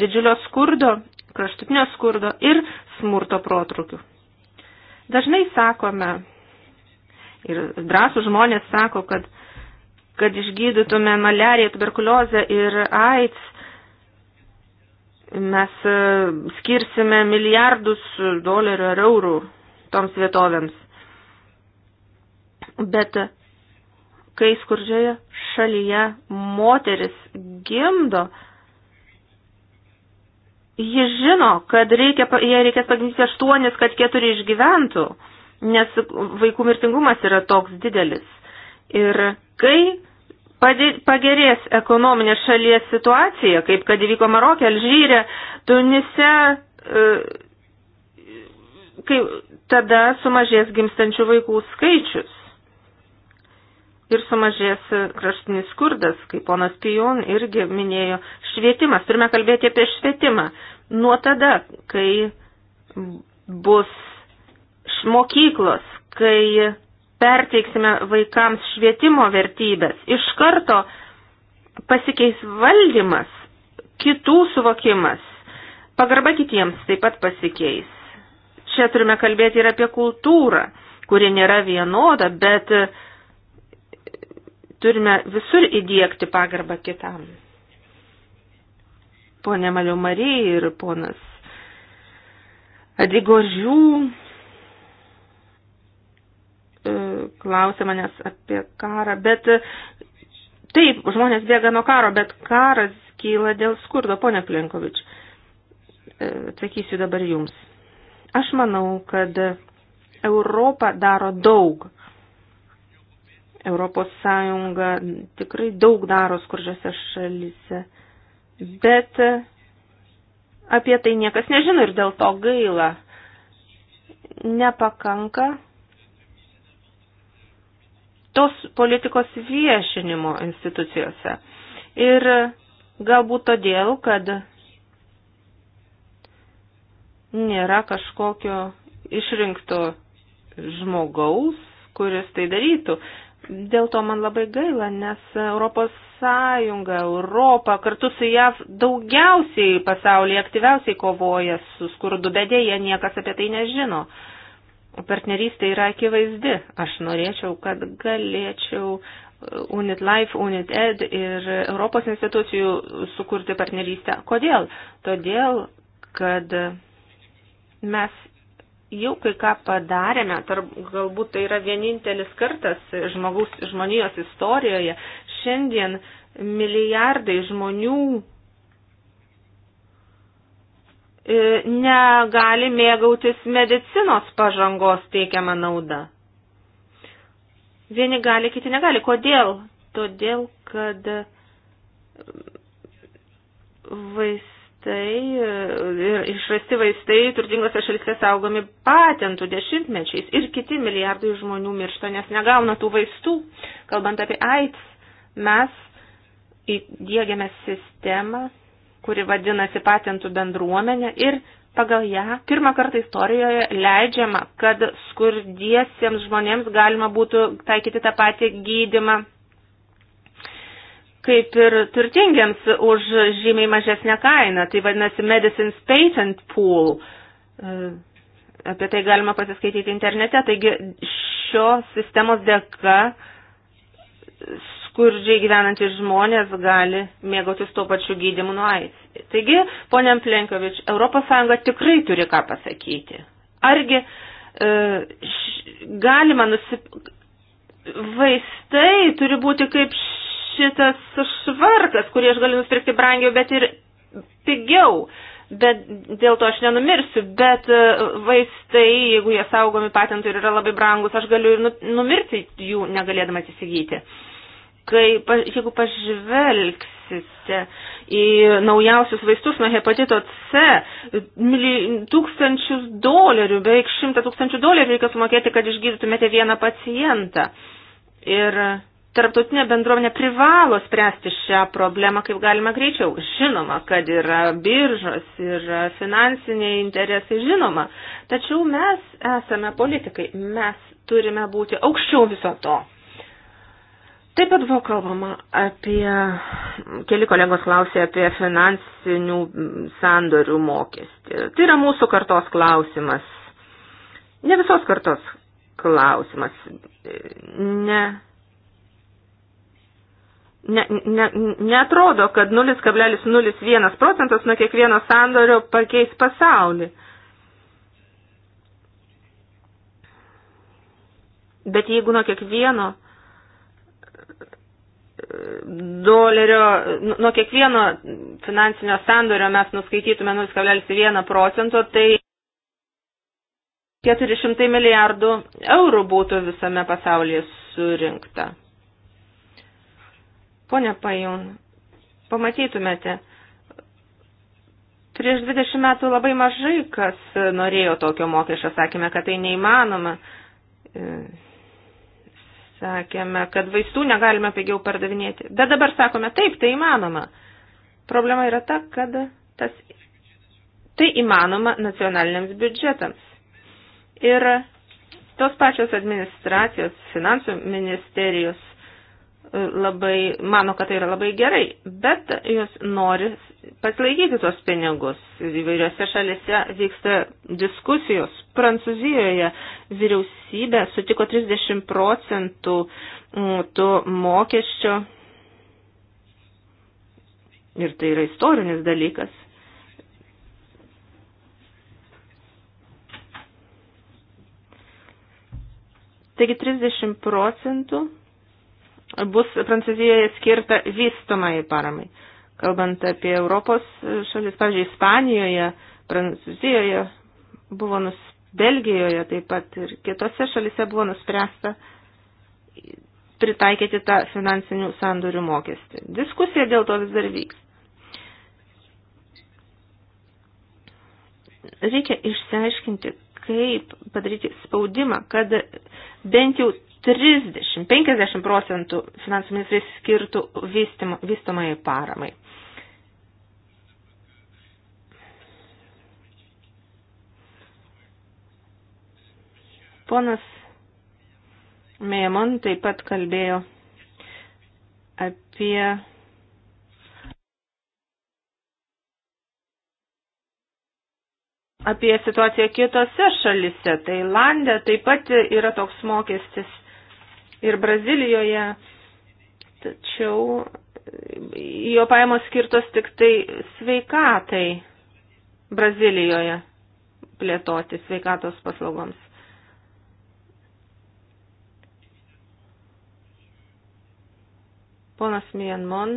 didžiulio skurdo, kraštutinio skurdo ir smurto protrukių. Dažnai sakome, Ir drąsų žmonės sako, kad, kad išgydytume malariją, tuberkuliozę ir AIDS, mes e, skirsime milijardus dolerių ar eurų toms vietovėms. Bet e, kai skurdžioje šalyje moteris gimdo, ji žino, kad reikia, jai reikės pagimdyti aštuonis, kad keturi išgyventų nes vaikų mirtingumas yra toks didelis. Ir kai pagerės ekonominė šalies situacija, kaip kad įvyko Marokė, Alžyrė, Tunise, e, kai tada sumažės gimstančių vaikų skaičius. Ir sumažės kraštinis skurdas, kaip ponas Pijon irgi minėjo, švietimas. Turime kalbėti apie švietimą. Nuo tada, kai bus mokyklos, kai perteiksime vaikams švietimo vertybės, iš karto pasikeis valdymas, kitų suvokimas, pagarba kitiems taip pat pasikeis. Čia turime kalbėti ir apie kultūrą, kuri nėra vienoda, bet turime visur įdėkti pagarbą kitam. Pone Maliu Marija ir ponas Adigožių klausė manęs apie karą, bet taip, žmonės bėga nuo karo, bet karas kyla dėl skurdo, ponia Plenkovič. E, atsakysiu dabar jums. Aš manau, kad Europa daro daug. Europos Sąjunga tikrai daug daro skurdžiose šalyse, bet apie tai niekas nežino ir dėl to gaila. Nepakanka tos politikos viešinimo institucijose. Ir galbūt todėl, kad nėra kažkokio išrinkto žmogaus, kuris tai darytų. Dėl to man labai gaila, nes Europos Sąjunga, Europa kartu su JAV daugiausiai pasaulyje aktyviausiai kovoja su skurdu, bet dėja niekas apie tai nežino. Uh, partnerystė yra akivaizdi. Aš norėčiau, kad galėčiau Unit Life, Unit Ed ir Europos institucijų sukurti partnerystę. Kodėl? Todėl, kad mes jau kai ką padarėme, tarp, galbūt tai yra vienintelis kartas žmogaus, žmonijos istorijoje. Šiandien milijardai žmonių E, negali mėgautis medicinos pažangos teikiama nauda. Vieni gali, kiti negali. Kodėl? Todėl, kad vaistai e, ir išrasti vaistai turtingose šalyse saugomi patentų dešimtmečiais ir kiti milijardai žmonių miršta, nes negauna tų vaistų. Kalbant apie AIDS, mes įdėgiame sistemą kuri vadinasi patentų bendruomenė ir pagal ją pirmą kartą istorijoje leidžiama, kad skurdiesiems žmonėms galima būtų taikyti tą patį gydimą kaip ir turtingiams už žymiai mažesnę kainą. Tai vadinasi Medicines Patent Pool. E, apie tai galima pasiskaityti internete. Taigi šios sistemos dėka skurdžiai gyvenantys žmonės gali mėgautis tuo pačiu gydimu nuo AIDS. Taigi, poniam Plenkovič, ES tikrai turi ką pasakyti. Argi e, š, galima nusip... Vaistai turi būti kaip šitas švarkas, kurį aš galiu nusipirkti brangiau, bet ir pigiau bet dėl to aš nenumirsiu, bet e, vaistai, jeigu jie saugomi patentų ir yra labai brangus, aš galiu ir nu-, numirti jų negalėdamas įsigyti kai, jeigu pažvelgsite į naujausius vaistus nuo hepatito C, mili, tūkstančius dolerių, beveik šimtą tūkstančių dolerių reikia sumokėti, kad išgydytumėte vieną pacientą. Ir tarptautinė bendruomenė privalo spręsti šią problemą kaip galima greičiau. Žinoma, kad yra biržos, yra finansiniai interesai, žinoma. Tačiau mes esame politikai, mes turime būti aukščiau viso to. Taip pat buvo kalbama apie, keli kolegos klausė apie finansinių sandorių mokestį. Tai yra mūsų kartos klausimas. Ne visos kartos klausimas. Ne. Ne, ne, netrodo, kad 0,01 procentas nuo kiekvieno sandorio pakeis pasaulį. Bet jeigu nuo kiekvieno dolerio, nu, nuo kiekvieno finansinio sandorio mes nuskaitytume 0,1 procento, tai 400 milijardų eurų būtų visame pasaulyje surinkta. Pone Pajun, pamatytumėte, prieš 20 metų labai mažai kas norėjo tokio mokesčio, sakėme, kad tai neįmanoma. E, Sakėme, kad vaistų negalime pigiau pardavinėti. Bet dabar sakome, taip, tai įmanoma. Problema yra ta, kad tas, tai įmanoma nacionaliniams biudžetams. Ir tos pačios administracijos, finansų ministerijos e, labai mano, kad tai yra labai gerai, bet jos nori pasilaikyti tuos pinigus. Įvairiose šalise vyksta diskusijos. Prancūzijoje vyriausybė sutiko 30 procentų mm, to mokesčio. Ir tai yra istorinis dalykas. Taigi 30 procentų bus Prancūzijoje skirta vystomai paramai. Kalbant apie Europos šalis, pavyzdžiui, Ispanijoje, Prancūzijoje, buvo nus, Belgijoje taip pat ir kitose šalise buvo nuspręsta pritaikyti tą finansinių sandorių mokestį. Diskusija dėl to vis dar vyks. Reikia išsiaiškinti, kaip padaryti spaudimą, kad bent jau 30-50 procentų finansų ministrai skirtų vystomai paramai. Ponas Mėjamon taip pat kalbėjo apie apie situaciją kitose šalise. Tailandė taip pat yra toks mokestis ir Brazilijoje, tačiau jo pajamos skirtos tik tai sveikatai Brazilijoje plėtoti sveikatos paslaugoms. Ponas Mienmon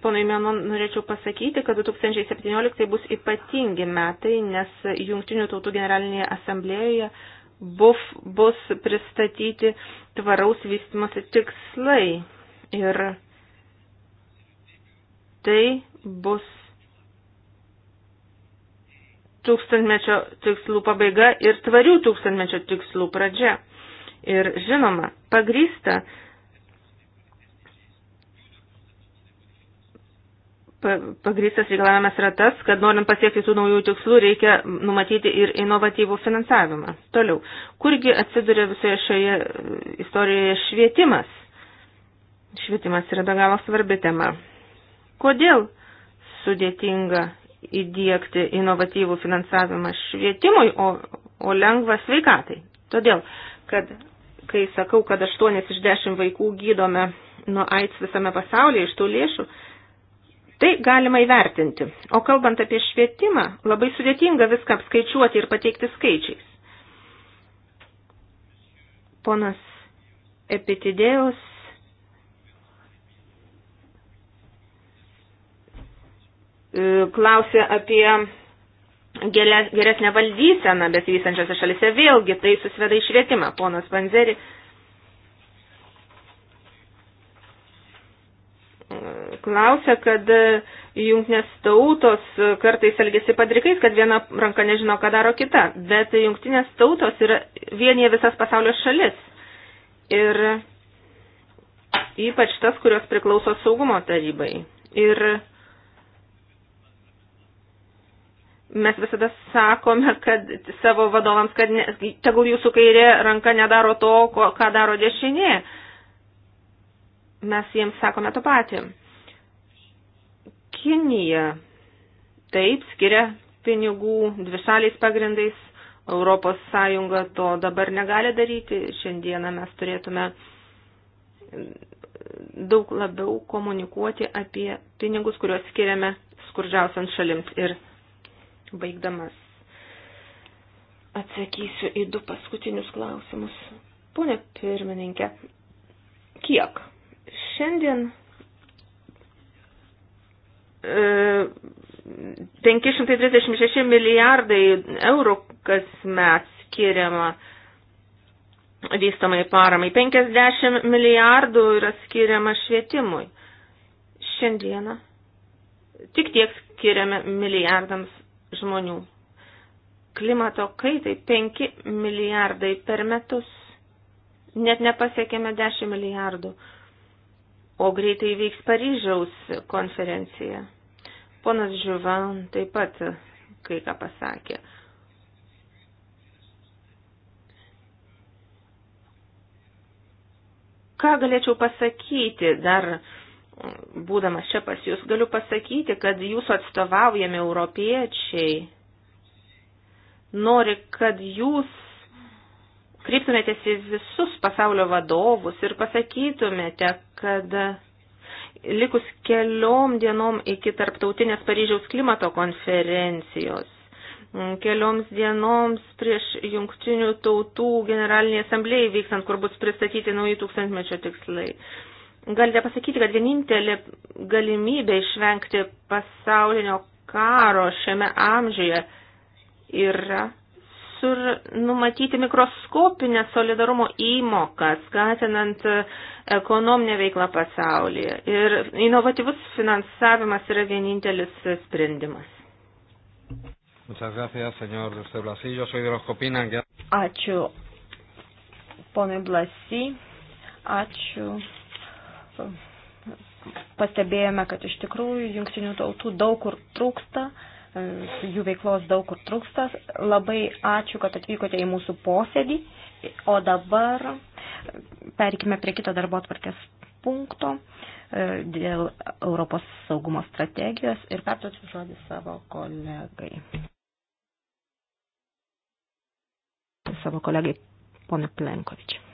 Ponai Mėnon, norėčiau pasakyti, kad 2017 bus ypatingi metai, nes Jungtinių tautų generalinėje asamblėjoje buf, bus pristatyti tvaraus vystimosi tikslai. Ir tai bus tūkstantmečio tikslų pabaiga ir tvarių tūkstantmečio tikslų pradžia. Ir žinoma, pagrysta pagrystas reikalavimas yra tas, kad norint pasiekti tų naujų tikslų reikia numatyti ir inovatyvų finansavimą. Toliau, kurgi atsiduria visoje šioje e, istorijoje švietimas? Švietimas yra be galo svarbi tema. Kodėl sudėtinga įdėkti inovatyvų finansavimą švietimui, o, o lengvą sveikatai. Todėl, kad kai sakau, kad 8 iš 10 vaikų gydome nuo AIDS visame pasaulyje iš tų lėšų, tai galima įvertinti. O kalbant apie švietimą, labai sudėtinga viską apskaičiuoti ir pateikti skaičiais. Ponas Epitidėjos E, klausė apie geresnę valdyseną besivystančiose šalise. Vėlgi tai susiveda į švietimą. Ponas Panzeri klausia, kad jungtinės tautos kartais elgesi padrikais, kad viena ranka nežino, ką daro kita, bet jungtinės tautos yra vienyje visas pasaulio šalis. Ir ypač tas, kurios priklauso saugumo tarybai. Ir Mes visada sakome kad savo vadovams, kad ne, tegul jūsų kairė ranka nedaro to, ko, ką daro dešinė. Mes jiems sakome tą patį. Kinija taip skiria pinigų dvišaliais pagrindais, Europos Sąjunga to dabar negali daryti. Šiandieną mes turėtume daug labiau komunikuoti apie pinigus, kuriuos skiriame skurdžiausiams šalims ir Baigdamas atsakysiu į du paskutinius klausimus. Pone pirmininkė, kiek šiandien 536 e, milijardai eurų kasmet skiriama vystamai paramai, 50 milijardų yra skiriama švietimui. Šiandieną tik tiek skiriame milijardams žmonių. Klimato kaitai 5 milijardai per metus. Net nepasiekėme 10 milijardų. O greitai vyks Paryžiaus konferencija. Ponas Žiuvan taip pat kai ką pasakė. Ką galėčiau pasakyti dar būdamas čia pas jūs, galiu pasakyti, kad jūsų atstovaujami europiečiai nori, kad jūs kryptumėtės į visus pasaulio vadovus ir pasakytumėte, kad likus keliom dienom iki tarptautinės Paryžiaus klimato konferencijos, kelioms dienoms prieš jungtinių tautų generalinį asamblėjį vykstant, kur bus pristatyti nauji tūkstantmečio tikslai galite pasakyti, kad vienintelė galimybė išvengti pasaulinio karo šiame amžiuje yra sur numatyti mikroskopinę solidarumo įmoką, skatinant ekonominę veiklą pasaulyje. Ir inovatyvus finansavimas yra vienintelis sprendimas. Ačiū, ponai Blasi. Ačiū pastebėjome, kad iš tikrųjų jungtinių tautų daug kur trūksta, e, jų veiklos daug kur trūksta. Labai ačiū, kad atvykote į mūsų posėdį. O dabar perikime prie kito darbo atvarkės punkto e, dėl Europos saugumo strategijos ir perduosiu žodį savo kolegai. Savo kolegai, ponė Plenkovičiai.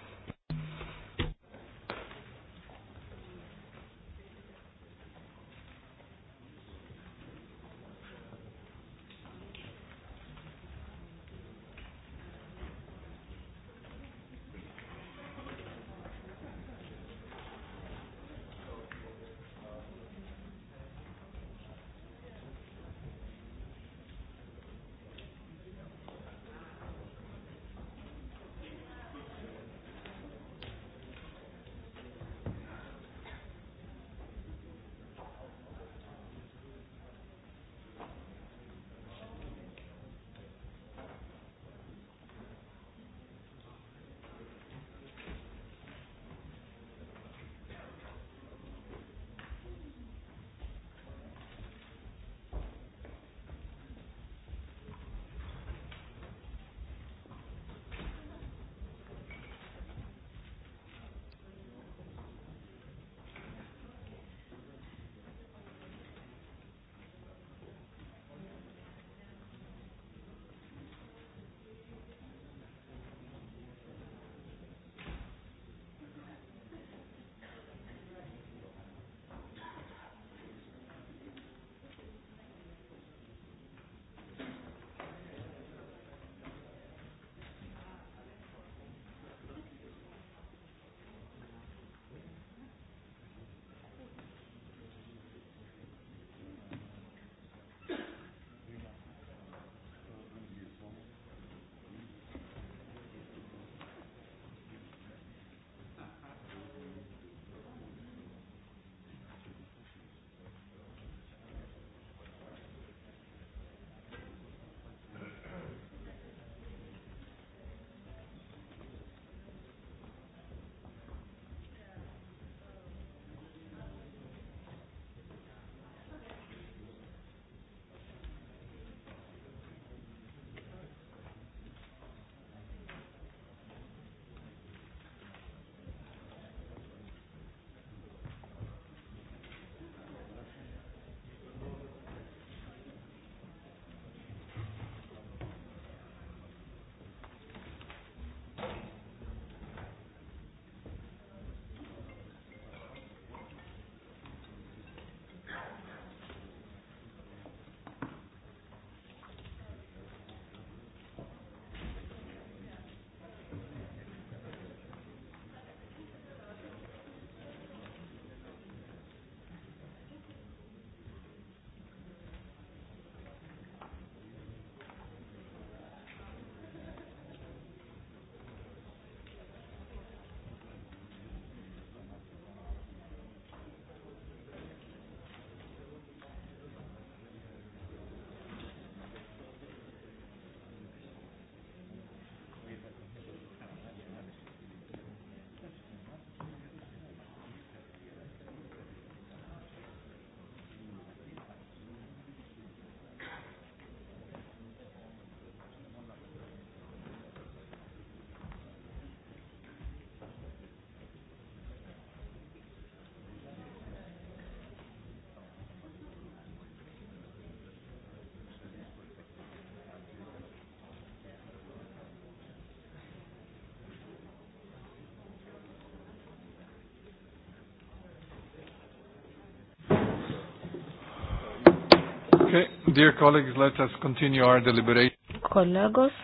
Okay, dear colleagues, let us continue our deliberation. Kolegos,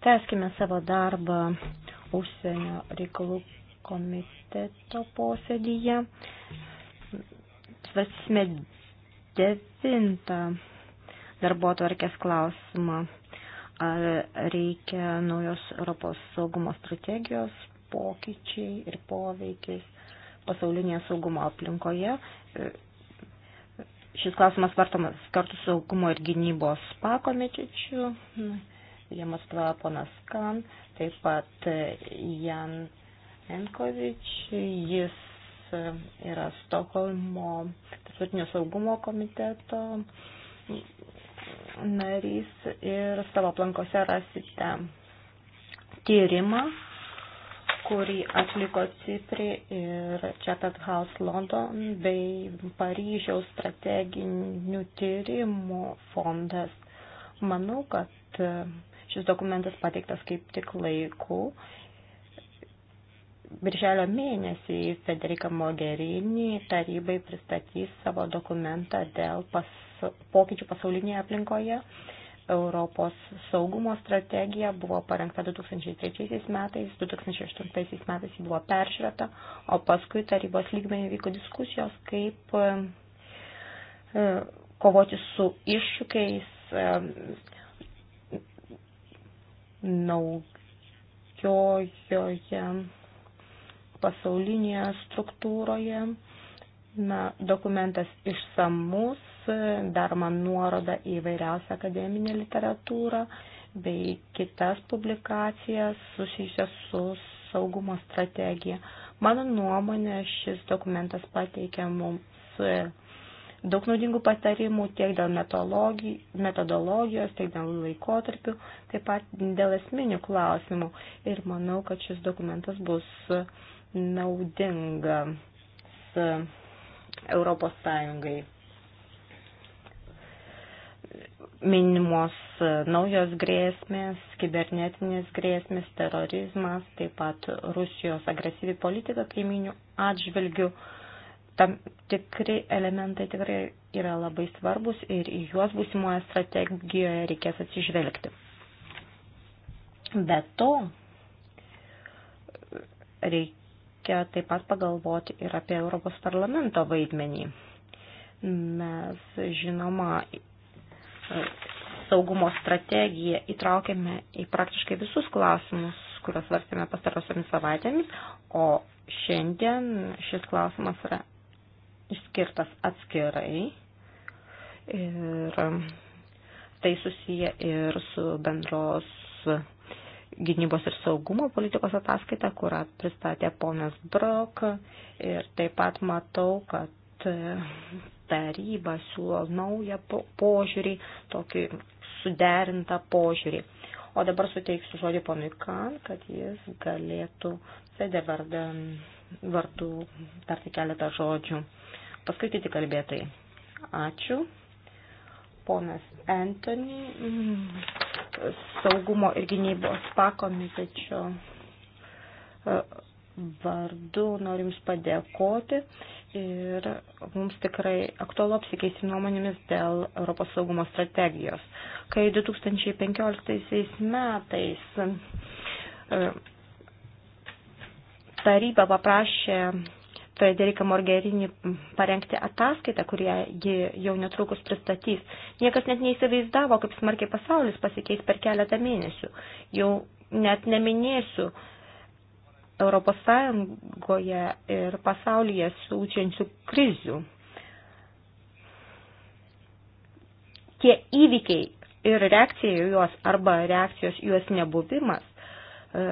tęskime savo darbą užsienio reikalų komiteto posėdyje. Svarsime devintą darbo atvarkės klausimą. Ar reikia naujos Europos saugumo strategijos, pokyčiai ir poveikis pasaulinėje saugumo aplinkoje Šis klausimas vartomas kartu saugumo ir gynybos pakomitečių. Jiem atstovauja ponas Kan, taip pat Jan Enkovič. Jis yra Stokholmo tarptautinio saugumo komiteto narys ir savo aplankose rasite tyrimą kurį atliko Cipri ir Chatham House London bei Paryžiaus strateginių tyrimų fondas. Manau, kad e, šis dokumentas pateiktas kaip tik laiku. Birželio mėnesį Federika Mogherini tarybai pristatys savo dokumentą dėl pas, pokyčių pasaulinėje aplinkoje. Uh, Europos saugumo strategija buvo parengta 2003 metais, 2008 metais ji buvo peržiūrėta, o paskui tarybos lygmenį vyko diskusijos, kaip e, kovoti su iššūkiais e, naujojoje pasaulinėje struktūroje. Na, dokumentas išsamus, daroma nuoroda į vairiausią akademinę literatūrą bei kitas publikacijas susijusias su saugumo strategija. Mano nuomonė, šis dokumentas pateikia mums e, daug naudingų patarimų tiek dėl metodologijos, tiek dėl laikotarpių, taip pat dėl esminių klausimų. Ir manau, kad šis dokumentas bus naudingas e, Europos Sąjungai minimos e, naujos grėsmės, kibernetinės grėsmės, terorizmas, taip pat Rusijos agresyvi politika kaiminių atžvilgių. Tam tikri elementai tikrai yra labai svarbus ir į juos būsimoje strategijoje reikės atsižvelgti. Be to, reikia taip pat pagalvoti ir apie Europos parlamento vaidmenį. Mes, žinoma, saugumo strategiją įtraukėme į praktiškai visus klausimus, kuriuos svarstėme pastarosiomis savaitėmis, o šiandien šis klausimas yra išskirtas atskirai ir tai susiję ir su bendros gynybos ir saugumo politikos ataskaita, kurią pristatė ponas Brok ir taip pat matau, kad kad e, taryba siūlo naują požiūrį, tokį suderintą požiūrį. O dabar suteiksiu žodį ponui Kan, kad jis galėtų sėdė vardu tarti keletą žodžių. Paskui kiti kalbėtojai. Ačiū. Ponas Antony, mm, saugumo ir gynybos pakomitečio e, vardu noriu Jums padėkoti ir mums tikrai aktualu apsikeisti nuomonėmis dėl Europos saugumo strategijos. Kai 2015 metais e, taryba paprašė Frederiką Morgerinį parengti ataskaitą, kurią ji jau netrukus pristatys. Niekas net neįsivaizdavo, kaip smarkiai pasaulis pasikeis per keletą mėnesių. Jau net neminėsiu uh, ES ir pasaulyje siūčiančių krizių. Tie įvykiai ir reakcija juos arba reakcijos juos nebuvimas e,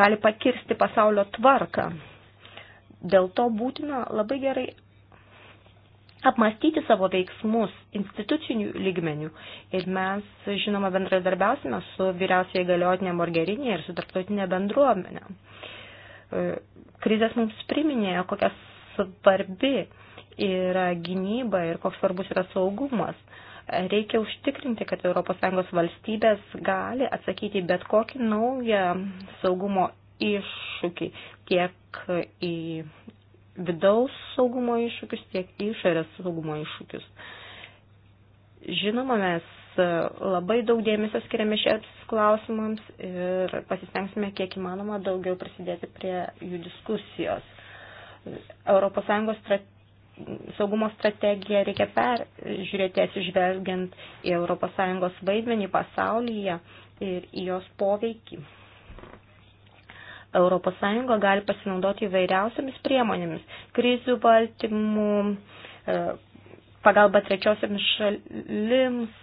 gali pakirsti pasaulio tvarką. Dėl to būtina labai gerai apmastyti savo veiksmus institucinių lygmenių. Ir mes, žinoma, bendradarbiausime su vyriausiai galiotinė Morgerinė ir su tarptautinė bendruomenė. E, krizės mums priminė, kokia svarbi yra gynyba ir koks svarbus yra saugumas. Reikia užtikrinti, kad ES valstybės gali atsakyti bet kokį naują saugumo iššūkį tiek į vidaus saugumo iššūkius, tiek išorės saugumo iššūkius. Žinoma, mes e, labai daug dėmesio skiriame šiems klausimams ir pasistengsime kiek įmanoma daugiau prisidėti prie jų diskusijos. ES strategija saugumo strategiją reikia peržiūrėti atsižvelgiant į ES vaidmenį pasaulyje ir į jos poveikį. ES gali pasinaudoti įvairiausiamis priemonėmis - krizių valdymų, e, pagalba trečiosiamis šalims.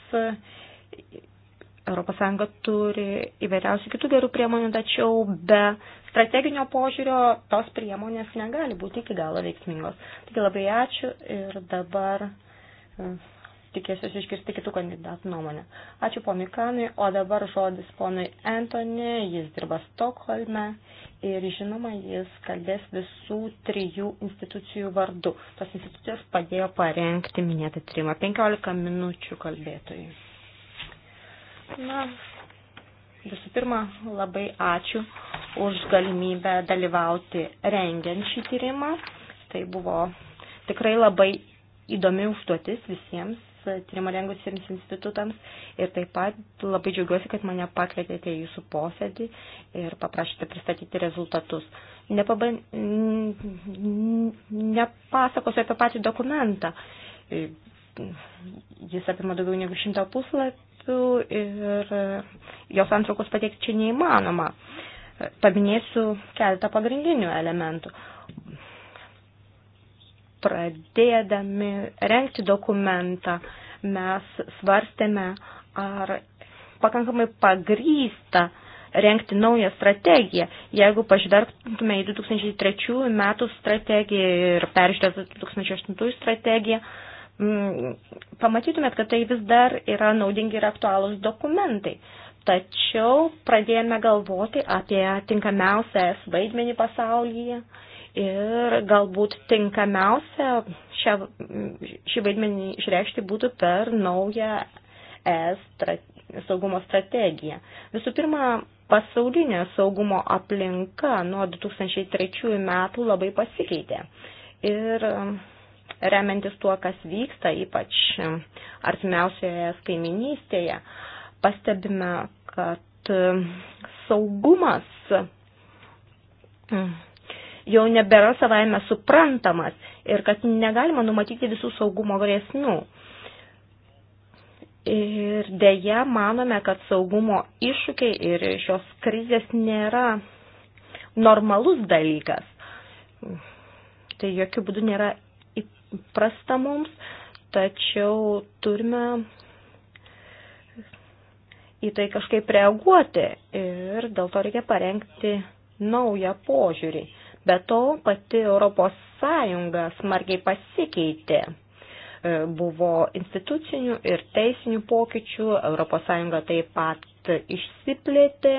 ES turi įvairiausių kitų gerų priemonių, tačiau be strateginio požiūrio tos priemonės negali būti iki galo veiksmingos. Taigi labai ačiū ir dabar. Uh tikėsiuosi išgirsti kitų kandidatų nuomonę. Ačiū ponui Kanui, o dabar žodis ponui Antoni, jis dirba Stokholme ir žinoma, jis kalbės visų trijų institucijų vardu. Tos institucijos padėjo parengti minėtą tyrimą. 15 minučių kalbėtojai. Na, visų pirma, labai ačiū už galimybę dalyvauti rengiant šį tyrimą. Tai buvo tikrai labai įdomi užduotis visiems tyrimą rengusiems institutams. Ir taip pat labai džiaugiuosi, kad mane pakvietėte į jūsų posėdį ir paprašėte pristatyti rezultatus. Nepaba... Nepasakosiu apie patį dokumentą. Jis apima daugiau negu šimtą puslapių ir jos antraukos pateikti čia neįmanoma. Paminėsiu keletą pagrindinių elementų pradėdami renkti dokumentą mes svarstėme, ar pakankamai pagrysta renkti naują strategiją. Jeigu pažvelgtume į 2003 metų strategiją ir peržiūrėtume 2008 strategiją, mm, pamatytumėt, kad tai vis dar yra naudingi ir aktualūs dokumentai. Tačiau pradėjome galvoti apie tinkamiausią S vaidmenį pasaulyje Ir galbūt tinkamiausia šią, šį vaidmenį išreikšti būtų per naują ES strate, saugumo strategiją. Visų pirma, pasaulinė saugumo aplinka nuo 2003 metų labai pasikeitė. Ir remiantis tuo, kas vyksta, ypač artimiausioje e kaiminystėje, pastebime, kad saugumas jau nebėra savaime suprantamas ir kad negalima numatyti visų saugumo grėsmių. Ir dėja manome, kad saugumo iššūkiai ir šios krizės nėra normalus dalykas. Tai jokių būdų nėra įprasta mums, tačiau turime į tai kažkaip reaguoti ir dėl to reikia parengti naują požiūrį. Be to, pati ES smarkiai pasikeitė. E, buvo institucinių ir teisinių pokyčių, ES taip pat išsiplėtė,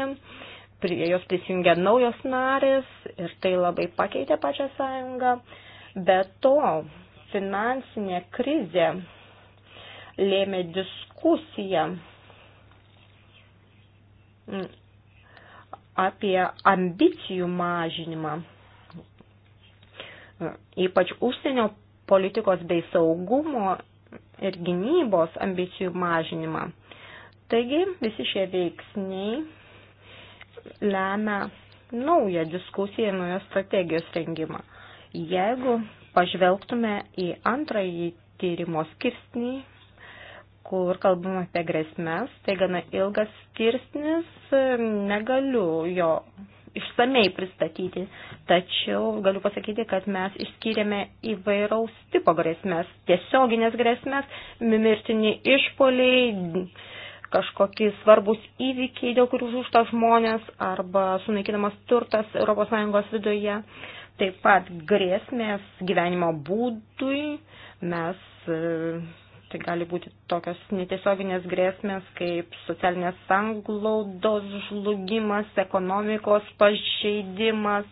prie jos prisijungė naujos narės ir tai labai pakeitė pačią sąjungą. Be to, finansinė krizė lėmė diskusiją apie ambicijų mažinimą ypač užsienio politikos bei saugumo ir gynybos ambicijų mažinimą. Taigi visi šie veiksniai lemia naują diskusiją, naują strategijos rengimą. Jeigu pažvelgtume į antrąjį tyrimo skirsnį, kur kalbam apie grėsmės, tai gana ilgas skirsnis, negaliu jo išsamei pristatyti, tačiau galiu pasakyti, kad mes išskyrėme įvairaus tipo grėsmės, tiesioginės grėsmės, mirtini išpoliai, kažkokie svarbus įvykiai, dėl kurių žūsta žmonės arba sunaikinamas turtas ES viduje, taip pat grėsmės gyvenimo būdui, mes e, Tai gali būti tokios netiesioginės grėsmės kaip socialinės sanglaudos žlugimas, ekonomikos pažeidimas,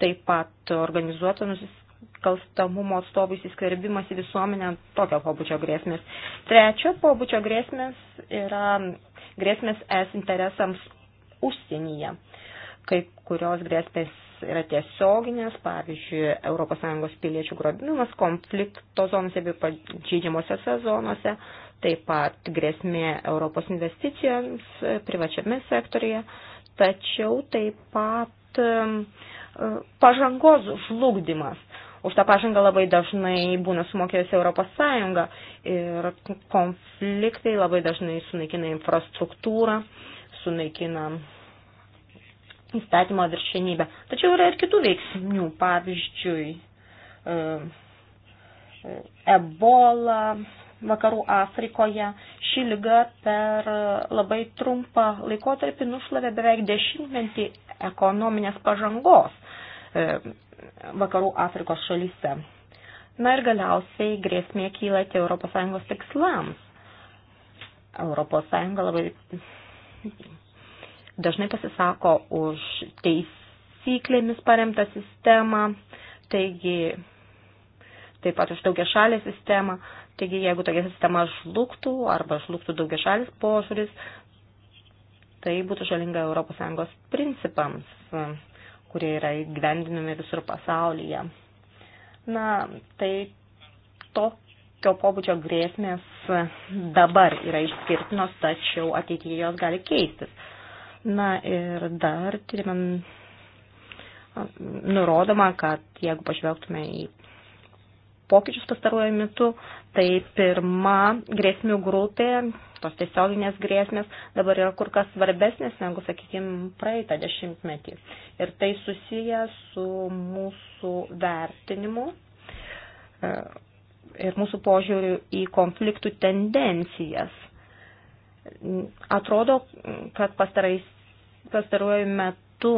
taip pat organizuoto nusikalstamumo atstovų įsiskverbimas į visuomenę, tokio pobūdžio grėsmės. Trečio pobūdžio grėsmės yra grėsmės es interesams užsienyje. Kai kurios grėsmės yra tiesioginės, pavyzdžiui, ES piliečių grobinimas konflikto zonose bei pažydžiamosiose zonose, taip pat grėsmė Europos investicijoms privačiame sektorija, tačiau taip pat um, pažangos žlugdymas. Už tą pažangą labai dažnai būna sumokėjusi Europos Sąjunga ir konfliktai labai dažnai sunaikina infrastruktūrą, sunaikina įstatymo viršenybę. Tačiau yra ir kitų veiksnių, pavyzdžiui, e, e, ebola vakarų Afrikoje. Ši lyga per labai trumpą laikotarpį nušlavė beveik dešimtmetį ekonominės pažangos e, vakarų Afrikos šalyse. Na ir galiausiai grėsmė kyla tie ES tikslams. ES labai dažnai pasisako už teisyklėmis paremtą sistemą, taigi taip pat už daugia šalę sistemą. Taigi, jeigu tokia sistema žlugtų arba žlugtų daugia šalis požiūris, tai būtų žalinga ES principams, kurie yra įgyvendinami visur pasaulyje. Na, tai tokio pobūdžio grėsmės dabar yra išskirtinos, tačiau ateityje jos gali keistis. Na ir dar tyrimam nurodoma, kad jeigu pažvelgtume į pokyčius pastaruoju metu, tai pirma grėsmių grupė, tos tiesioginės grėsmės dabar yra kur kas svarbesnės negu, sakykime, praeitą dešimtmetį. Ir tai susiję su mūsų vertinimu e, ir mūsų požiūriu į konfliktų tendencijas. Atrodo, kad pastaruoju metu,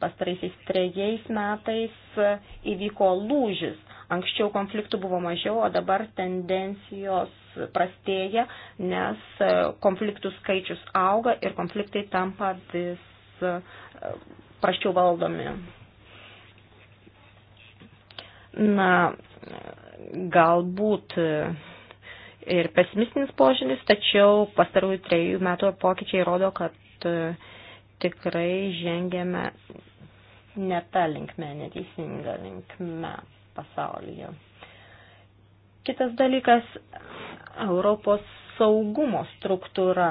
pastaraisiais trejais metais įvyko lūžis. Anksčiau konfliktų buvo mažiau, o dabar tendencijos prastėja, nes konfliktų skaičius auga ir konfliktai tampa vis e, praščiau valdomi. Na, galbūt ir pesimistinis požiūris, tačiau pastarųjų trejų metų pokyčiai rodo, kad e, tikrai žengėme ne tą linkmę, neteisingą linkmę pasaulyje. Kitas dalykas - Europos saugumo struktūra.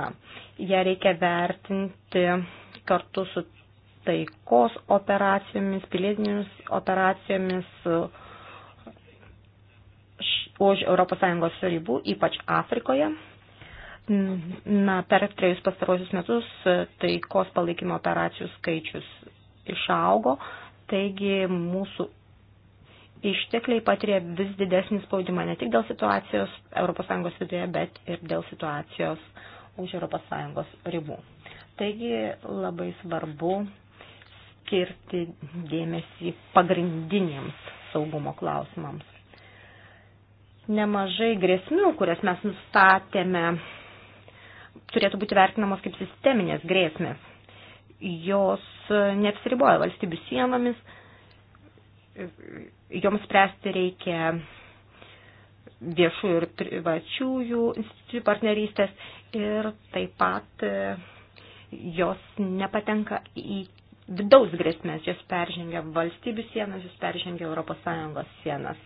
Ja reikia vertinti kartu su taikos operacijomis, pilietinėmis operacijomis, už ES ribų, ypač Afrikoje. Na, per trejus pastarosius metus taikos palaikymo operacijų skaičius išaugo, taigi mūsų ištekliai patiria vis didesnį spaudimą ne tik dėl situacijos ES viduje, bet ir dėl situacijos už ES ribų. Taigi labai svarbu skirti dėmesį pagrindiniams saugumo klausimams nemažai grėsmių, kurias mes nustatėme, turėtų būti vertinamos kaip sisteminės grėsmės. Jos neapsiriboja valstybių sienomis, joms spręsti reikia viešųjų ir privačiųjų institucijų partnerystės ir taip pat e, jos nepatenka į vidaus grėsmės, jos peržengia valstybių sienas, jos peržengia Europos Sąjungos sienas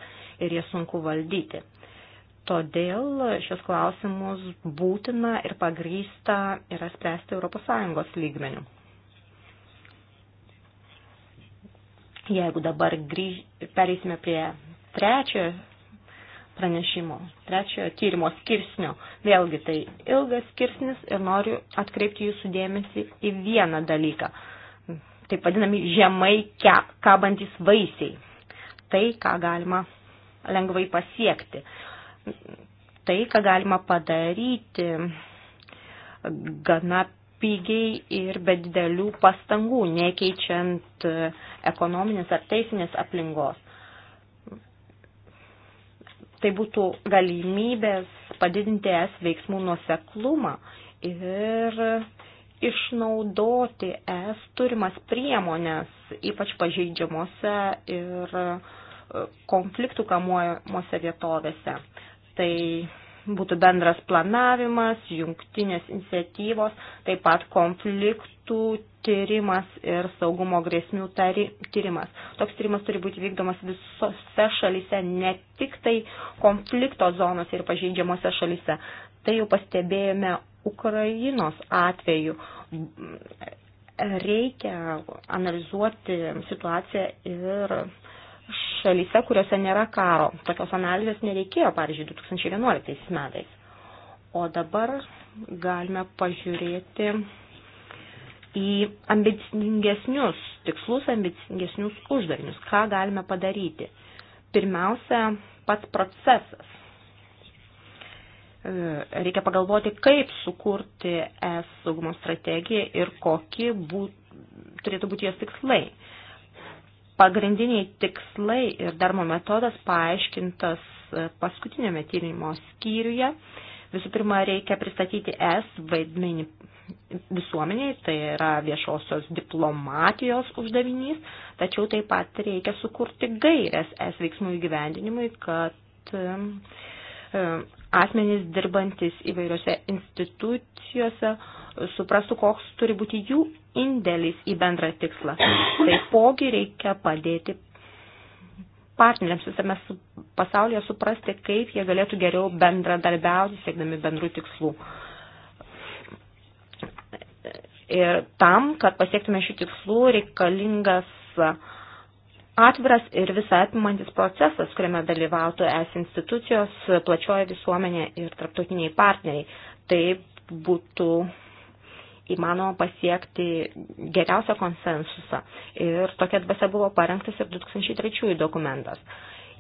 ir jie sunku valdyti. Todėl šios klausimus būtina ir pagrysta yra spręsti ES lygmenių. Jeigu dabar grįž... pereisime prie trečiojo pranešimo, trečiojo tyrimo skirsnio, vėlgi tai ilgas skirsnis ir noriu atkreipti jūsų dėmesį į vieną dalyką. Taip vadinami žemai kabantys vaisiai. Tai, ką galima lengvai pasiekti. Tai, ką galima padaryti gana pigiai ir be didelių pastangų, nekeičiant ekonominės ar teisinės aplinkos. Tai būtų galimybės padidinti es veiksmų nuoseklumą ir išnaudoti es turimas priemonės, ypač pažeidžiamuose ir konfliktų kamuojamose vietovėse. Tai būtų bendras planavimas, jungtinės iniciatyvos, taip pat konfliktų tyrimas ir saugumo grėsmių tari, tyrimas. Toks tyrimas turi būti vykdomas visose šalise, ne tik tai konflikto zonos ir pažeidžiamose šalise. Tai jau pastebėjome Ukrainos atveju. Reikia analizuoti situaciją ir uh, šalyse, kuriuose nėra karo. Tokios analizės nereikėjo, pavyzdžiui, 2011 metais. O dabar galime pažiūrėti į ambicingesnius tikslus, ambicingesnius uždavinius, ką galime padaryti. Pirmiausia, pats procesas. E, reikia pagalvoti, kaip sukurti es saugumo strategiją ir kokie bū, turėtų būti jos tikslai. Pagrindiniai tikslai ir darbo metodas paaiškintas e, paskutinėme tyrimo skyriuje. Visų pirma, reikia pristatyti es vaidmenį visuomeniai, tai yra viešosios diplomatijos uždavinys, tačiau taip pat reikia sukurti gairias es veiksmų įgyvendinimui, kad e, e, asmenys dirbantis įvairiose institucijose suprastų, koks turi būti jų indėlis į bendrą tikslą. Taipogi reikia padėti partneriams visame pasaulyje suprasti, kaip jie galėtų geriau bendradarbiauti, siekdami bendrų tikslų. Ir tam, kad pasiektume šių tikslų, reikalingas atviras ir visą apimantis procesas, kuriame dalyvautų es institucijos, plačioji visuomenė ir tarptautiniai partneriai. Taip būtų įmanoma pasiekti geriausią konsensusą. Ir tokia dvasia buvo parengtas ir 2003 dokumentas.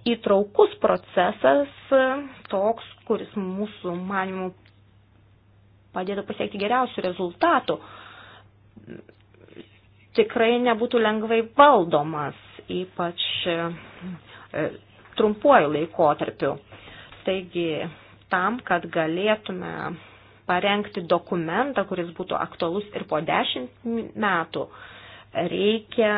Įtraukus procesas toks, kuris mūsų manimų padėtų pasiekti geriausių rezultatų, tikrai nebūtų lengvai valdomas, ypač e, trumpuoju laikotarpiu. Taigi, tam, kad galėtume parengti dokumentą, kuris būtų aktualus ir po dešimt metų. Reikia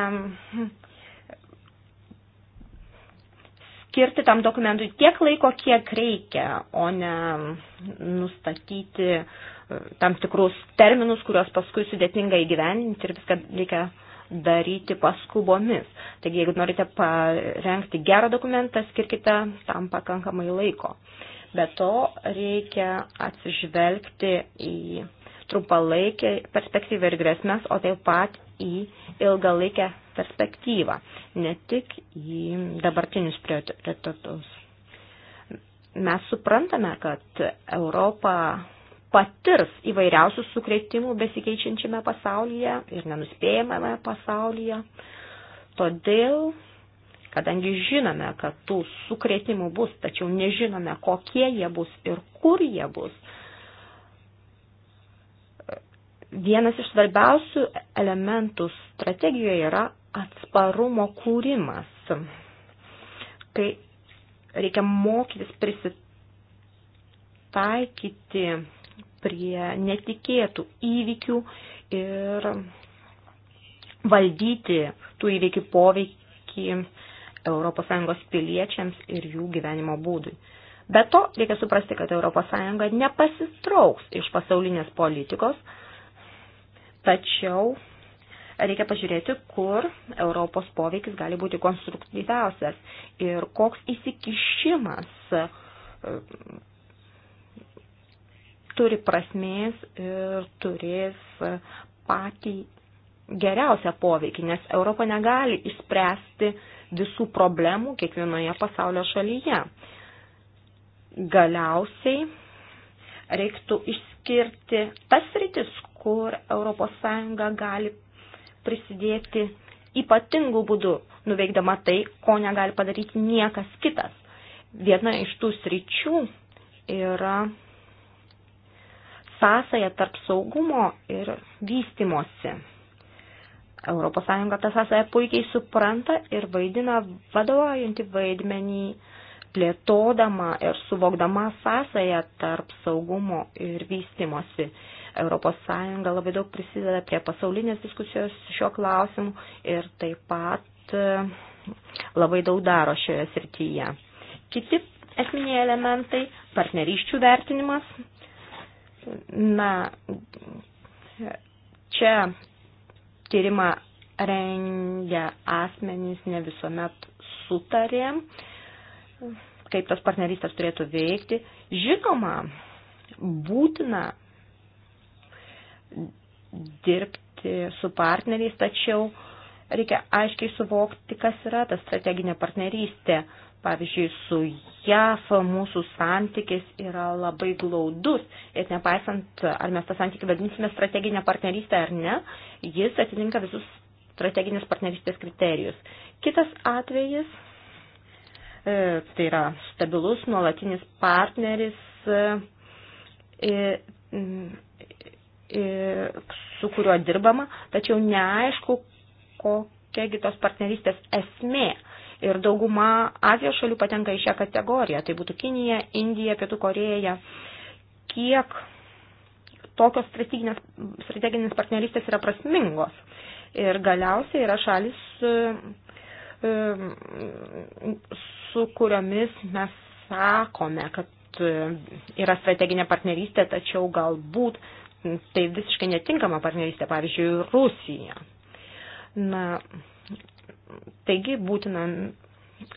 skirti tam dokumentui tiek laiko, kiek reikia, o ne nustatyti e, tam tikrus terminus, kuriuos paskui sudėtinga įgyveninti ir viską reikia daryti paskubomis. Taigi, jeigu norite parengti gerą dokumentą, skirkite tam pakankamai laiko. Uh, Be to reikia atsižvelgti į trumpalaikę perspektyvą ir grėsmės, o taip pat į ilgalaikę perspektyvą, ne tik į dabartinius prioritetus. Mes suprantame, kad Europa patirs įvairiausių sukretimų besikeičiančiame pasaulyje ir nenuspėjamame pasaulyje. Todėl kadangi žinome, kad tų sukretimų bus, tačiau nežinome, kokie jie bus ir kur jie bus. Vienas iš svarbiausių elementų strategijoje yra atsparumo kūrimas, kai reikia mokytis prisitaikyti prie netikėtų įvykių ir valdyti tų įvykių poveikį ES piliečiams ir jų gyvenimo būdui. Be to, reikia suprasti, kad ES nepasitrauks iš pasaulinės politikos, tačiau reikia pažiūrėti, kur Europos poveikis gali būti konstruktyviausias ir koks įsikišimas e, turi prasmės ir turės patį geriausią poveikį, nes Europa negali išspręsti uh, visų problemų kiekvienoje pasaulio šalyje. Galiausiai reiktų išskirti tas rytis, kur ES gali prisidėti ypatingų būdų, nuveikdama tai, ko negali padaryti niekas kitas. Viena iš tų sričių yra sąsaja tarp saugumo ir vystimosi. ES tą sąsąją puikiai supranta ir vaidina vadovaujantį vaidmenį, plėtodama ir suvokdama sąsąją tarp saugumo ir vystimosi. ES labai daug prisideda prie pasaulinės diskusijos šiuo klausimu ir taip pat e, labai daug daro šioje srityje. Kiti esminiai elementai - partnerysčių vertinimas. Na, čia tyrimą rengia asmenys ne visuomet sutarė, kaip tas partnerystės turėtų veikti. Žinoma, būtina dirbti su partneriais, tačiau reikia aiškiai suvokti, kas yra ta strateginė partnerystė. Uh, Pavyzdžiui, su JAF mūsų santykis yra labai glaudus ir nepaisant, ar mes tą santykį vadinsime strateginę partnerystę ar ne, jis atitinka visus strateginės partnerystės kriterijus. Kitas atvejis, e, tai yra stabilus nuolatinis partneris, e, e, su kuriuo dirbama, tačiau neaišku, kokiagi tos partnerystės esmė. E, ir dauguma Azijos šalių patenka į šią kategoriją. Tai būtų Kinija, Indija, Pietų Koreja. Kiek tokios strateginės, strateginės partnerystės yra prasmingos? Ir galiausiai yra šalis, e, e, su kuriomis mes sakome, kad e, yra strateginė partnerystė, tačiau galbūt tai visiškai netinkama partnerystė, pavyzdžiui, Rusija. Na, Taigi būtina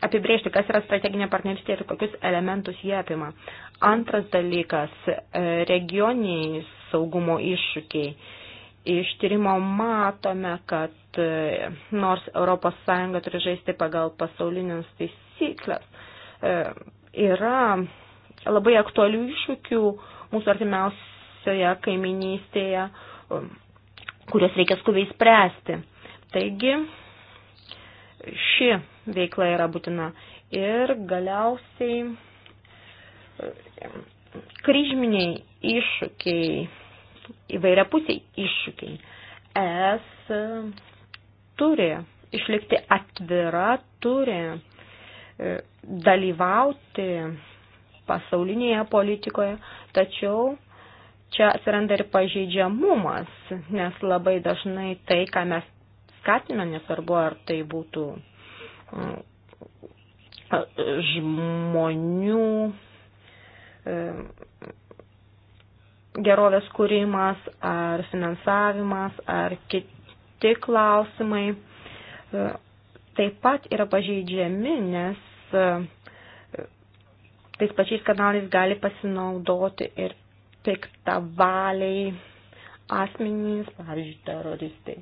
apibrėžti, kas yra strateginė partnerystė ir kokius elementus jie apima. Antras dalykas e, - regioniniai saugumo iššūkiai. Iš tyrimo matome, kad e, nors ES turi žaisti pagal pasaulinės taisyklės, e, yra labai aktualių iššūkių mūsų artimiausioje kaiminystėje, kuriuos reikia skubiai spręsti. Taigi, ši veikla yra būtina. Ir galiausiai kryžminiai iššūkiai, įvairiapusiai iššūkiai. Es turi išlikti atvira, turi e, dalyvauti pasaulinėje politikoje, tačiau čia atsiranda ir pažeidžiamumas, nes labai dažnai tai, ką mes skatina, nesvarbu ar tai būtų mm, žmonių mm, gerovės kūrimas, ar finansavimas, ar kiti klausimai mm, taip pat yra pažeidžiami, nes tais pačiais kanalais gali pasinaudoti ir piktavaliai asmenys, pavyzdžiui, teroristai.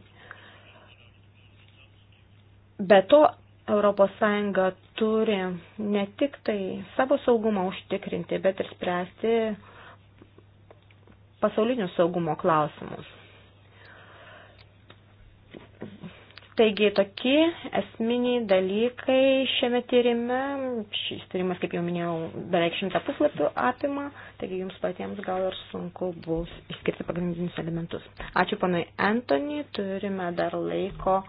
Be to, ES turi ne tik tai savo saugumą užtikrinti, bet ir spręsti pasaulinius saugumo klausimus. Taigi tokie esminiai dalykai šiame tyrime, šis tyrimas, kaip jau minėjau, beveik šimtą puslapių apima, taigi jums patiems gal ir sunku bus išskirti pagrindinius elementus. Ačiū panai Antony, turime dar laiko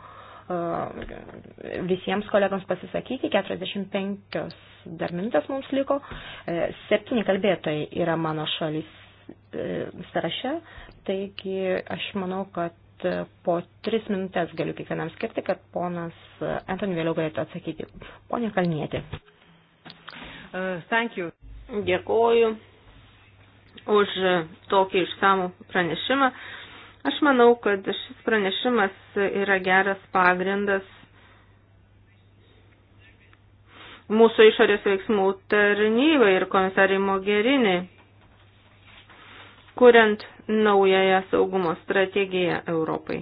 Uh, visiems kolegams pasisakyti, 45 dar minutės mums liko, e, septyni kalbėtojai yra mano šalis e, sąraše, taigi aš manau, kad e, po tris minutės galiu kiekvienam skirti, kad ponas Antoni vėliau galėtų atsakyti. Pone Kalnietė. Uh, thank you. Dėkoju už tokį išsamų pranešimą. Uh, Aš manau, kad šis pranešimas yra geras pagrindas mūsų išorės veiksmų tarnybai ir komisarai Mogheriniai, kuriant naująją saugumo strategiją Europai.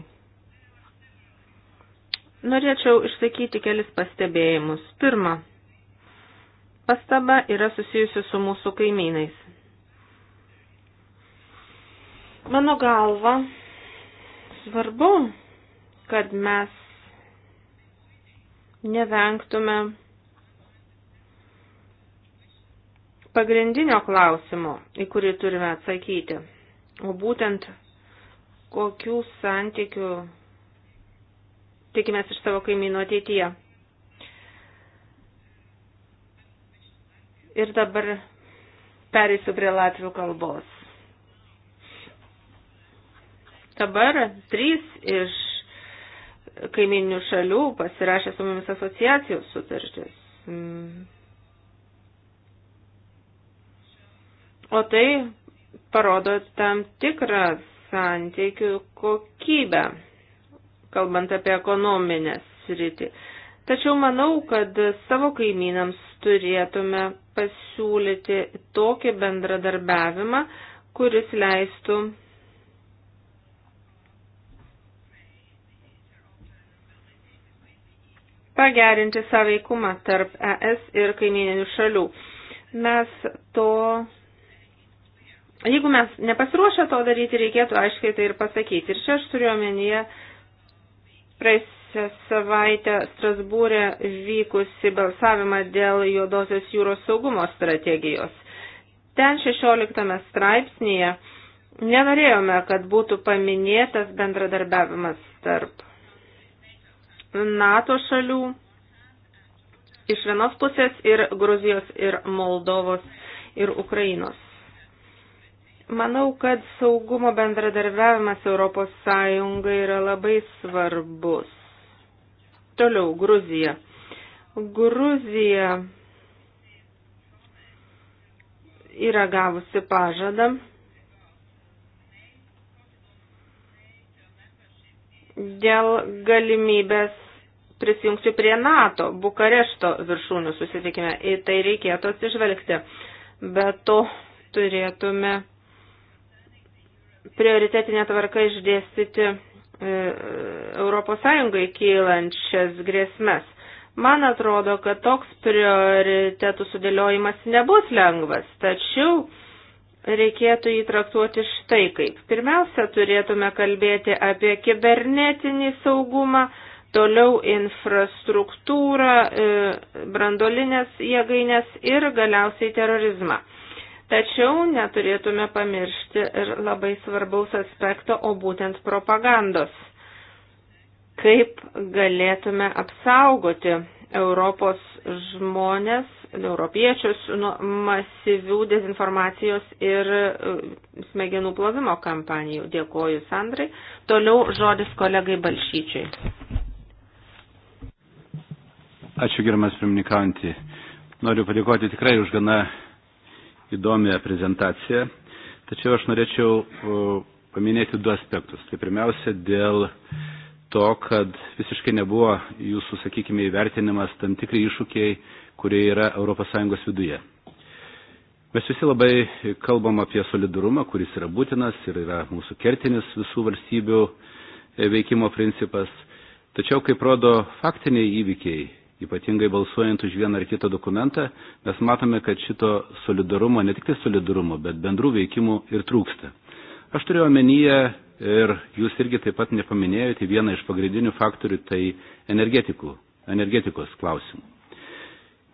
Norėčiau išsakyti kelis pastebėjimus. Pirma, pastaba yra susijusi su mūsų kaimynais. Mano galva, svarbu, kad mes nevengtume pagrindinio klausimo, į kurį turime atsakyti, o būtent kokių santykių tikimės iš savo kaimynų ateityje. Ir dabar perėsiu prie latvių kalbos. Dabar trys iš kaiminių šalių pasirašė su mumis asociacijos sutartis. Mm. O tai parodo tam tikrą santykių kokybę, kalbant apie ekonominę sritį. Tačiau manau, kad savo kaimynams turėtume pasiūlyti tokį bendradarbiavimą, kuris leistų pagerinti saveikumą tarp ES ir kaimininių šalių. Mes to, jeigu mes nepasiruošę to daryti, reikėtų aiškiai tai ir pasakyti. Ir čia aš turiu omenyje praeisę savaitę Strasbūrė vykusi balsavimą dėl Juodosios jūros saugumo strategijos. Ten 16 straipsnėje nenorėjome, kad būtų paminėtas bendradarbiavimas tarp NATO šalių iš vienos pusės ir Gruzijos ir Moldovos ir Ukrainos. Manau, kad saugumo bendradarbiavimas Europos Sąjunga yra labai svarbus. Toliau, Gruzija. Gruzija yra gavusi pažadą dėl galimybės prisijungti prie NATO Bukarešto viršūnių susitikime. Į tai reikėtų atsižvelgti. Be to turėtume prioritetinė tvarka išdėstyti e, Europos Sąjungai kylančias grėsmes. Man atrodo, kad toks prioritetų sudėliojimas nebus lengvas, tačiau reikėtų jį traktuoti štai kaip. Pirmiausia, turėtume kalbėti apie kibernetinį saugumą, toliau infrastruktūrą, e, brandolinės jėgainės ir galiausiai terorizmą. Tačiau neturėtume pamiršti ir labai svarbaus aspekto, o būtent propagandos. Kaip galėtume apsaugoti Europos žmonės europiečius nuo masyvių dezinformacijos ir e, smegenų plovimo kampanijų. Dėkoju, Sandrai. Toliau žodis kolegai Balšyčiai. Ačiū, gerbiamas pirmininkantį. Noriu padėkoti tikrai už gana įdomią prezentaciją, tačiau aš norėčiau paminėti du aspektus. Tai pirmiausia, dėl to, kad visiškai nebuvo jūsų, sakykime, įvertinimas tam tikri iššūkiai kurie yra ES viduje. Mes visi labai kalbam apie solidarumą, kuris yra būtinas ir yra mūsų kertinis visų valstybių e, veikimo principas. Tačiau, kaip rodo faktiniai įvykiai, ypatingai balsuojant už vieną ar kitą dokumentą, mes matome, kad šito solidarumo, ne tik tai solidarumo, bet bendrų veikimų ir trūksta. Aš turėjau omenyje ir jūs irgi taip pat nepaminėjote vieną iš pagrindinių faktorių, tai energetikų, energetikos klausimų.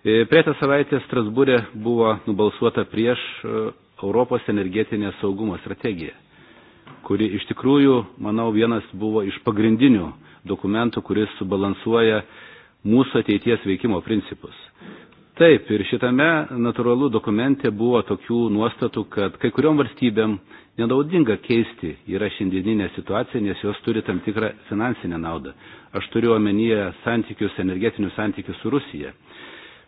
E, Prieitą savaitę Strasbūrė buvo nubalsuota prieš e, Europos energetinę saugumo strategiją, kuri iš tikrųjų, manau, vienas buvo iš pagrindinių dokumentų, kuris subalansuoja mūsų ateities veikimo principus. Taip, ir šitame natūralu dokumente buvo tokių nuostatų, kad kai kuriom valstybėm nenaudinga keisti yra šiandieninė situacija, nes jos turi tam tikrą finansinę naudą. Aš turiu omenyje santykius, energetinius santykius su Rusija.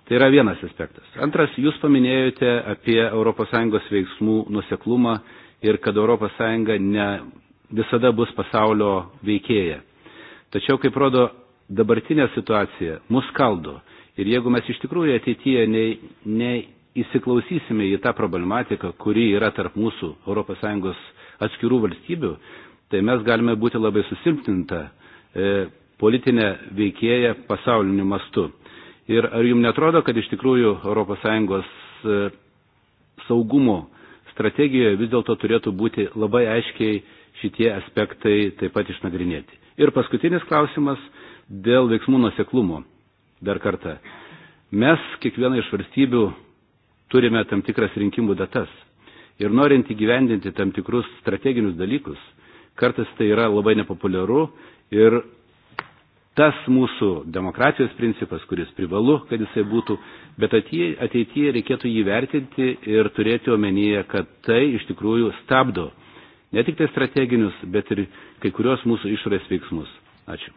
Tai yra vienas aspektas. Antras, jūs paminėjote apie ES veiksmų nuseklumą ir kad ES ne visada bus pasaulio veikėja. Tačiau, kaip rodo dabartinė situacija, mus kaldo. Ir jeigu mes iš tikrųjų ateityje neįsiklausysime ne į tą problematiką, kuri yra tarp mūsų ES atskirų valstybių, tai mes galime būti labai susilpninta e, politinė veikėja pasauliniu mastu. Ir ar jums netrodo, kad iš tikrųjų ES e, saugumo strategijoje vis dėlto turėtų būti labai aiškiai šitie aspektai taip pat išnagrinėti. Ir paskutinis klausimas dėl veiksmų nuseklumo. Dar kartą. Mes kiekviena iš valstybių turime tam tikras rinkimų datas. Ir norint įgyvendinti tam tikrus strateginius dalykus, kartais tai yra labai nepopuliaru ir tas mūsų demokratijos principas, kuris privalu, kad jisai būtų, bet ateityje reikėtų jį vertinti ir turėti omenyje, kad tai iš tikrųjų stabdo ne tik tai strateginius, bet ir kai kurios mūsų išorės veiksmus. Ačiū.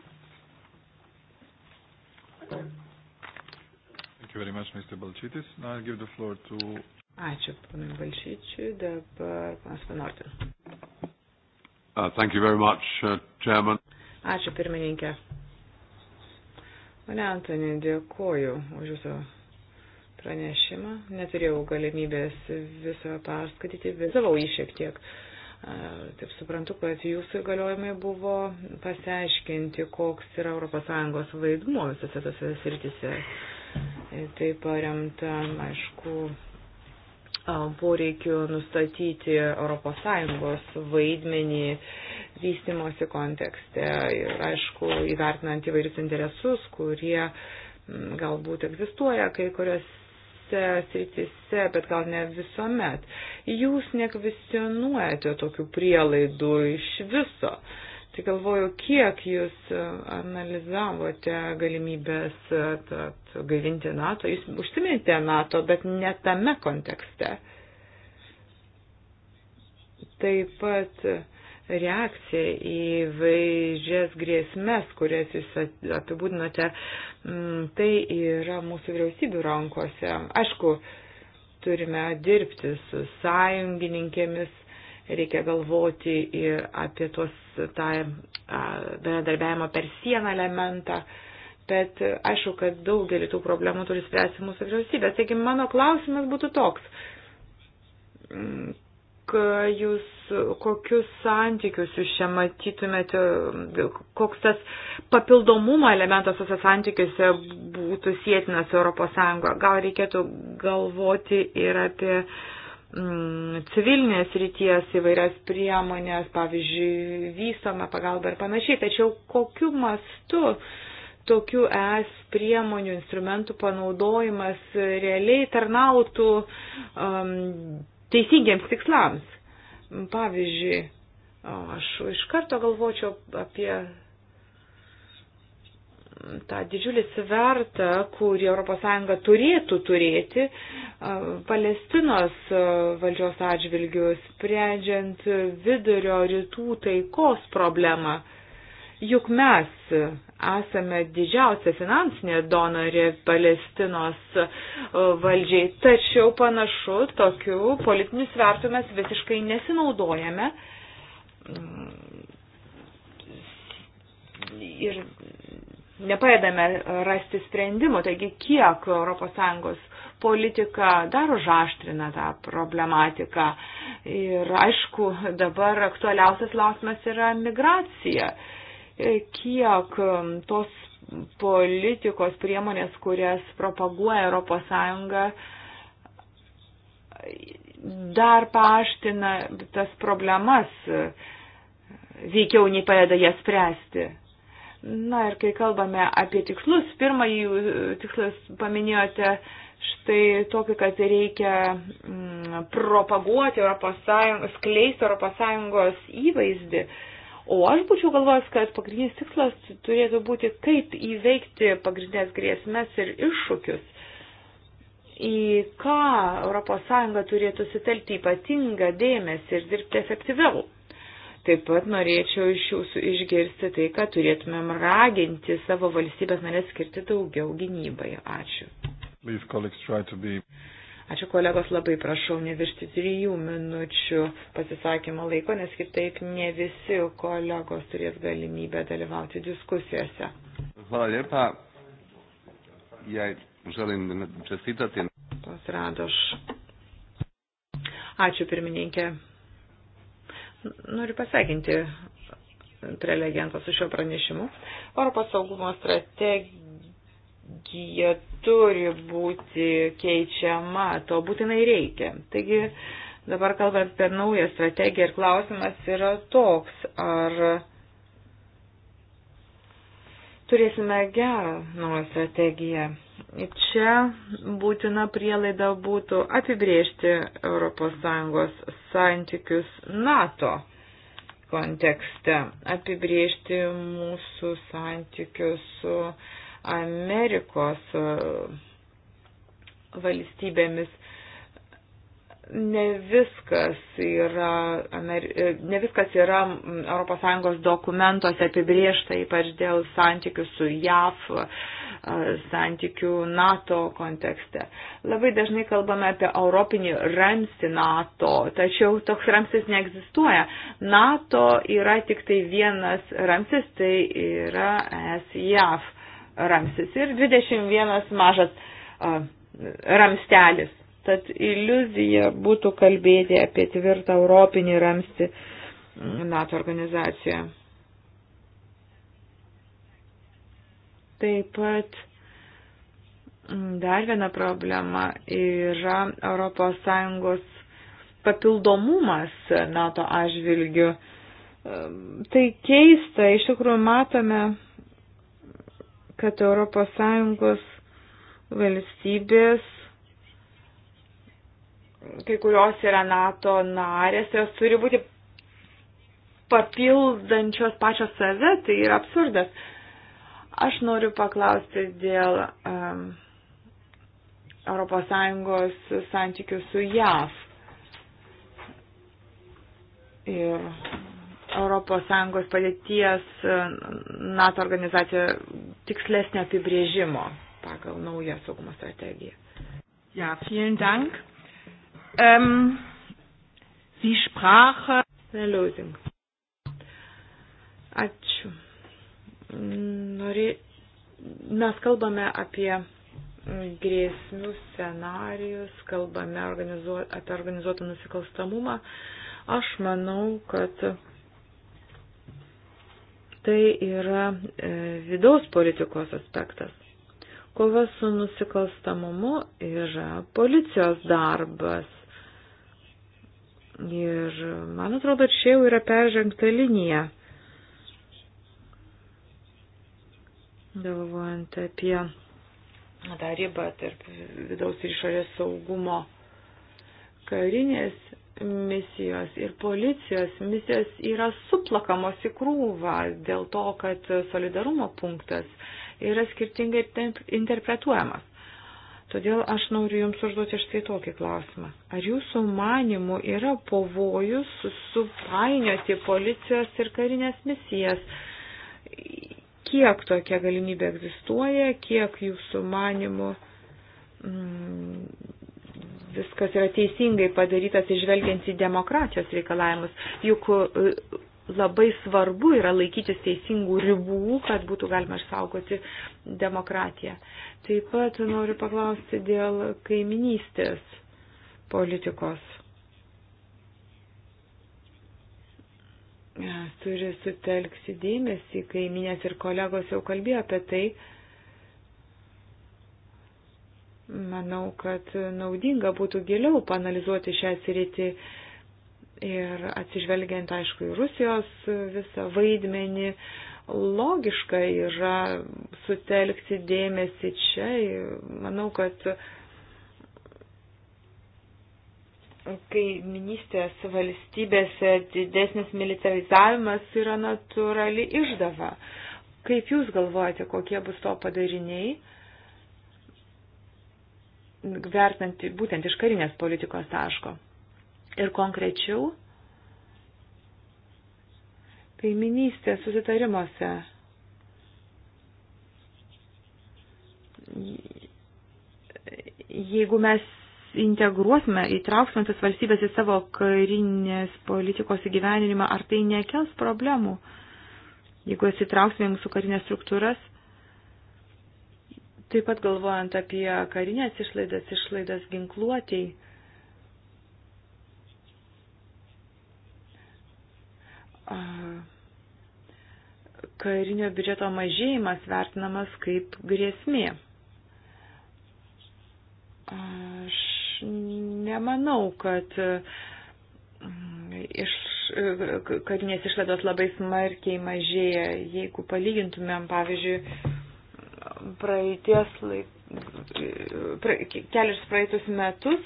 Thank you very much, Mr. Balčytis. Now I'll give the floor to... Ačiū, panai Balčyčiui, dabar panas Panortin. Uh, thank you very much, uh, Chairman. Ačiū, pirmininkė. Pane Antonė, dėkoju už Jūsų pranešimą. Neturėjau galimybės viso perskaityti, vizavau jį šiek tiek. Taip suprantu, kad jūsų įgaliojimai buvo pasiaiškinti, koks yra ES vaidmuo visose tose sritise. Tai paremta, aišku, poreikiu nustatyti ES vaidmenį vystimosi kontekste ir, aišku, įvertinant įvairius interesus, kurie mm, galbūt egzistuoja kai kuriuose sritise, bet gal ne visuomet. Jūs nekvestionuojate tokių prielaidų iš viso. Tai galvoju, kiek jūs analizavote galimybės tad, gaivinti NATO, jūs užsiminėte NATO, bet ne tame kontekste. Taip pat reakcija į vairias grėsmes, kurias jūs apibūdinote, mm, tai yra mūsų vyriausybių rankose. Aišku, turime dirbti su sąjungininkėmis, reikia galvoti ir apie tos tą bendradarbiavimo per sieną elementą. Bet aišku, kad daugelį tų problemų turi spręsti mūsų vyriausybė. Taigi mano klausimas būtų toks mm, E, jūs kokius santykius jūs čia matytumėte, koks tas papildomumo elementas tose santykiuose būtų sėtinas Europos Sąjungoje. Gal reikėtų galvoti ir apie mm, civilinės ryties įvairias priemonės, pavyzdžiui, vystomą pagalbą ir panašiai. Tačiau kokiu mastu tokių es priemonių, instrumentų panaudojimas realiai tarnautų um, teisingiems tikslams. Pavyzdžiui, aš iš karto galvočiau apie tą didžiulį svertą, kurį ES turėtų turėti Palestinos valdžios atžvilgių, sprendžiant vidurio rytų taikos problemą. Juk mes esame didžiausia finansinė donorė Palestinos e, valdžiai, tačiau panašu, tokių politinių svertų mes visiškai nesinaudojame. Mm, ir nepaėdame rasti sprendimų, taigi kiek ES politika dar užaštrina tą problematiką. Ir aišku, dabar aktualiausias klausimas yra migracija. Uh, kiek um, tos politikos priemonės, kurias propaguoja ES, dar paaština tas problemas, veikiau nei padeda jas spręsti. Na ir kai kalbame apie tikslus, pirmąjį tikslas paminėjote štai tokį, kad reikia mm, propaguoti Europos Sąjungos, skleisti Europos Sąjungos įvaizdį. Uh, O aš būčiau galvojęs, kad pagrindinis tikslas turėtų būti, kaip įveikti pagrindinės grėsmės ir iššūkius, į ką ES turėtų sutelkti ypatingą dėmesį ir dirbti efektyviau. Taip pat norėčiau iš jūsų išgirsti tai, kad turėtumėm raginti savo valstybės narės skirti daugiau gynybai. Ačiū. Please, colleagues, try to be Ačiū kolegos, labai prašau neviršti trijų minučių pasisakymo laiko, nes kitaip ne visi kolegos turės galimybę dalyvauti diskusijose. Hvala lijepa. Ja želim čestitati. Pasradoš. Ačiū pirmininkė. Noriu pasveikinti prelegentas su šio pranešimu. Europos saugumo strategija strategija turi būti keičiama, to būtinai reikia. Taigi dabar kalbant apie naują strategiją ir klausimas yra toks, ar turėsime gerą naują strategiją. Čia būtina prielaida būtų apibriežti ES santykius NATO kontekste, apibriežti mūsų santykius su uh, Amerikos e, valstybėmis. Ne viskas yra, e, ne viskas yra ES dokumentuose apibriešta, ypač dėl santykių su JAF, e, santykių NATO kontekste. Labai dažnai kalbame apie europinį ramstį NATO, tačiau toks ramstis neegzistuoja. NATO yra tik tai vienas ramstis, tai yra SJAF ramsis ir 21 mažas ramstelis. Tad iliuzija būtų kalbėti apie tvirtą europinį ramstį NATO organizacijoje. Taip pat dar viena problema yra ES papildomumas NATO atžvilgiu. Tai keista, iš tikrųjų matome kad ES valstybės, kai kurios yra NATO narės, jos turi būti papildančios pačios save, tai yra absurdas. Aš noriu paklausti dėl um, ES santykių su JAV. Ir ES padėties e, NATO organizacijoje tikslesnio apibrėžimo pagal naują saugumo strategiją. Ja, vielen Dank. Ähm, Sie sprach. Lösung. Ačiū. Nori... Mes kalbame apie grėsmių scenarius, kalbame organizuo... apie organizuotą nusikalstamumą. Aš manau, kad Tai yra e, vidaus politikos aspektas. Kova su nusikalstamumu yra policijos darbas. Ir man atrodo, čia jau yra peržengta linija. Galvojant apie tą ribą tarp vidaus ir išorės saugumo karinės misijos ir policijos misijos yra suplakamos į krūvą dėl to, kad solidarumo punktas yra skirtingai interpretuojamas. Todėl aš noriu Jums užduoti štai tokį klausimą. Ar Jūsų manimų yra pavojus supainioti policijos ir karinės misijas? Kiek tokia galimybė egzistuoja, kiek Jūsų manimų mm, viskas yra teisingai padarytas išvelgiant į demokratijos reikalavimus. Juk e, labai svarbu yra laikytis teisingų ribų, kad būtų galima išsaugoti demokratiją. Taip pat noriu paklausti dėl kaiminystės politikos. Turi sutelkti dėmesį, kaiminės ir kolegos jau kalbėjo apie tai, Manau, kad naudinga būtų giliau panalizuoti šią sritį ir atsižvelgiant, aišku, į Rusijos visą vaidmenį, logiška yra sutelkti dėmesį čia. Manau, kad kaiminystės valstybėse didesnis militarizavimas yra natūrali išdava. Kaip Jūs galvojate, kokie bus to padariniai? vertinant būtent iš karinės politikos taško. Ir konkrečiau, kaiminystės susitarimuose jeigu mes integruosime, įtrauksime tas valstybės į savo karinės politikos įgyveninimą, ar tai nekels problemų, jeigu jas įtrauksime į mūsų karinės struktūras, Taip pat galvojant apie karinės išlaidas, išlaidas ginkluotėjai. Karinio biudžeto mažėjimas vertinamas kaip grėsmė. Aš nemanau, kad mm, iš, karinės išlaidos labai smarkiai mažėja. Jeigu palygintumėm, pavyzdžiui, praeities laik, pra, kelius praeitus metus,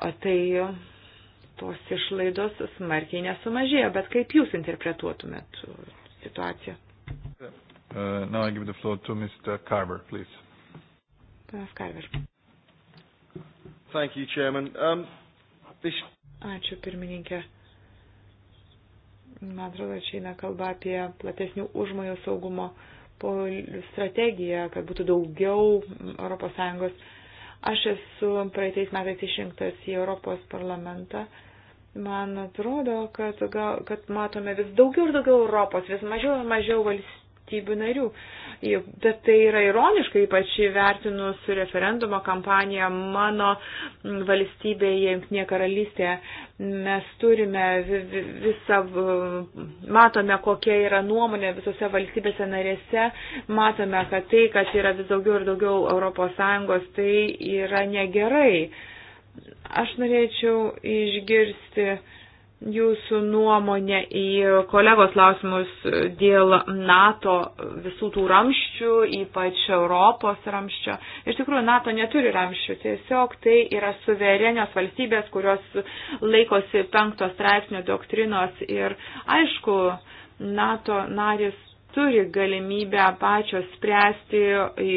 o tai tos išlaidos smarkiai nesumažėjo, bet kaip jūs interpretuotumėt situaciją? Uh, now I give the floor to Mr. Carver, please. Panas Carver. Thank you, Chairman. Um, this... Ačiū, pirmininkė. Man atrodo, čia eina kalba apie platesnių užmojų saugumo uh, strategiją, kad būtų daugiau ES. Aš esu praeitais metais išrinktas į Europos parlamentą. Man atrodo, kad, kad matome vis daugiau ir daugiau Europos, vis mažiau ir mažiau valstybių valstybių narių. Bet tai yra ironiška, ypač įvertinus referendumo kampaniją mano valstybėje, Junktinė karalystė. Mes turime visą, matome, kokia yra nuomonė visose valstybėse narėse, matome, kad tai, kad yra vis daugiau ir daugiau ES, tai yra negerai. Aš norėčiau išgirsti jūsų nuomonę į kolegos klausimus dėl NATO visų tų ramščių, ypač Europos ramščio. Iš tikrųjų, NATO neturi ramščių, tiesiog tai yra suverenios valstybės, kurios laikosi penktos straipsnio doktrinos ir aišku, NATO narys turi galimybę pačios spręsti, į,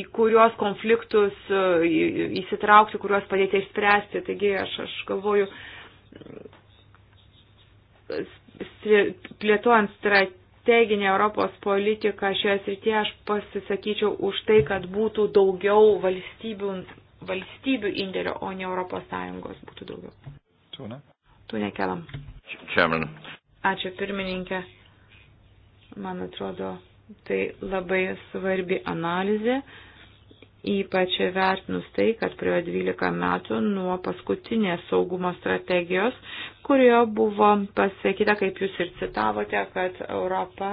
į kuriuos konfliktus įsitraukti, kuriuos padėti išspręsti. Taigi aš, aš galvoju, plėtojant strateginę Europos politiką šioje srityje, aš pasisakyčiau už tai, kad būtų daugiau valstybių, valstybių indėlio, o ne Europos Sąjungos būtų daugiau. Tu ne? Tu nekelam. Chairman, Ačiū pirmininkė. Man atrodo, tai labai svarbi analizė, ypač vertinus tai, kad praėjo 12 metų nuo paskutinės saugumo strategijos, kurioje buvo pasakyta, kaip jūs ir citavote, kad Europa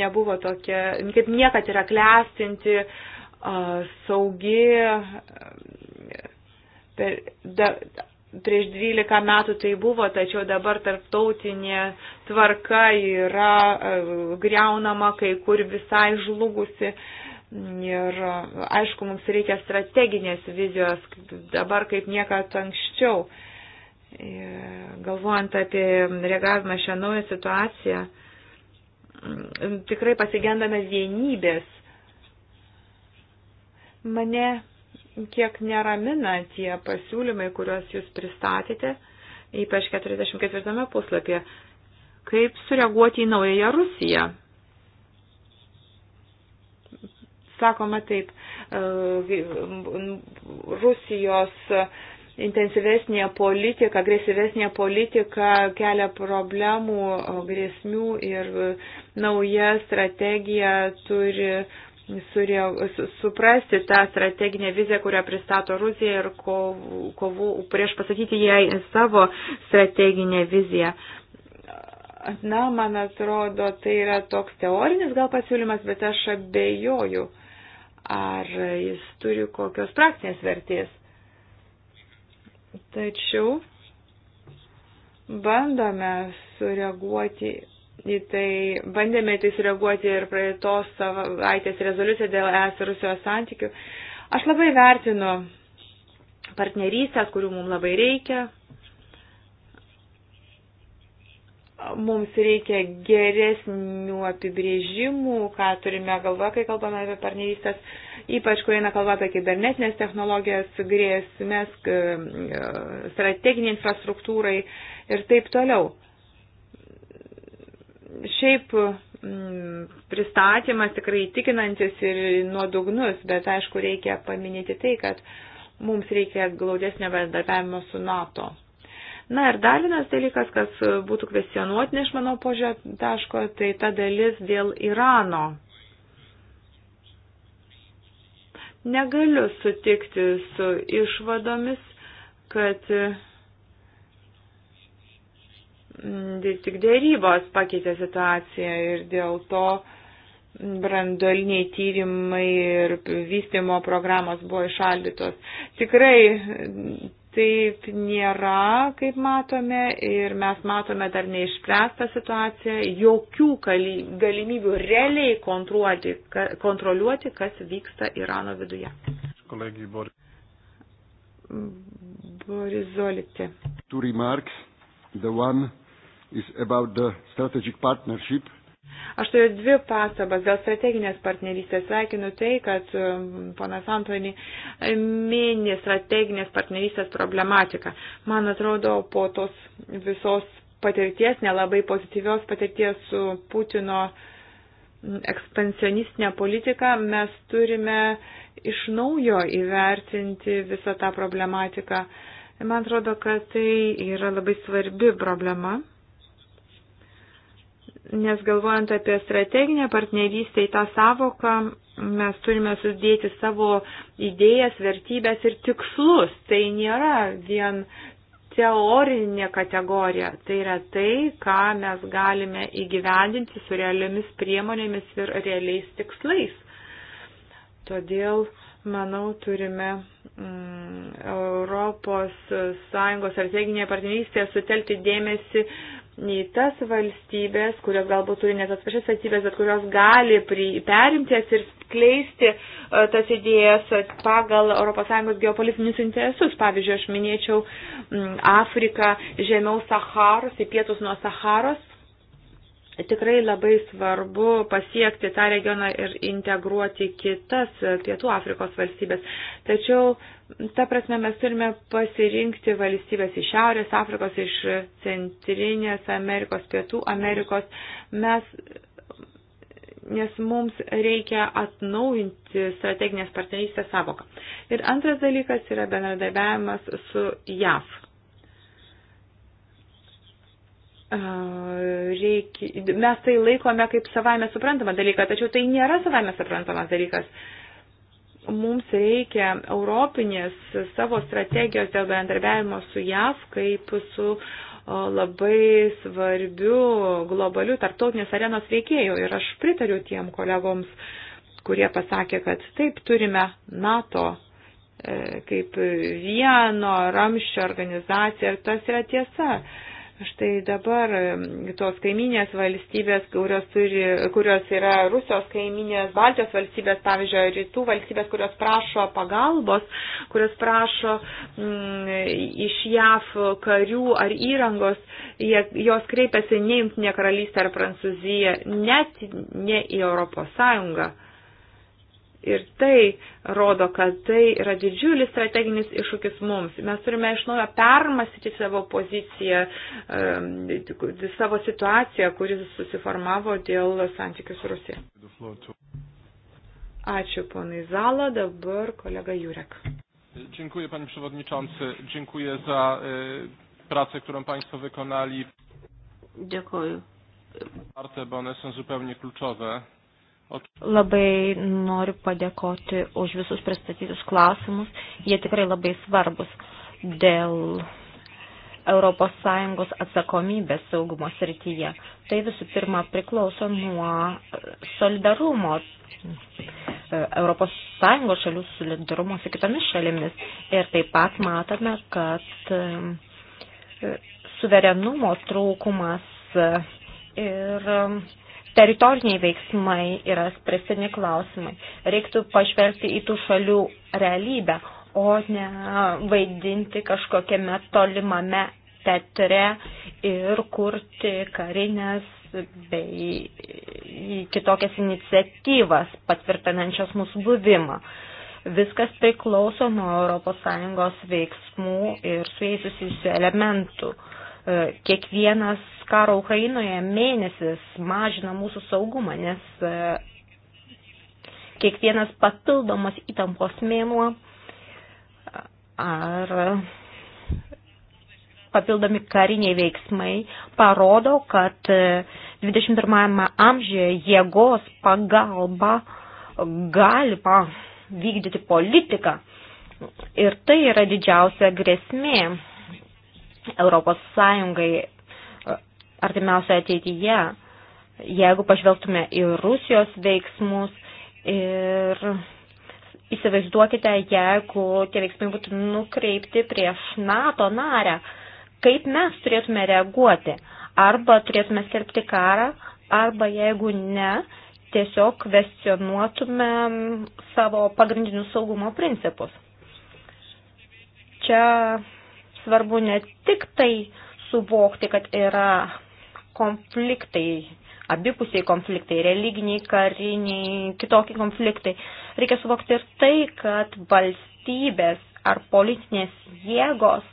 nebuvo tokia, kaip niekad yra klestinti, saugi, per, da, Prieš 12 metų tai buvo, tačiau dabar tarptautinė tvarka yra e, greunama, kai kur visai žlugusi. Ir aišku, mums reikia strateginės vizijos dabar kaip niekad anksčiau. Galvojant apie reagavimą šią naują situaciją, tikrai pasigendame vienybės. Mane kiek neramina tie pasiūlymai, kuriuos jūs pristatėte, ypač 44 puslapyje, kaip sureaguoti į naująją Rusiją. Sakoma taip, e, Rusijos intensyvesnė politika, agresyvesnė politika kelia problemų, grėsmių ir nauja strategija turi uh, suprasti tą strateginę viziją, kurią pristato Rusija ir kovų, kovų prieš pasakyti jai savo strateginę viziją. Na, man atrodo, tai yra toks teorinis gal pasiūlymas, bet aš abejoju, ar jis turi kokios praktinės vertės. Tačiau bandome sureaguoti Į tai bandėme tai sureaguoti ir praeitos savaitės rezoliuciją dėl ES ir Rusijos santykių. Aš labai vertinu partnerystės, kurių mums labai reikia. Mums reikia geresnių apibrėžimų, ką turime galvoje, kai kalbame apie partnerystės, ypač kai eina kalba apie kibernetinės technologijas, grėsmės, strateginį infrastruktūrai ir taip toliau šiaip mm, pristatymas tikrai tikinantis ir nuodugnus, bet aišku reikia paminėti tai, kad mums reikia glaudesnio bendradarbiavimo su NATO. Na ir dar vienas dalykas, kas būtų kvestionuotinė iš mano požiūrio taško, tai ta dalis dėl Irano. Negaliu sutikti su išvadomis, kad vis tik dėrybos pakeitė situaciją ir dėl to brandoliniai tyrimai ir vystimo programos buvo išaldytos. Tikrai taip nėra, kaip matome, ir mes matome dar neišspręstą situaciją, jokių galimybių realiai kontroliuoti, kas vyksta Irano viduje. Kolegijai Boris. Boris Zolitė. Two remarks. The one is about the strategic partnership. Aš turiu dvi pastabas dėl strateginės partnerystės. Sveikinu tai, kad um, ponas Antoni e, mini strateginės partnerystės problematiką. Man atrodo, po tos visos patirties, nelabai pozityvios patirties su Putino ekspansionistinė politika, mes turime iš naujo įvertinti visą tą problematiką. Man atrodo, kad tai yra labai svarbi problema nes galvojant apie strateginę partnerystę į tą savoką, mes turime sudėti savo idėjas, vertybės ir tikslus. Tai nėra vien teorinė kategorija, tai yra tai, ką mes galime įgyvendinti su realiomis priemonėmis ir realiais tikslais. Todėl manau, turime mm, Europos Sąjungos strateginėje partnerystėje sutelkti dėmesį nei tas valstybės, kurios galbūt turi ne tas pačias vertybės, bet kurios gali pri, perimti jas ir skleisti e, tas idėjas pagal ES geopolitinius interesus. Pavyzdžiui, aš minėčiau Afriką žemiau Saharos, į tai pietus nuo Saharos tikrai labai svarbu pasiekti tą regioną ir integruoti kitas Pietų Afrikos valstybės. Tačiau, ta prasme, mes turime pasirinkti valstybės iš Šiaurės Afrikos, iš Centrinės Amerikos, Pietų Amerikos. Mes, nes mums reikia atnaujinti strateginės partnerystės savoką. Ir antras dalykas yra bendradarbiavimas su JAV. reikia, mes tai laikome kaip savame suprantamą dalyką, tačiau tai nėra savame suprantamas dalykas. Mums reikia europinės savo strategijos dėl bendarbiavimo su JAV kaip su labai svarbiu globaliu tarptautinės arenos veikėjų. Ir aš pritariu tiem kolegoms, kurie pasakė, kad taip turime NATO e, kaip vieno ramščio organizaciją ir tas yra tiesa Štai dabar tos kaiminės valstybės, kurios, turi, kurios yra Rusijos kaiminės, Baltijos valstybės, pavyzdžiui, rytų valstybės, kurios prašo pagalbos, kurios prašo mm, iš JAF karių ar įrangos, jie, jos kreipiasi ne Jungtinė karalystė ar Prancūzija, net ne į Europos Sąjungą. Ir tai rodo, kad tai yra didžiulis strateginis iššūkis mums. Mes turime iš naujo permastyti savo poziciją, savo situaciją, kuris susiformavo dėl santykių su Rusija. Ačiū ponai Zala, dabar kolega Jurek. Dziękuję panie przewodniczący, dziękuję za e, pracę, którą państwo wykonali. Dziękuję. Bo one są zupełnie kluczowe Labai noriu padėkoti už visus pristatytus klausimus. Jie tikrai labai svarbus dėl ES atsakomybės saugumo srityje. Tai visų pirma priklauso nuo solidarumo, ES šalių solidarumo su kitomis šalimis. Ir taip pat matome, kad e, suverenumo trūkumas ir teritoriniai veiksmai yra spręstini klausimai. Reiktų pažvelgti į tų šalių realybę, o ne vaidinti kažkokiame tolimame teatre ir kurti karinės bei kitokias iniciatyvas patvirtinančias mūsų buvimą. Viskas priklauso nuo ES veiksmų ir su jais susijusių elementų. Uh, E, kiekvienas karo Ukrainoje mėnesis mažina mūsų saugumą, nes e, kiekvienas papildomas įtampos mėnuo ar papildomi kariniai veiksmai parodo, kad 21 e, amžiuje jėgos pagalba galima vykdyti politiką. Ir tai yra didžiausia grėsmė Europos Sąjungai e, artimiausioje ateityje, jeigu pažvelgtume į Rusijos veiksmus ir įsivaizduokite, jeigu tie veiksmai būtų nukreipti prieš NATO narę, kaip mes turėtume reaguoti. Arba turėtume skelbti karą, arba jeigu ne, tiesiog kvestionuotume savo pagrindinius saugumo principus. Čia svarbu ne tik tai suvokti, kad yra konfliktai, abipusiai konfliktai, religiniai, kariniai, kitokie konfliktai. Reikia suvokti ir tai, kad valstybės ar politinės jėgos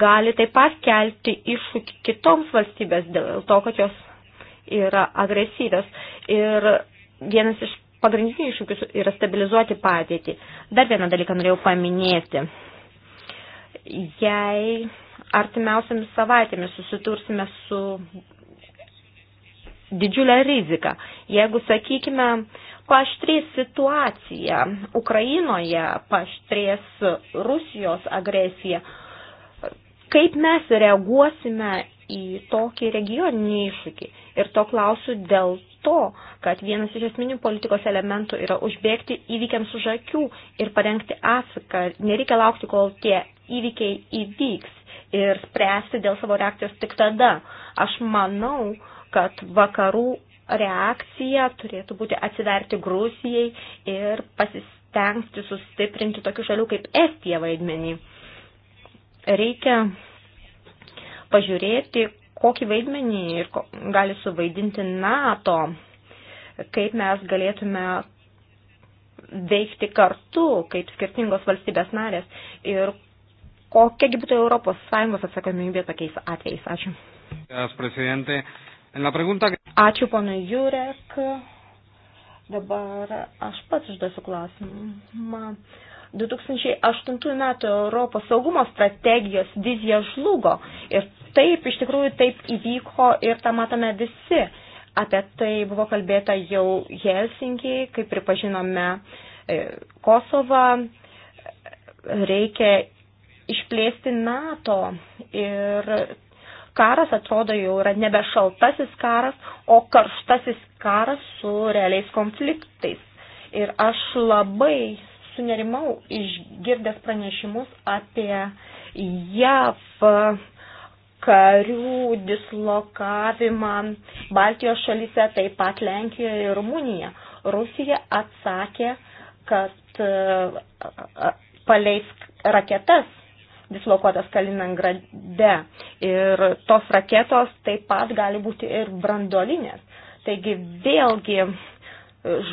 gali taip pat kelti iššūkį kitoms valstybės dėl to, kad jos yra agresyvios. Ir vienas iš pagrindinių iššūkių yra stabilizuoti padėtį. Dar vieną dalyką norėjau paminėti jei artimiausiamis savaitėmis susitursime su didžiulę riziką. Jeigu, sakykime, paštrės situacija Ukrainoje, paštrės Rusijos agresija, kaip mes reaguosime į tokį regioninį iššūkį? Ir to klausiu dėl to, kad vienas iš esminių politikos elementų yra užbėgti įvykiams už akių ir parengti atsaką. Nereikia laukti, kol tie įvykiai įvyks ir spręsti dėl savo reakcijos tik tada. Aš manau, kad vakarų reakcija turėtų būti atsiverti Gruzijai ir pasistengti sustiprinti tokių šalių kaip Estija vaidmenį. Reikia pažiūrėti, kokį vaidmenį ir gali suvaidinti NATO, kaip mes galėtume veikti kartu, kaip skirtingos valstybės narės ir Kokiagi būtų ES atsakomybė tokiais atvejais? Ačiū. Ačiū, ponui Jurek. Dabar aš pats užduosiu klausimą. 2008 metų Europos saugumo strategijos vizija žlugo ir taip, iš tikrųjų, taip įvyko ir tą matome visi. Apie tai buvo kalbėta jau Helsinkiai, kaip pripažinome e, Kosovą, reikia išplėsti NATO ir karas atrodo jau yra nebe šaltasis karas, o karštasis karas su realiais konfliktais. Ir aš labai sunerimau išgirdęs pranešimus apie JAV karių dislokavimą Baltijos šalyse, taip pat Lenkijoje ir Rumunijoje. Rusija atsakė, kad paleis raketas dislokuotas Kaliningrade. Ir tos raketos taip pat gali būti ir brandolinės. Taigi vėlgi e,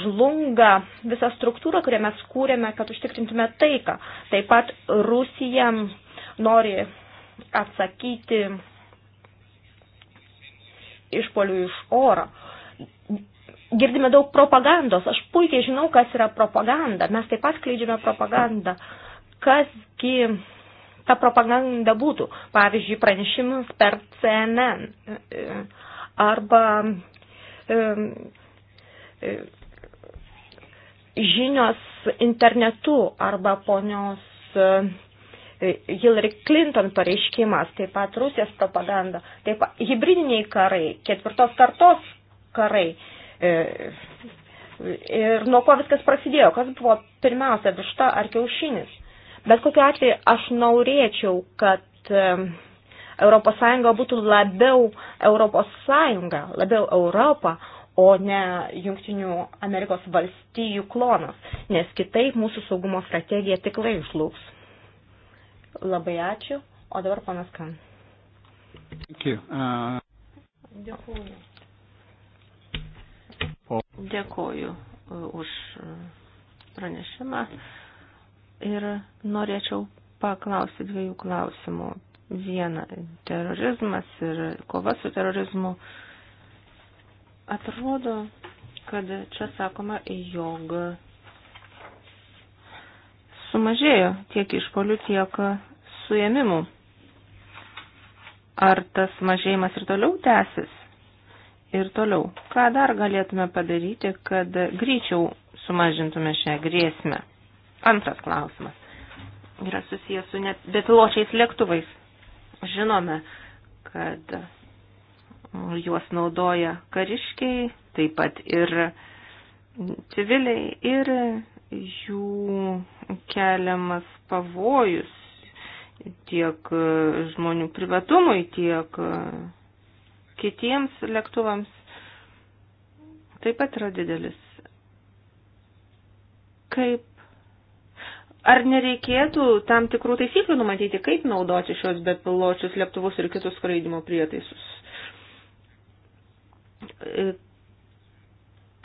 žlunga visa struktūra, kurią mes kūrėme, kad užtikrintume taiką. Taip pat Rusija nori atsakyti išpolių iš oro. Girdime daug propagandos. Aš puikiai žinau, kas yra propaganda. Mes taip pat skleidžiame propagandą. Kasgi ta propaganda būtų. Pavyzdžiui, pranešimus per CNN e, arba e, e, žinios internetu arba ponios Hillary Clinton pareiškimas, taip pat Rusijos propaganda, taip pat hybridiniai karai, ketvirtos kartos karai. Ir nuo ko viskas prasidėjo, kas buvo pirmiausia, višta ar kiaušinis. Bet kokiu atveju aš norėčiau, kad ES būtų labiau ES, labiau Europa, o ne Junktinių Amerikos valstijų klonas, nes kitaip mūsų saugumo strategija tiklai žlugs. Labai ačiū, o dabar panas Kan. Uh... Dėkuoju. Dėkuoju uh, už uh, pranešimą. Ir norėčiau paklausti dviejų klausimų. Viena - terorizmas ir kova su terorizmu. Atrodo, kad čia sakoma, jog sumažėjo tiek išpolių, tiek suėmimų. Ar tas mažėjimas ir toliau tęsis? Ir toliau, ką dar galėtume padaryti, kad greičiau sumažintume šią grėsmę? Antras klausimas yra susijęs su net betiločiais lėktuvais. Žinome, kad mm, juos naudoja kariškiai, taip pat ir civiliai ir jų keliamas pavojus tiek žmonių privatumui, tiek kitiems lėktuvams taip pat yra didelis. Kaip Ar nereikėtų tam tikrų taisyklių numatyti, kaip naudoti šios bepiločius lėktuvus ir kitus skraidimo prietaisus? E,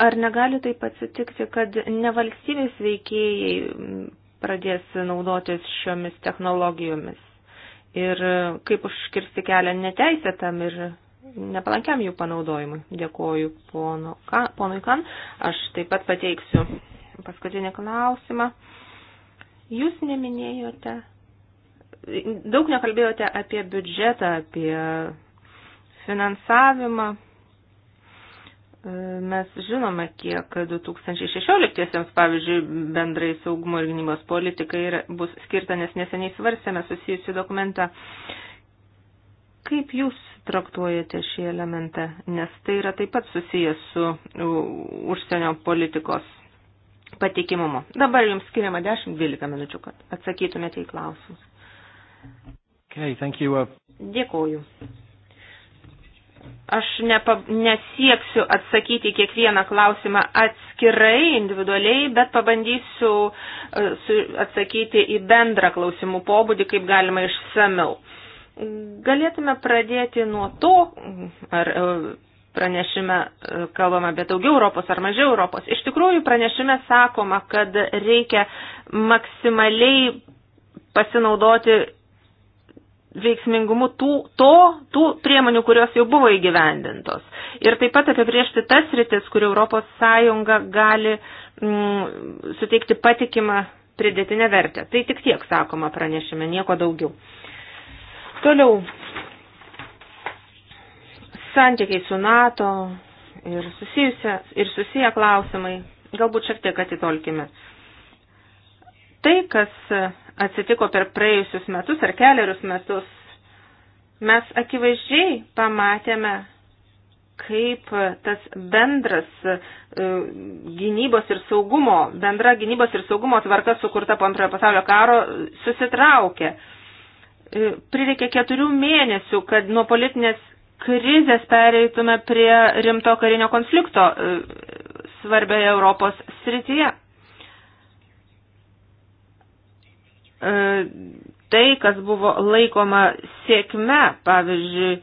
ar negali taip atsitikti, kad ne valstybės veikėjai pradės naudotis šiomis technologijomis ir e, kaip užkirsti kelią neteisėtam ir nepalankiam jų panaudojimui? Dėkoju pono, ka, ponui Kan. Aš taip pat pateiksiu paskutinį klausimą. Jūs neminėjote, daug nekalbėjote apie biudžetą, apie finansavimą. E, mes žinome, kiek 2016-iesiams, pavyzdžiui, bendrai saugumo ir gynybos politikai bus skirta, nes neseniai svarstėme susijusių dokumentą. Kaip jūs traktuojate šį elementą, nes tai yra taip pat susijęs su užsienio politikos patikimumu. Dabar jums skiriama 10-12 minučių, kad atsakytumėte į klausimus. Okay, thank you. Uh, Dėkoju. Aš nepa, nesieksiu atsakyti kiekvieną klausimą atskirai, individualiai, bet pabandysiu uh, su, atsakyti į bendrą klausimų pobūdį, kaip galima išsameu. Galėtume pradėti nuo to, ar pranešime e, kalbama apie daugiau Europos ar mažiau Europos. Iš tikrųjų, pranešime sakoma, kad reikia maksimaliai pasinaudoti veiksmingumu tų, to, tų priemonių, kurios jau buvo įgyvendintos. Ir taip pat apibriežti tas rytis, kur Europos Sąjunga gali mm, suteikti patikimą pridėtinę vertę. Tai tik tiek sakoma pranešime, nieko daugiau. Toliau, santykiai su NATO ir, susijusia, ir susiję klausimai. Galbūt šiek tiek atitolkime. Tai, kas atsitiko per praėjusius metus ar keliarius metus, mes akivaizdžiai pamatėme, kaip tas bendras e, gynybos ir saugumo, bendra gynybos ir saugumo tvarka sukurta po antrojo pasaulio karo susitraukė. E, prireikė keturių mėnesių, kad nuo politinės krizės pereitume prie rimto karinio konflikto e, svarbioje Europos srityje. E, tai, kas buvo laikoma sėkme, pavyzdžiui, e,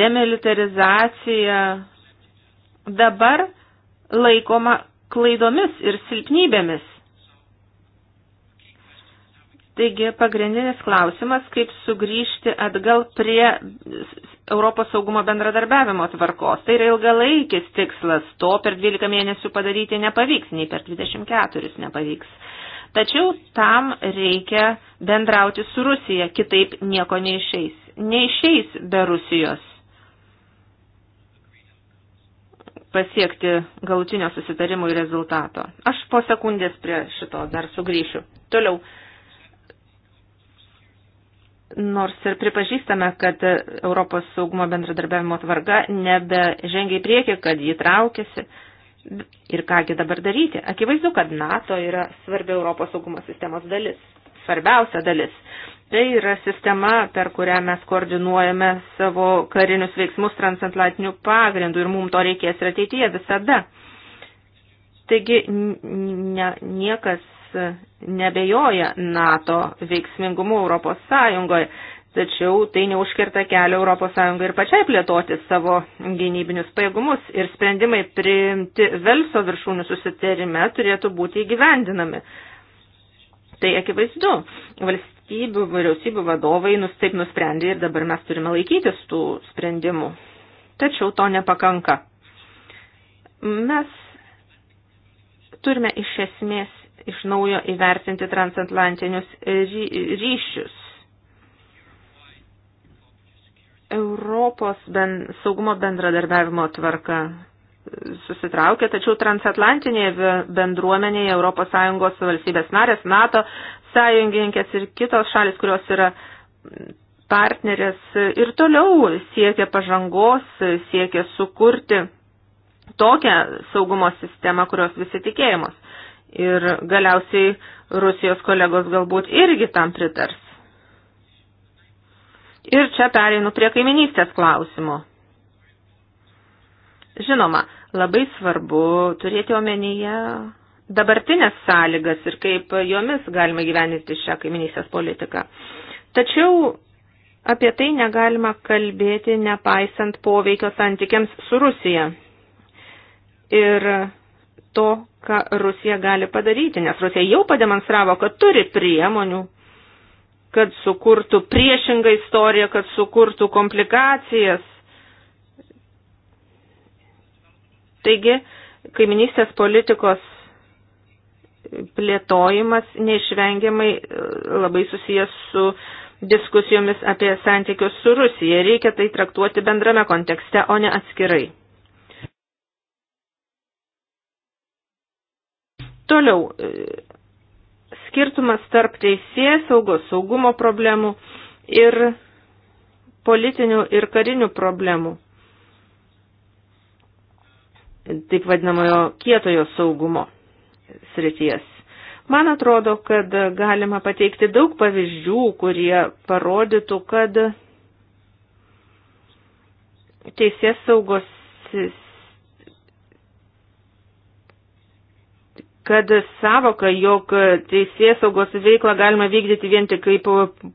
demilitarizacija, dabar laikoma klaidomis ir silpnybėmis. Taigi pagrindinis klausimas, kaip sugrįžti atgal prie Europos saugumo bendradarbiavimo tvarkos. Tai yra ilgalaikis tikslas, to per 12 mėnesių padaryti nepavyks, nei per 24 nepavyks. Tačiau tam reikia bendrauti su Rusija, kitaip nieko neišeis. Neišeis be Rusijos pasiekti galutinio susitarimų ir rezultato. Aš po sekundės prie šito dar sugrįšiu. Toliau Nors ir pripažįstame, kad Europos saugumo bendradarbiavimo tvarga nebežengia į priekį, kad ji traukiasi. Ir kągi dabar daryti? Akivaizdu, kad NATO yra svarbi Europos saugumo sistemos dalis. Svarbiausia dalis. Tai yra sistema, per kurią mes koordinuojame savo karinius veiksmus transatlantinių pagrindų ir mums to reikės ir ateityje visada. Taigi ne, niekas nebejoja NATO veiksmingumu Europos Sąjungoje, tačiau tai neužkirta kelio Europos Sąjungai ir pačiai plėtoti savo gynybinius pajėgumus ir sprendimai priimti Velso viršūnių susitarime turėtų būti įgyvendinami. Tai akivaizdu, valstybių, vyriausybių vadovai nus taip nusprendė ir dabar mes turime laikytis tų sprendimų. Tačiau to nepakanka. Mes turime iš esmės iš naujo įvertinti transatlantinius ryšius. Europos ben, saugumo bendradarbiavimo tvarka susitraukė, tačiau transatlantinėje bendruomenėje ES valstybės narės, NATO sąjungininkės ir kitos šalis, kurios yra partnerės ir toliau siekia pažangos, siekia sukurti tokią saugumo sistemą, kurios visi tikėjimos. Ir galiausiai Rusijos kolegos galbūt irgi tam pritars. Ir čia pereinu prie kaiminystės klausimo. Žinoma, labai svarbu turėti omenyje dabartinės sąlygas ir kaip jomis galima gyveninti šią kaiminystės politiką. Tačiau apie tai negalima kalbėti nepaisant poveikio santykiams su Rusija. Ir to, ką Rusija gali padaryti, nes Rusija jau pademonstravo, kad turi priemonių, kad sukurtų priešingą istoriją, kad sukurtų komplikacijas. Taigi, kaiminystės politikos plėtojimas neišvengiamai e, labai susijęs su diskusijomis apie santykius su Rusija. Reikia tai traktuoti bendrame kontekste, o ne atskirai. Toliau, e, skirtumas tarp teisės saugos, saugumo problemų ir politinių ir karinių problemų. Taip vadinamojo kietojo saugumo srities. Man atrodo, kad galima pateikti daug pavyzdžių, kurie parodytų, kad teisės saugos kad savoka, jog teisės saugos veiklą galima vykdyti vien tik kaip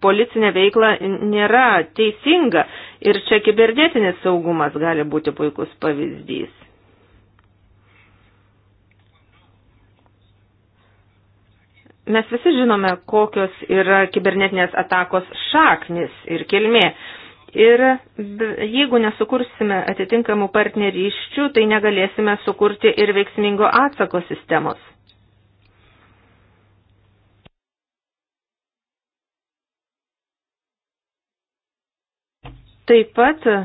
policinę veiklą, nėra teisinga. Ir čia kibernetinis saugumas gali būti puikus pavyzdys. Mes visi žinome, kokios yra kibernetinės atakos šaknis ir kilmė. Ir jeigu nesukursime atitinkamų partnerysčių, tai negalėsime sukurti ir veiksmingo atsako sistemos. Taip pat e,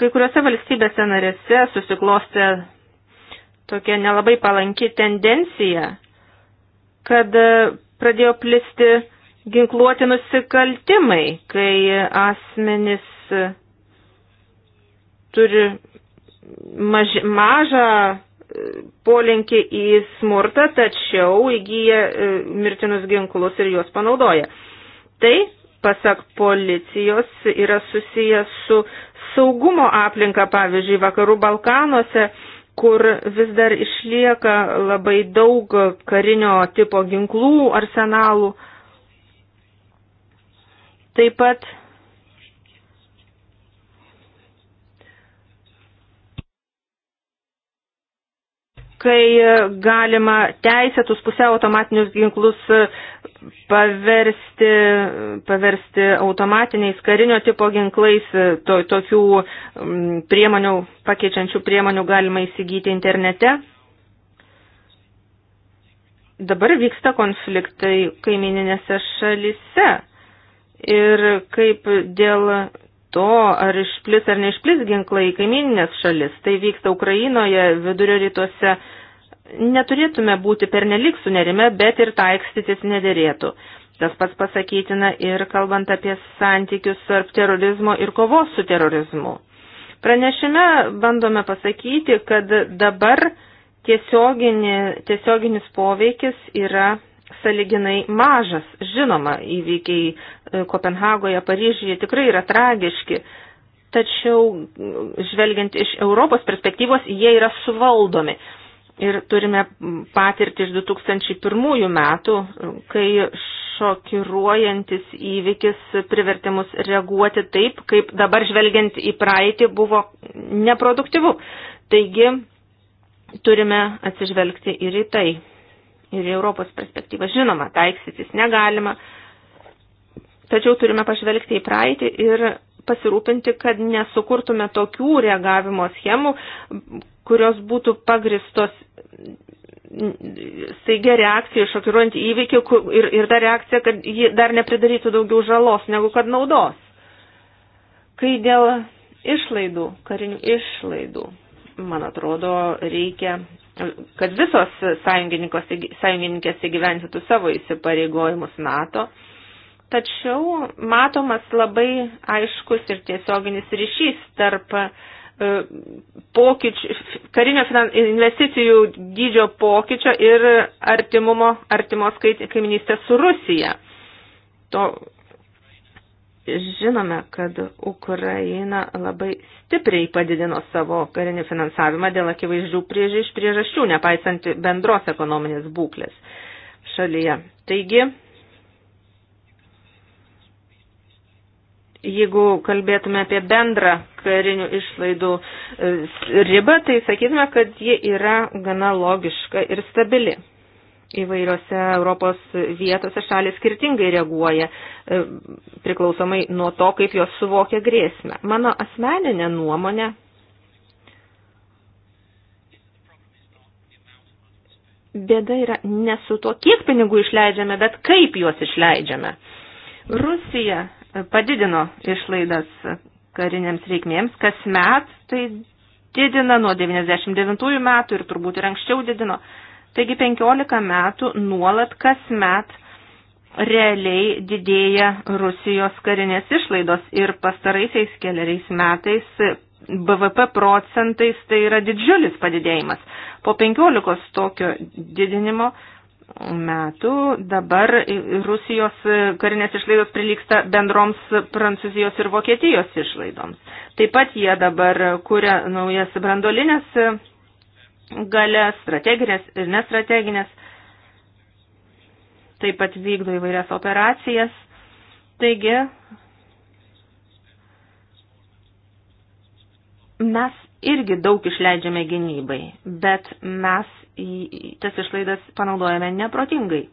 kai kuriuose valstybėse narėse susiklostė tokia nelabai palanki tendencija, kad e, pradėjo plisti ginkluoti nusikaltimai, kai asmenys e, turi maž, mažą polinkį į smurtą, tačiau įgyja mirtinus ginklus ir juos panaudoja. Tai pasak policijos, yra susijęs su saugumo aplinka, pavyzdžiui, Vakarų Balkanuose, kur vis dar išlieka labai daug karinio tipo ginklų arsenalų. Taip pat kai e, galima teisėtus pusiau automatinius ginklus e, paversti, paversti automatiniais karinio tipo ginklais. E, to, tokių priemonių, pakeičiančių priemonių galima įsigyti internete. Dabar vyksta konfliktai kaimininėse šalise. Ir kaip dėl to, ar išplis ar neišplis ginklai į kaimininės šalis, tai vyksta Ukrainoje, vidurio rytuose, neturėtume būti pernelik sunerime, bet ir taikstytis nederėtų. Tas pats pasakytina ir kalbant apie santykius tarp terorizmo ir kovos su terorizmu. Pranešime bandome pasakyti, kad dabar tiesioginis poveikis yra saliginai mažas. Žinoma, įvykiai e, Kopenhagoje, Paryžiuje tikrai yra tragiški, tačiau žvelgiant iš Europos perspektyvos, jie yra suvaldomi. Ir turime patirti iš 2001 metų, kai šokiruojantis įvykis privertė mus reaguoti taip, kaip dabar žvelgiant į praeitį buvo neproduktyvu. Taigi turime atsižvelgti ir į tai ir Europos perspektyvą. Žinoma, taiksytis negalima, tačiau turime pažvelgti į praeitį ir pasirūpinti, kad nesukurtume tokių reagavimo schemų, kurios būtų pagristos staigia reakcija, šokiruojant įvykį ir, ir ta reakcija, kad ji dar nepridarytų daugiau žalos negu kad naudos. Kai dėl išlaidų, karinių išlaidų, man atrodo, reikia kad visos sąjungininkės įgyventytų savo įsipareigojimus NATO. Tačiau matomas labai aiškus ir tiesioginis ryšys tarp e, pokyčių, karinio investicijų dydžio pokyčio ir artimumo, artimos kaiminystės su Rusija. To Žinome, kad Ukraina labai stipriai padidino savo karinį finansavimą dėl akivaizdžių priežasčių, priež, nepaisant bendros ekonominės būklės šalyje. Taigi, jeigu kalbėtume apie bendrą karinių išlaidų e, ribą, tai sakytume, kad ji yra gana logiška ir stabili įvairiose Europos vietose šalis skirtingai reaguoja, e, priklausomai nuo to, kaip jos suvokia grėsmę. Mano asmeninė nuomonė bėda yra ne su to, kiek pinigų išleidžiame, bet kaip juos išleidžiame. Rusija padidino išlaidas kariniams reikmėms, kasmet tai didina nuo 99 metų ir turbūt ir anksčiau didino. Taigi 15 metų nuolat kasmet realiai didėja Rusijos karinės išlaidos ir pastaraisiais keliariais metais BVP procentais tai yra didžiulis padidėjimas. Po 15 tokio didinimo metų dabar Rusijos karinės išlaidos prilyksta bendroms Prancūzijos ir Vokietijos išlaidoms. Taip pat jie dabar kuria naujas brandolinės galės, strateginės ir nestrateginės, taip pat vykdo įvairias operacijas. Taigi, mes irgi daug išleidžiame gynybai, bet mes tas išlaidas panaudojame neprotingai.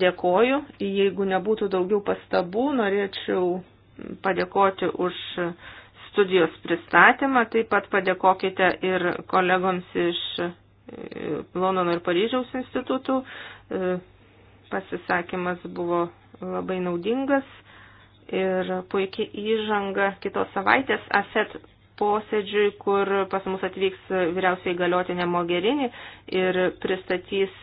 Dėkoju. Jeigu nebūtų daugiau pastabų, norėčiau padėkoti už studijos pristatymą. Taip pat padėkokite ir kolegoms iš e, Londono ir Paryžiaus institutų. E, pasisakymas buvo labai naudingas ir puikiai įžanga kitos savaitės AFET posėdžiui, kur pas mus atvyks vyriausiai galiotinė Mogerinį ir pristatys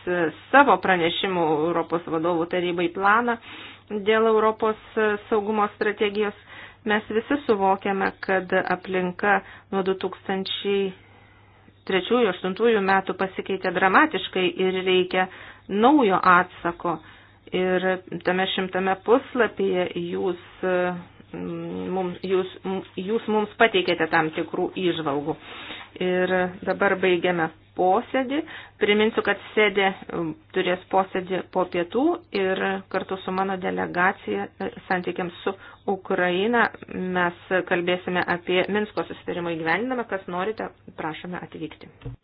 savo pranešimų Europos vadovų tarybai planą dėl Europos saugumo strategijos. Mes visi suvokiame, kad aplinka nuo 2003-2008 metų pasikeitė dramatiškai ir reikia naujo atsako. Ir tame šimtame puslapyje jūs mums, jūs, jūs mums pateikėte tam tikrų įžvalgų. Ir dabar baigiame posėdį. Priminsiu, kad sėdė turės posėdį po pietų ir kartu su mano delegacija e, santykiams su Ukraina mes kalbėsime apie Minsko susitarimo įgyvendinimą. Kas norite, prašome atvykti.